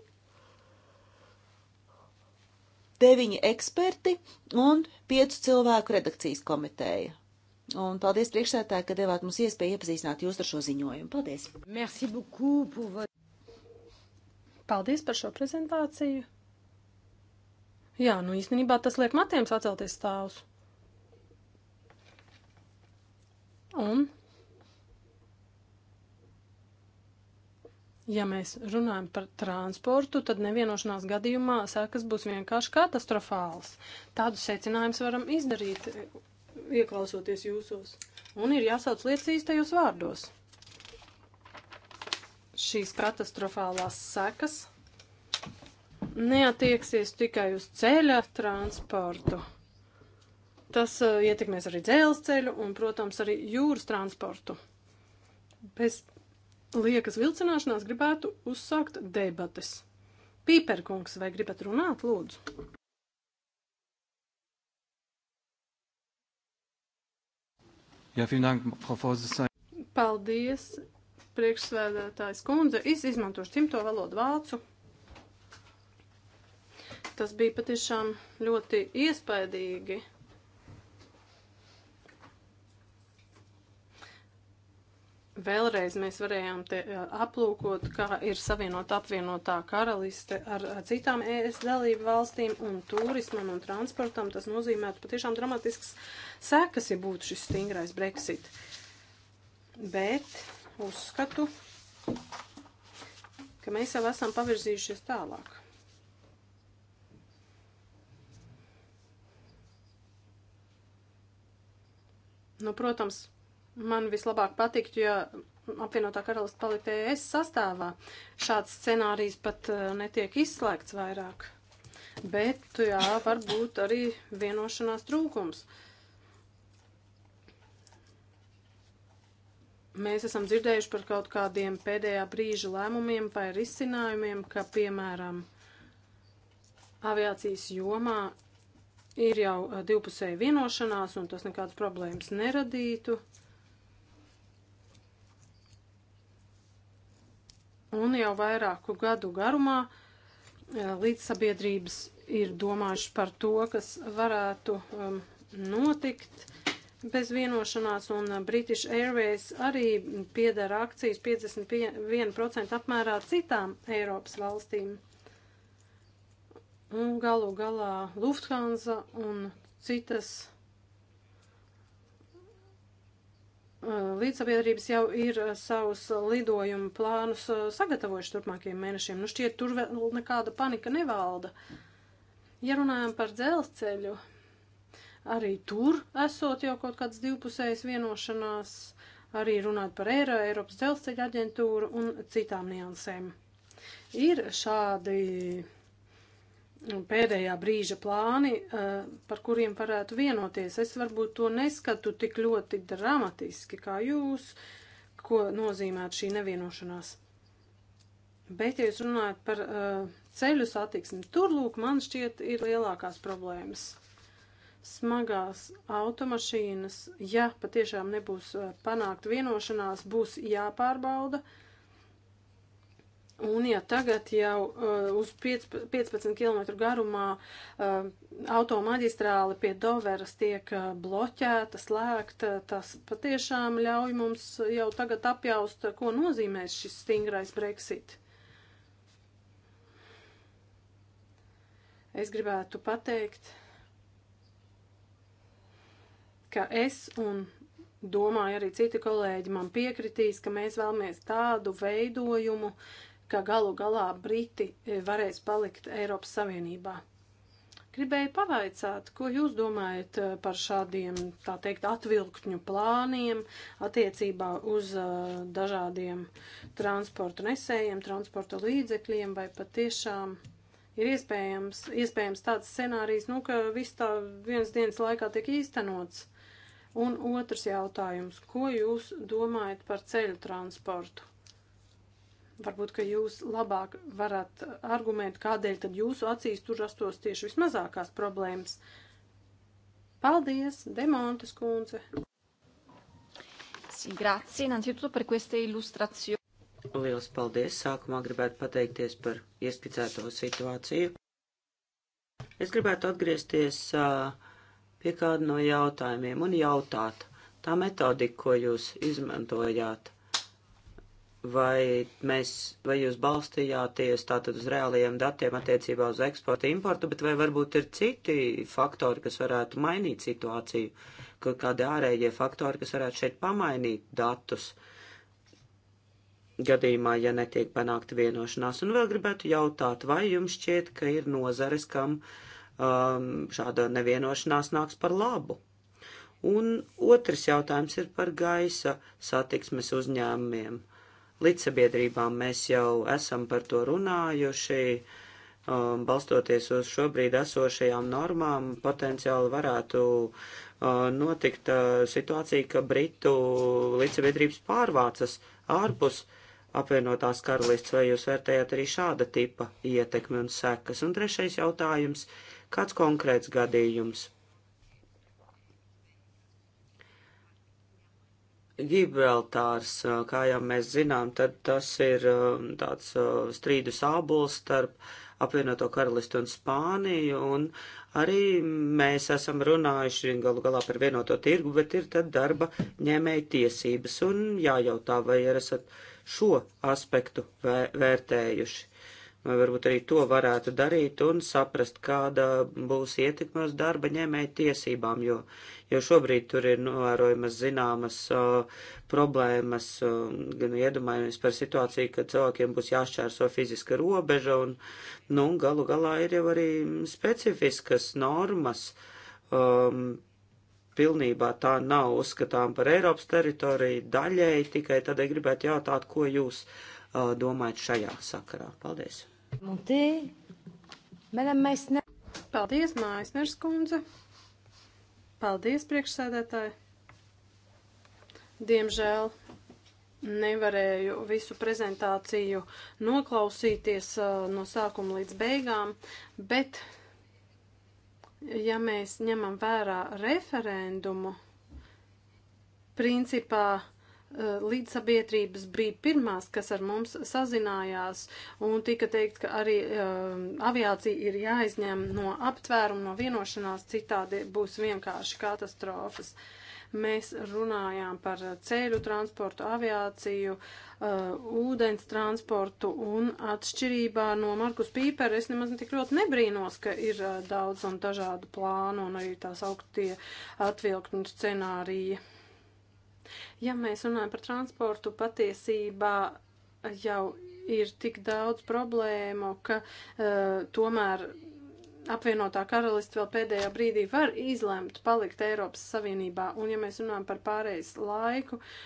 deviņi eksperti un piecu cilvēku redakcijas komiteja. Un paldies priekšsētāji, ka devāt mums iespēju iepazīstināt jūs ar šo ziņojumu. Paldies! Merci beaucoup pour votre... Paldies par šo prezentāciju. Jā, nu īstenībā tas liek matiem sacelties stāvus. Un Ja mēs runājam par transportu, tad nevienošanās gadījumā sekas būs vienkārši katastrofāls. Tādu secinājumus varam izdarīt, ieklausoties jūsos. Un ir jāsauc lietas īstajos vārdos. Šīs katastrofālās sekas neatieksies tikai uz ceļa transportu. Tas uh, ietekmēs arī dzelzceļu un, protams, arī jūras transportu. Bez liekas vilcināšanās, gribētu uzsākt debates. Pīperkungs, vai gribat runāt, lūdzu? Jā, Dank, Paldies, priekšsēdētājs kundze. Es izmantošu cimto valodu vācu. Tas bija patiešām ļoti iespaidīgi Vēlreiz mēs varējām te aplūkot, kā ir savienota apvienotā karaliste ar citām ES dalību valstīm un turismam un transportam. Tas nozīmētu patiešām dramatisks sekas, ja būtu šis stingrais Brexit. Bet uzskatu, ka mēs jau esam pavirzījušies tālāk. Nu, protams, Man vislabāk patiktu, ja apvienotā karalista palikt ES sastāvā. Šāds scenārijs pat eh, netiek izslēgts vairāk. Bet, jā, varbūt arī vienošanās trūkums. Mēs esam dzirdējuši par kaut kādiem pēdējā brīža lēmumiem vai risinājumiem, ka, piemēram, aviācijas jomā ir jau eh, divpusēja vienošanās, un tas nekādas problēmas neradītu. Uh, un jau vairāku gadu garumā eh, līdzsabiedrības ir domājuši par to, kas varētu um, notikt bez vienošanās, un uh, British Airways arī piedara akcijas 51% apmērā citām Eiropas valstīm. Un galu galā Lufthansa un citas līdzsabiedrības jau ir savus lidojumu plānus sagatavojuši turpmākajiem mēnešiem. Nu šķiet, tur vēl nekāda panika nevalda. Ja runājam par dzelzceļu, arī tur esot jau kaut kāds divpusējs vienošanās, arī runāt par ERA, Eiropas dzelzceļa aģentūru un citām niansēm. Ir šādi pēdējā brīža plāni, eh, par kuriem varētu vienoties. Es varbūt to neskatu tik ļoti dramatiski kā jūs, ko nozīmētu šī nevienošanās. Bet, ja jūs runājat par eh, ceļu satiksmi, tur lūk, man šķiet, ir lielākās problēmas. Smagās automašīnas, ja patiešām nebūs eh, panākt vienošanās, būs jāpārbauda. Uh, Un ja tagad jau uh, uz 15, 15 km garumā uh, automaģistrāli pie Doveras tiek uh, bloķēta, slēgta, tas patiešām ļauj mums jau tagad apjaust, ko nozīmēs šis stingrais Brexit. Es gribētu pateikt, ka es un domāju arī citi kolēģi man piekritīs, ka mēs vēlamies tādu veidojumu, uh, ka galu galā Briti e, varēs palikt Eiropas Savienībā. Gribēju pavaicāt, ko jūs domājat e, par šādiem, tā teikt, atvilktņu plāniem attiecībā uz uh, dažādiem transporta nesējiem, transporta līdzekļiem, vai patiešām ir iespējams, iespējams tāds scenārijs, nu, ka viss tā viens dienas laikā tiek īstenots. Un otrs jautājums, ko jūs domājat par ceļu transportu? Varbūt, ka jūs labāk varat argumentēt, kādēļ tad jūsu acīs tur rastos tieši vismazākās problēmas. Paldies, Demontes kundze! Grazie, innanzitutto par queste illustrazioni. Lielas paldies! Sākumā gribētu pateikties par ieskicēto situāciju. Es gribētu atgriezties pie kāda no jautājumiem un jautāt tā metodika, ko jūs izmantojāt vai, mēs, vai jūs balstījāties tātad uz reālajiem datiem attiecībā uz eksportu, importu, bet vai varbūt ir citi faktori, kas varētu mainīt situāciju, kaut kādi ārējie faktori, kas varētu šeit pamainīt datus gadījumā, ja netiek panākta vienošanās. Un vēl gribētu jautāt, vai jums šķiet, ka ir nozares, kam um, šāda nevienošanās nāks par labu? Un otrs jautājums ir par gaisa satiksmes uzņēmumiem līdzsabiedrībām. Mēs jau esam par to runājuši, um, balstoties uz šobrīd esošajām normām, potenciāli varētu uh, notikt uh, situācija, ka Britu līdzsabiedrības pārvācas ārpus apvienotās karalists, vai jūs vērtējat arī šāda tipa ietekmi un sekas? Un trešais jautājums - kāds konkrēts gadījums Gibraltārs, kā jau mēs zinām, tad tas ir tāds strīdus ābols starp apvienoto karalistu un Spāniju, un arī mēs esam runājuši galu galā par vienoto tirgu, bet ir tad darba ņēmēja tiesības, un jājautā, vai arī esat šo aspektu vērtējuši. Vai varbūt arī to varētu darīt un saprast, kāda būs ietekme uz darba ņēmēja tiesībām, jo, jo šobrīd tur ir novērojamas zināmas uh, problēmas, uh, gan iedomājamies par situāciju, ka cilvēkiem būs jāšķērso fiziska robeža un, nu, galu galā ir jau arī specifiskas normas. Um, pilnībā tā nav uzskatām par Eiropas teritoriju, daļēji tikai tad gribētu jautāt, ko jūs Uh, domājat šajā sakarā? Paldies! Montē, Madam Maisner. Paldies, Maisners kundze. Paldies, priekšsēdētāji. Diemžēl nevarēju visu prezentāciju noklausīties uh, no sākuma līdz beigām, bet ja mēs ņemam vērā referendumu, principā Eh, līdzsabiedrības bija pirmās, kas ar mums sazinājās, un tika teikt, ka arī um, aviācija ir jāizņem no aptvērumu, no vienošanās, citādi būs vienkārši katastrofas. Mēs runājām par ceļu transportu, aviāciju, uh, ūdens transportu un atšķirībā no Markus Pīpera es nemaz tik ļoti nebrīnos, ka ir uh, daudz un dažādu plānu un arī tās augtie atvilkņu scenāriji. Ja mēs runājam par transportu, patiesībā jau ir tik daudz problēmu, ka uh, tomēr apvienotā karaliste vēl pēdējā brīdī var izlemt palikt Eiropas Savienībā. Un ja mēs runājam par pārējais laiku, uh,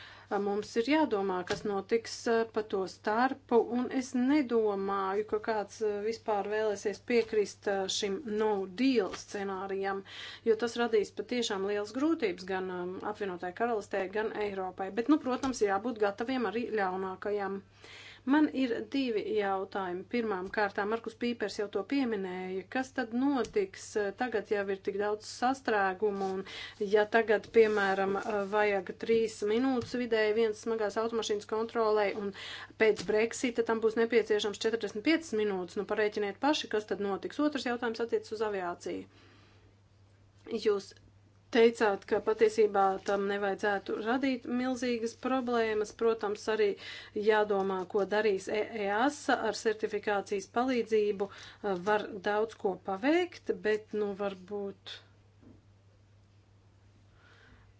mums ir jādomā, kas notiks eh, pa to starpu, un es nedomāju, ka kāds eh, vispār vēlēsies piekrist eh, šim no deal scenārijam, jo tas radīs patiešām liels grūtības gan um, apvienotāju karalistē, gan Eiropai. Bet, nu, protams, jābūt gataviem arī ļaunākajam. Uh, Man ir divi jautājumi. Pirmām kārtām, Markus Pīpers jau to pieminēja, kas tad notiks tagad jau ir tik daudz sastrēgumu un ja tagad, piemēram, vajag trīs minūtes vidēji viens smagās automašīnas kontrolē un pēc Brexita tam būs nepieciešams 45 minūtes, nu pareiķiniet paši, kas tad notiks. Otrs jautājums attiec uz aviāciju. Jūs teicāt, ka patiesībā tam nevajadzētu radīt milzīgas problēmas. Protams, arī jādomā, ko darīs e- EASA ar certifikācijas palīdzību. Uh, var daudz ko paveikt, bet, nu, varbūt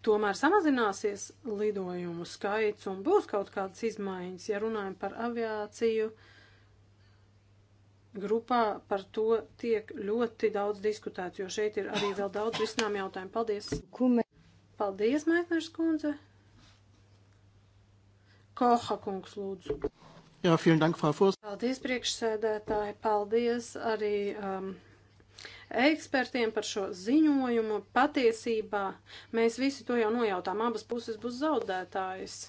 tomēr samazināsies lidojumu skaits un būs kaut kādas izmaiņas, ja runājam par aviāciju. Uh, grupā par to tiek ļoti daudz diskutēts, jo šeit ir arī vēl daudz risinām jautājumu. Paldies! Paldies, Maitners kundze! Koha kungs, lūdzu! Jā, vielen dank, Frau Fors. Paldies, priekšsēdētāji! Paldies arī um, ekspertiem par šo ziņojumu. Patiesībā mēs visi to jau nojautām. Abas puses būs zaudētājs.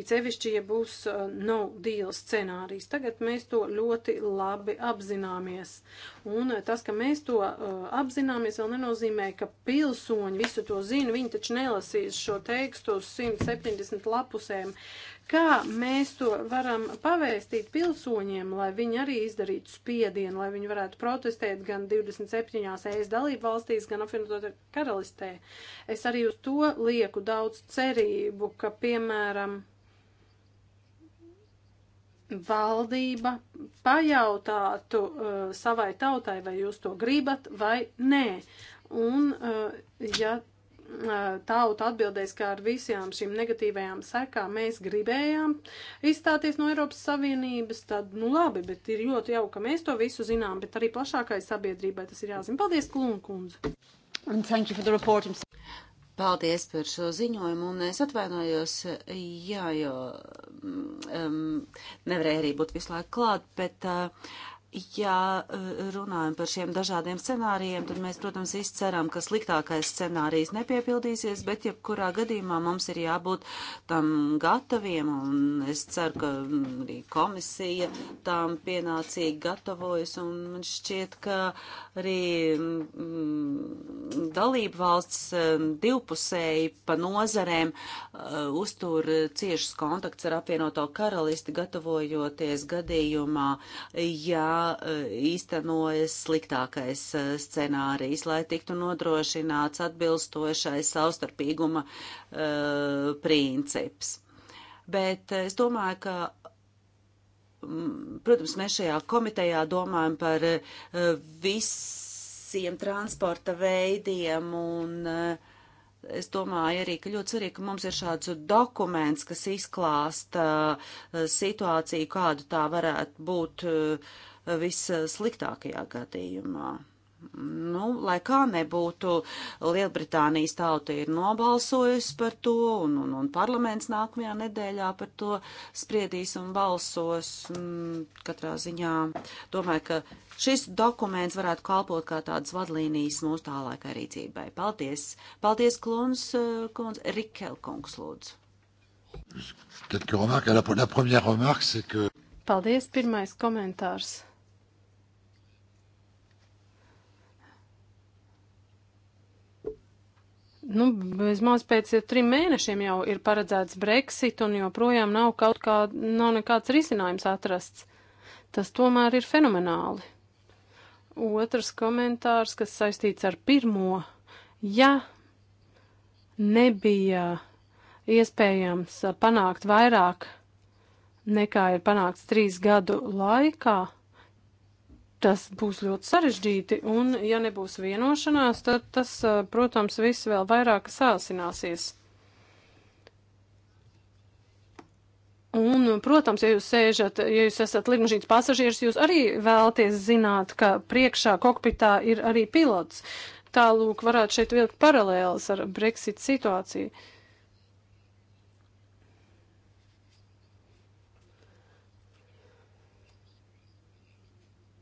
It sevišķi, ja būs uh, no deal scenārijs. Tagad mēs to ļoti labi apzināmies. Un uh, tas, ka mēs to uh, apzināmies, vēl nenozīmē, ka pilsoņi visu to zina. Viņi taču nelasīs šo tekstu uz 170 lapusēm. Uh, Kā mēs to varam pavēstīt pilsoņiem, lai viņi arī izdarītu spiedienu, lai viņi varētu protestēt gan 27. ES dalību valstīs, gan apvienototā karalistē? Es arī uz to lieku daudz cerību, ka, piemēram, valdība pajautātu uh, savai tautai, vai jūs to gribat vai nē. Un, uh, ja tauta atbildēs, ka ar visām šīm negatīvajām sekām mēs gribējām izstāties no Eiropas Savienības, tad, nu labi, bet ir ļoti jauka, ka mēs to visu zinām, bet arī plašākai sabiedrībai tas ir jāzina. Paldies, Klunkundze! And thank you for the report. Paldies par šo ziņojumu, un es atvainojos, jā, jo um, mm, mm, nevarēju arī būt visu laiku klāt, bet uh, ja eh, runājam par šiem dažādiem scenārijiem, tad mēs, protams, izceram, ka sliktākais scenārijs nepiepildīsies, bet jebkurā gadījumā mums ir jābūt tam gataviem, un es ceru, ka mm, arī komisija tam pienācīgi gatavojas, un man šķiet, ka arī mm, dalību valsts eh, divpusēji pa nozarēm uh, uztur ciešas kontakts ar apvienoto karalisti, gatavojoties gadījumā, ja Eh, īstenojas sliktākais eh, scenārijs, lai tiktu nodrošināts atbilstošais savstarpīguma uh, princips. Bet es domāju, ka mm, protams, mēs šajā komitejā domājam par visiem transporta veidiem un es domāju arī, ka ļoti svarīgi, ka mums ir šāds dokuments, kas izklāsta situāciju, kādu tā varētu būt uh, vissliktākajā gadījumā. Nu, lai kā nebūtu, Lielbritānijas tauta ir nobalsojusi par to, un, un, un parlaments nākamajā nedēļā par to spriedīs un balsos. Mm, katrā ziņā domāju, ka šis dokuments varētu kalpot kā tādas vadlīnijas mūsu tālākai rīcībai. Paldies! Paldies, Kluns, kundz, Rikel, kungs, lūdzu. Paldies, pirmais komentārs. Nu, Vismaz pēc trim mēnešiem jau ir paredzēts Brexit, un joprojām nav kaut kā, nav nekāds risinājums atrasts. Tas tomēr ir fenomenāli. Otrs komentārs, kas saistīts ar pirmo, ja nebija iespējams panākt vairāk nekā ir panākts trīs gadu laikā, tas būs ļoti sarežģīti, un ja nebūs vienošanās, tad tas, protams, viss vēl vairāk sāsināsies. Un, protams, ja jūs sēžat, ja jūs esat lidmašīnas pasažieris, jūs arī vēlaties zināt, ka priekšā kokpitā ir arī pilots. Tālūk varētu šeit vilkt paralēlis ar Brexit situāciju. Uh,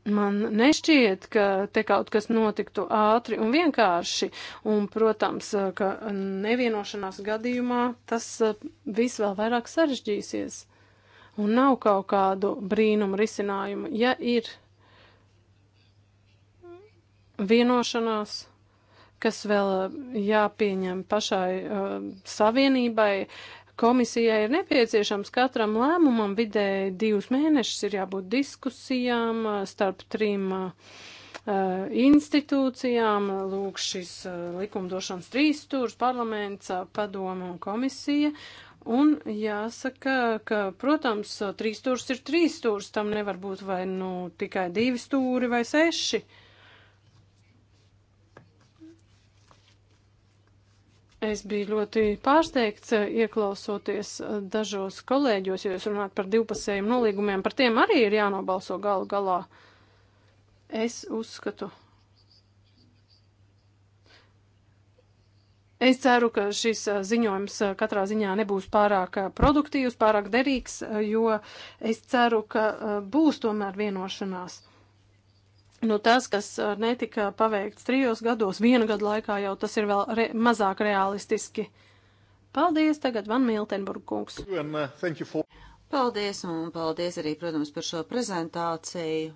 Man nešķiet, ka te kaut kas notiktu ātri un vienkārši, un, protams, ka nevienošanās gadījumā tas eh, viss vēl vairāk sarežģīsies, un nav kaut kādu brīnumu risinājumu. Ja ir vienošanās, kas vēl eh, jāpieņem pašai uh, savienībai, uh, Komisijai ir nepieciešams katram lēmumam vidēji divus mēnešus ir jābūt diskusijām uh, starp trim uh, uh, institūcijām, lūk šis uh, likumdošanas trīs stūrs, parlaments, uh, padoma un komisija. Un jāsaka, ka, protams, trīs stūrs ir trīs stūrs, tam nevar būt vai nu tikai divi stūri vai seši. Uh, Es biju ļoti pārsteigts, eh, ieklausoties eh, dažos kolēģos, jo jūs runājat par divpusējiem nolīgumiem, par tiem arī ir jānobalso galu galā. Es uzskatu. Es ceru, ka šis eh, ziņojums katrā ziņā nebūs pārāk produktīvs, pārāk derīgs, jo es ceru, ka būs tomēr vienošanās. Nu, tas, kas netika paveikts trijos gados, viena gada laikā jau tas ir vēl re mazāk realistiski. Paldies tagad Van Miltenburg kungs. And, uh, for... Paldies un paldies arī, protams, par šo prezentāciju.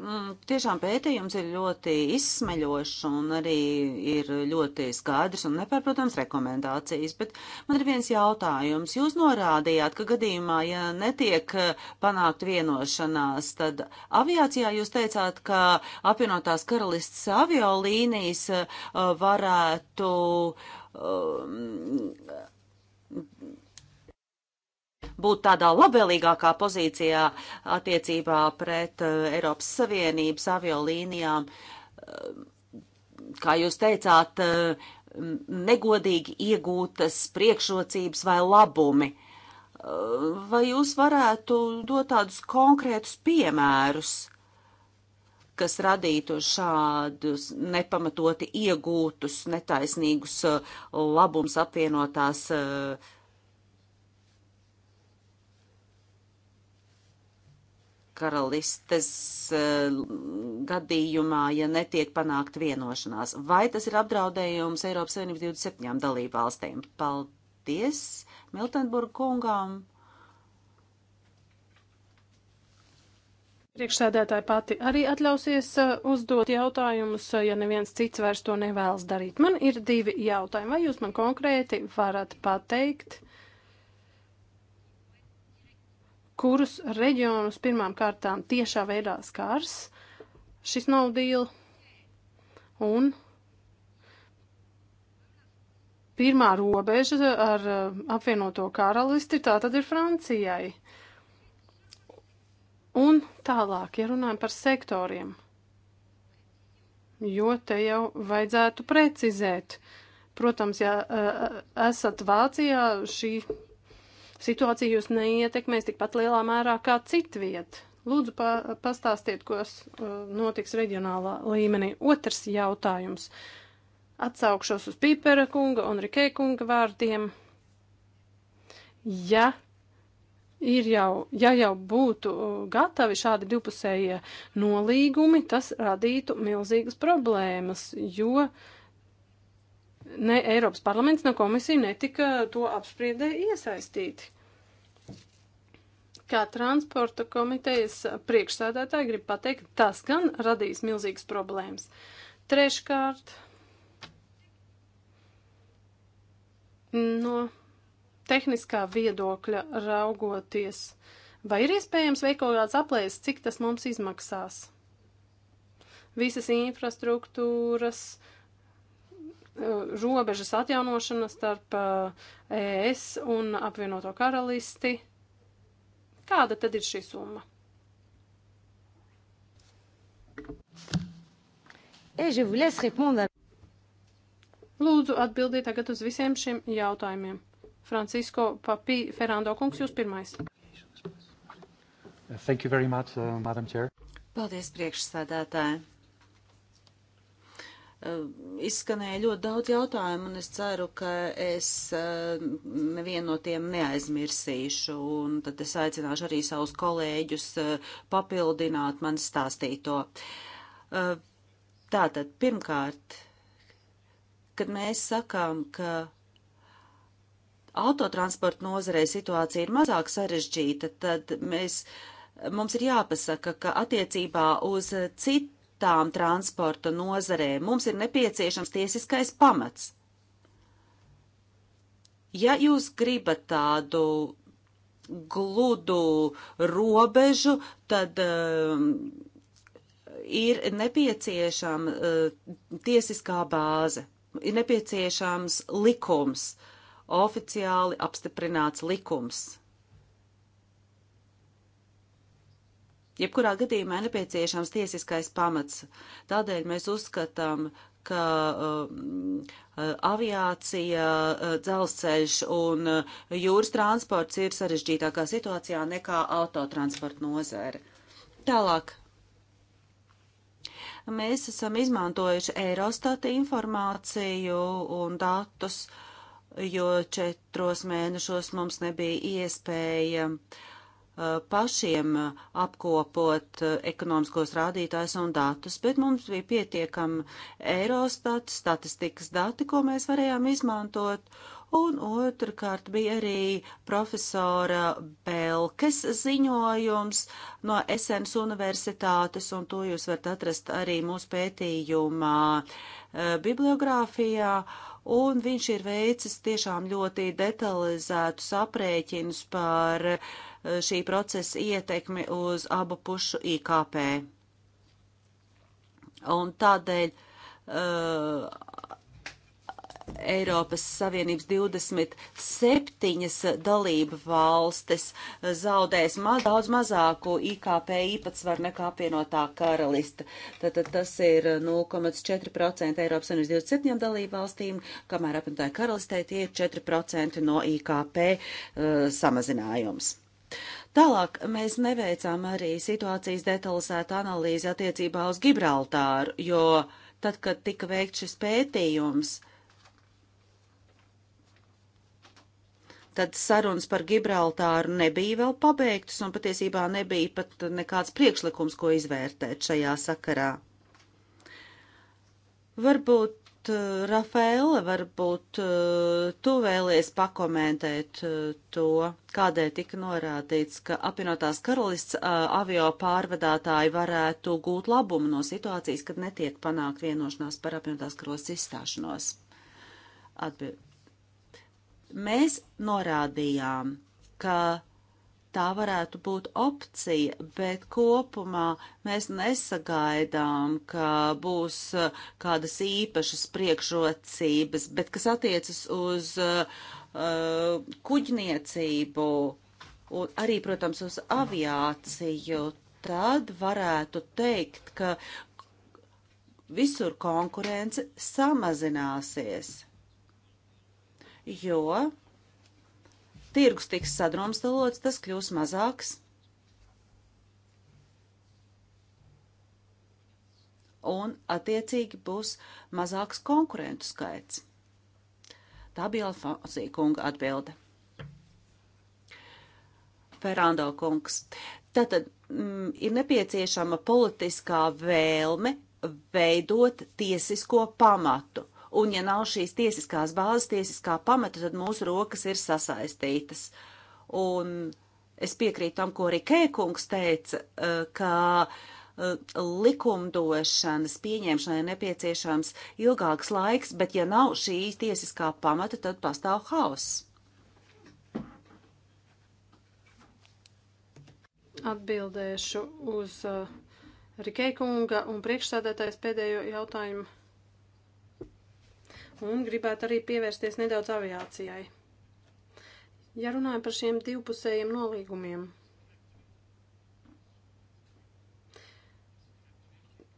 Mm, tiešām pētījums ir ļoti izsmeļošs un arī ir ļoti skaidrs un nepārprotams rekomendācijas, bet man ir viens jautājums. Jūs norādījāt, ka gadījumā, ja netiek eh, panākt vienošanās, tad aviācijā jūs teicāt, ka apvienotās karalists aviolīnijas eh, varētu um, būt tādā labvēlīgākā pozīcijā attiecībā pret eh, Eiropas Savienības aviolīnijām. Eh, kā jūs teicāt, eh, negodīgi iegūtas priekšrocības vai labumi. Vai jūs varētu dot tādus konkrētus piemērus, kas radītu šādus nepamatoti iegūtus, netaisnīgus labums apvienotās uh, karalistes uh, gadījumā, ja netiek panākt vienošanās. Vai tas ir apdraudējums Eiropas Savienības 27 dalību valstīm? Paldies Miltenburgu kungām! Priekšsēdētāji pati arī atļausies eh, uzdot jautājumus, eh, ja neviens cits vairs to nevēlas darīt. Man ir divi jautājumi. Vai jūs man konkrēti varat pateikt? Uh, kurus reģionus pirmām kārtām tiešā veidā skars šis nav dīl. Un pirmā robeža ar uh, apvienoto karalisti tā tad ir Francijai. Un tālāk, ja runājam par sektoriem, jo te jau vajadzētu precizēt. Protams, ja uh, uh, esat Vācijā, šī situācija jūs neietekmēs tikpat lielā mērā kā citviet. Lūdzu, pa, pastāstiet, kas uh, notiks reģionālā līmenī. Otrs jautājums. Atsaukšos uz Pīpera kunga un Rikē kunga vārdiem. Ja ir jau, ja jau būtu uh, gatavi šādi divpusējie nolīgumi, tas radītu milzīgas problēmas, jo uh, ne Eiropas parlaments, ne komisija netika to apspriedē iesaistīti. Kā transporta komitejas priekšsēdētāji grib pateikt, tas gan radīs milzīgas problēmas. Treškārt, no tehniskā viedokļa raugoties, vai ir iespējams veikt kaut kāds aplēs, cik tas mums izmaksās? Visas infrastruktūras, uh, robežas atjaunošana starp uh, ES un apvienoto karalisti. Kāda tad ir šī summa? Lūdzu, atbildiet tagad uz visiem šiem jautājumiem. Francisko Papī, Ferrando kungs, jūs pirmais. Thank you very much, uh, Madam Chair. Paldies, priekšsēdētāji. Eh, izskanēja ļoti daudz jautājumu, un es ceru, ka es eh, nevienu no tiem neaizmirsīšu. Un tad es aicināšu arī savus kolēģus eh, papildināt man stāstīto. Tātad, pirmkārt, kad mēs sakām, ka autotransporta nozarē situācija ir mazāk sarežģīta, tad mēs, mums ir jāpasaka, ka attiecībā uz citu citām transporta nozarēm. Mums ir nepieciešams tiesiskais pamats. Ja jūs gribat tādu gludu robežu, tad um, ir nepieciešama uh, tiesiskā bāze, ir nepieciešams likums, oficiāli apstiprināts likums. Jebkurā gadījumā ir nepieciešams tiesiskais pamats. Tādēļ mēs uzskatām, ka um, uh, aviācija, uh, dzelzceļš un uh, jūras transports ir sarežģītākā situācijā nekā autotransporta nozēra. Tālāk. Mēs esam izmantojuši Eurostata informāciju un datus, jo četros mēnešos mums nebija iespēja uh, pašiem uh, apkopot uh, ekonomiskos rādītājus un datus, bet mums bija pietiekami Eurostat statistikas dati, ko mēs varējām izmantot. Un otrkārt bija arī profesora Belkes ziņojums no Esens universitātes, un to jūs varat atrast arī mūsu pētījumā uh, bibliogrāfijā un viņš ir veicis tiešām ļoti detalizētus aprēķinus par uh, Eh, šī procesa ietekmi uz abu pušu IKP. Un tādēļ uh, Eiropas Savienības 27 dalība valstis eh, zaudēs maz, daudz mazāku IKP īpatsvaru nekā apvienotā karalista. Tātad tas ir 0,4% Eiropas Savienības 27 dalību valstīm, kamēr apvienotā karalistē tie ir 4% no IKP uh, samazinājums. Tālāk mēs neveicām arī situācijas detalizētu analīzi attiecībā uz Gibraltāru, jo tad, kad tika veikt šis pētījums, tad sarunas par Gibraltāru nebija vēl pabeigtas un patiesībā nebija pat nekāds priekšlikums, ko izvērtēt šajā sakarā. Varbūt Eh, Rafaela, varbūt eh, tu vēlies pakomentēt eh, to, kādēļ tika norādīts, ka apvienotās karalists avio pārvadātāji varētu gūt labumu no situācijas, kad netiek panākt vienošanās par apvienotās karalists izstāšanos. Atbild. Mēs norādījām, ka tā varētu būt opcija, bet kopumā mēs nesagaidām, ka būs uh, kādas īpašas priekšrocības, bet kas attiecas uz uh, kuģniecību un arī, protams, uz aviāciju, tad varētu teikt, ka visur konkurence samazināsies, jo tirgus tiks sadrumstalots, tas kļūs mazāks. Un, attiecīgi, būs mazāks konkurentu skaits. Tā bija Alfonsī kunga atbilde. Ferrando kungs. Tātad mm, ir nepieciešama politiskā vēlme veidot tiesisko pamatu un ja nav šīs tiesiskās bāzes, tiesiskā pamata, tad mūsu rokas ir sasaistītas. Un es piekrītu tam, ko arī Kēkungs teica, eh, ka eh, likumdošanas pieņemšanai nepieciešams ilgāks laiks, bet ja nav šīs tiesiskā pamata, tad pastāv haoss. Atbildēšu uz uh, Rikēkunga un priekšsādētājs pēdējo jautājumu un gribētu arī pievērsties nedaudz aviācijai. Ja runājam par šiem divpusējiem nolīgumiem,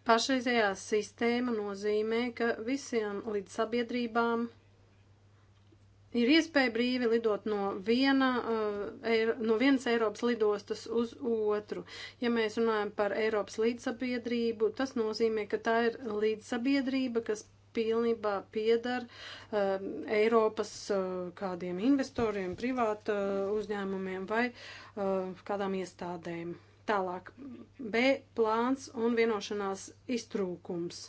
pašreizējā sistēma nozīmē, ka visiem līdz sabiedrībām ir iespēja brīvi lidot no, viena, uh, no vienas Eiropas lidostas uz otru. Ja mēs runājam par Eiropas līdzsabiedrību, tas nozīmē, ka tā ir līdzsabiedrība, kas pilnībā piedar uh, um, Eiropas uh, kādiem investoriem, privāta uh, uzņēmumiem vai uh, kādām iestādēm. Tālāk B plāns un vienošanās iztrūkums.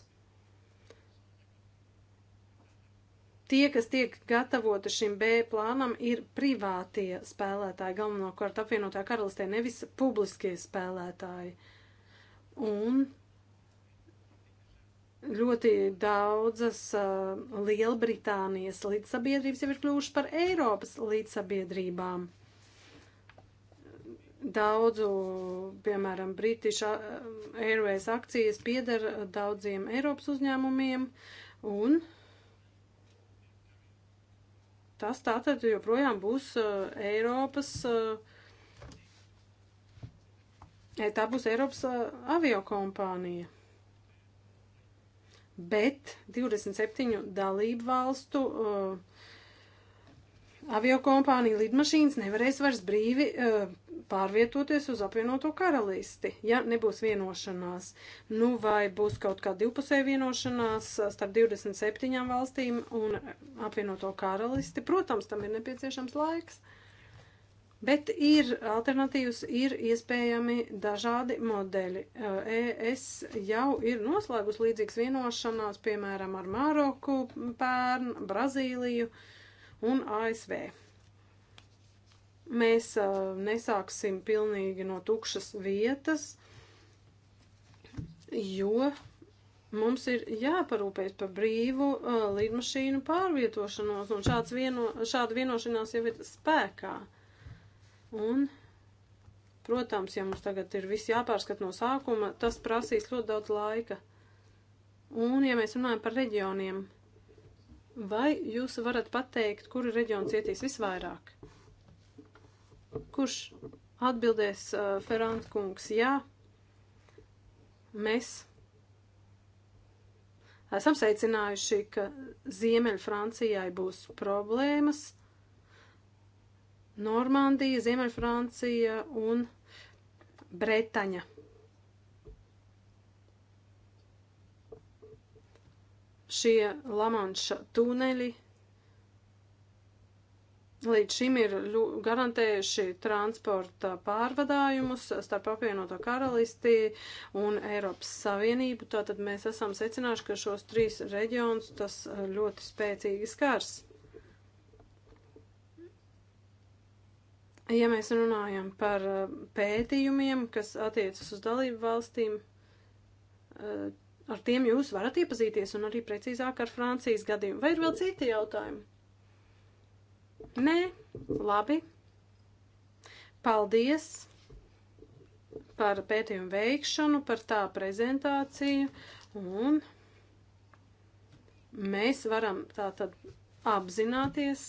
tie, kas tiek gatavota šim B plānam, ir privātie spēlētāji, galvenokārt apvienotā karalistē, nevis publiskie spēlētāji. Un ļoti daudzas uh, Lielbritānijas līdzsabiedrības jau ir kļuvušas par Eiropas līdzsabiedrībām. Daudzu, piemēram, British uh, Airways akcijas pieder daudziem Eiropas uzņēmumiem, un tas tātad joprojām būs uh, Eiropas, uh, e, tā būs Eiropas uh, aviokompānija bet 27 dalību valstu uh, aviokompāniju lidmašīnas nevarēs vairs brīvi uh, pārvietoties uz apvienoto karalisti, ja nebūs vienošanās. Nu, vai būs kaut kā divpusēja vienošanās starp 27 valstīm un apvienoto karalisti? Protams, tam ir nepieciešams laiks. Uh, Bet ir alternatīvas, ir iespējami dažādi modeļi. ES jau ir noslēgus līdzīgas vienošanās, piemēram, ar Maroku, Pērn, Brazīliju un ASV. Mēs nesāksim pilnīgi no tukšas vietas, jo mums ir jāparūpējas par brīvu uh, lidmašīnu pārvietošanos, un šāds vieno, šāda vienošanās jau ir spēkā. Un, protams, ja mums tagad ir viss jāpārskat no sākuma, tas prasīs ļoti daudz laika. Un, ja mēs runājam par reģioniem, vai jūs varat pateikt, kuri reģions cietīs visvairāk? Kurš atbildēs uh, Ferāns kungs? Jā, mēs esam secinājuši, ka Ziemeļfrancijai būs problēmas – Normandija, Ziemeļfrancija un Bretaņa. Šie Lamanša tuneļi līdz šim ir garantējuši transporta pārvadājumus starp apvienoto karalisti un Eiropas Savienību. Tātad mēs esam secinājuši, ka šos trīs reģionus tas ļoti spēcīgi skars. Ja mēs runājam par eh, pētījumiem, kas attiecas uz dalību valstīm, eh, ar tiem jūs varat iepazīties un arī precīzāk ar Francijas gadījumu. Vai ir vēl citi jautājumi? Nē, labi. Paldies par pētījumu veikšanu, par tā prezentāciju. Un mēs varam tā tad apzināties,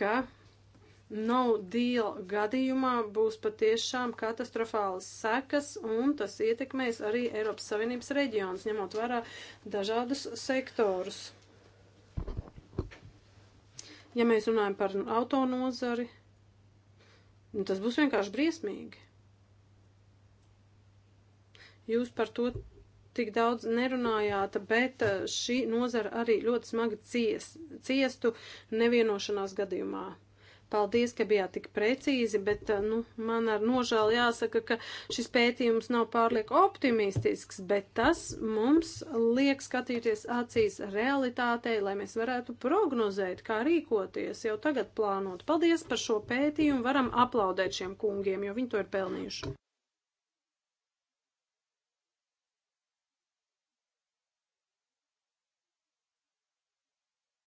ka No deal gadījumā būs patiešām katastrofālas sekas, un tas ietekmēs arī Eiropas Savienības reģionus, ņemot vērā dažādus sektorus. Ja mēs runājam par autonozari, nu, tas būs vienkārši briesmīgi. Jūs par to tik daudz nerunājāt, bet eh, šī nozara arī ļoti smagi cies, ciestu nevienošanās gadījumā. Paldies, ka bijāt tik precīzi, bet eh, nu, man ar nožēlu jāsaka, ka šis pētījums nav pārlieku optimistisks, bet tas mums liek skatīties acīs realitātei, lai mēs varētu prognozēt, kā rīkoties, jau tagad plānot. Paldies par šo pētījumu, varam aplaudēt šiem kungiem, jo viņi to ir pelnījuši.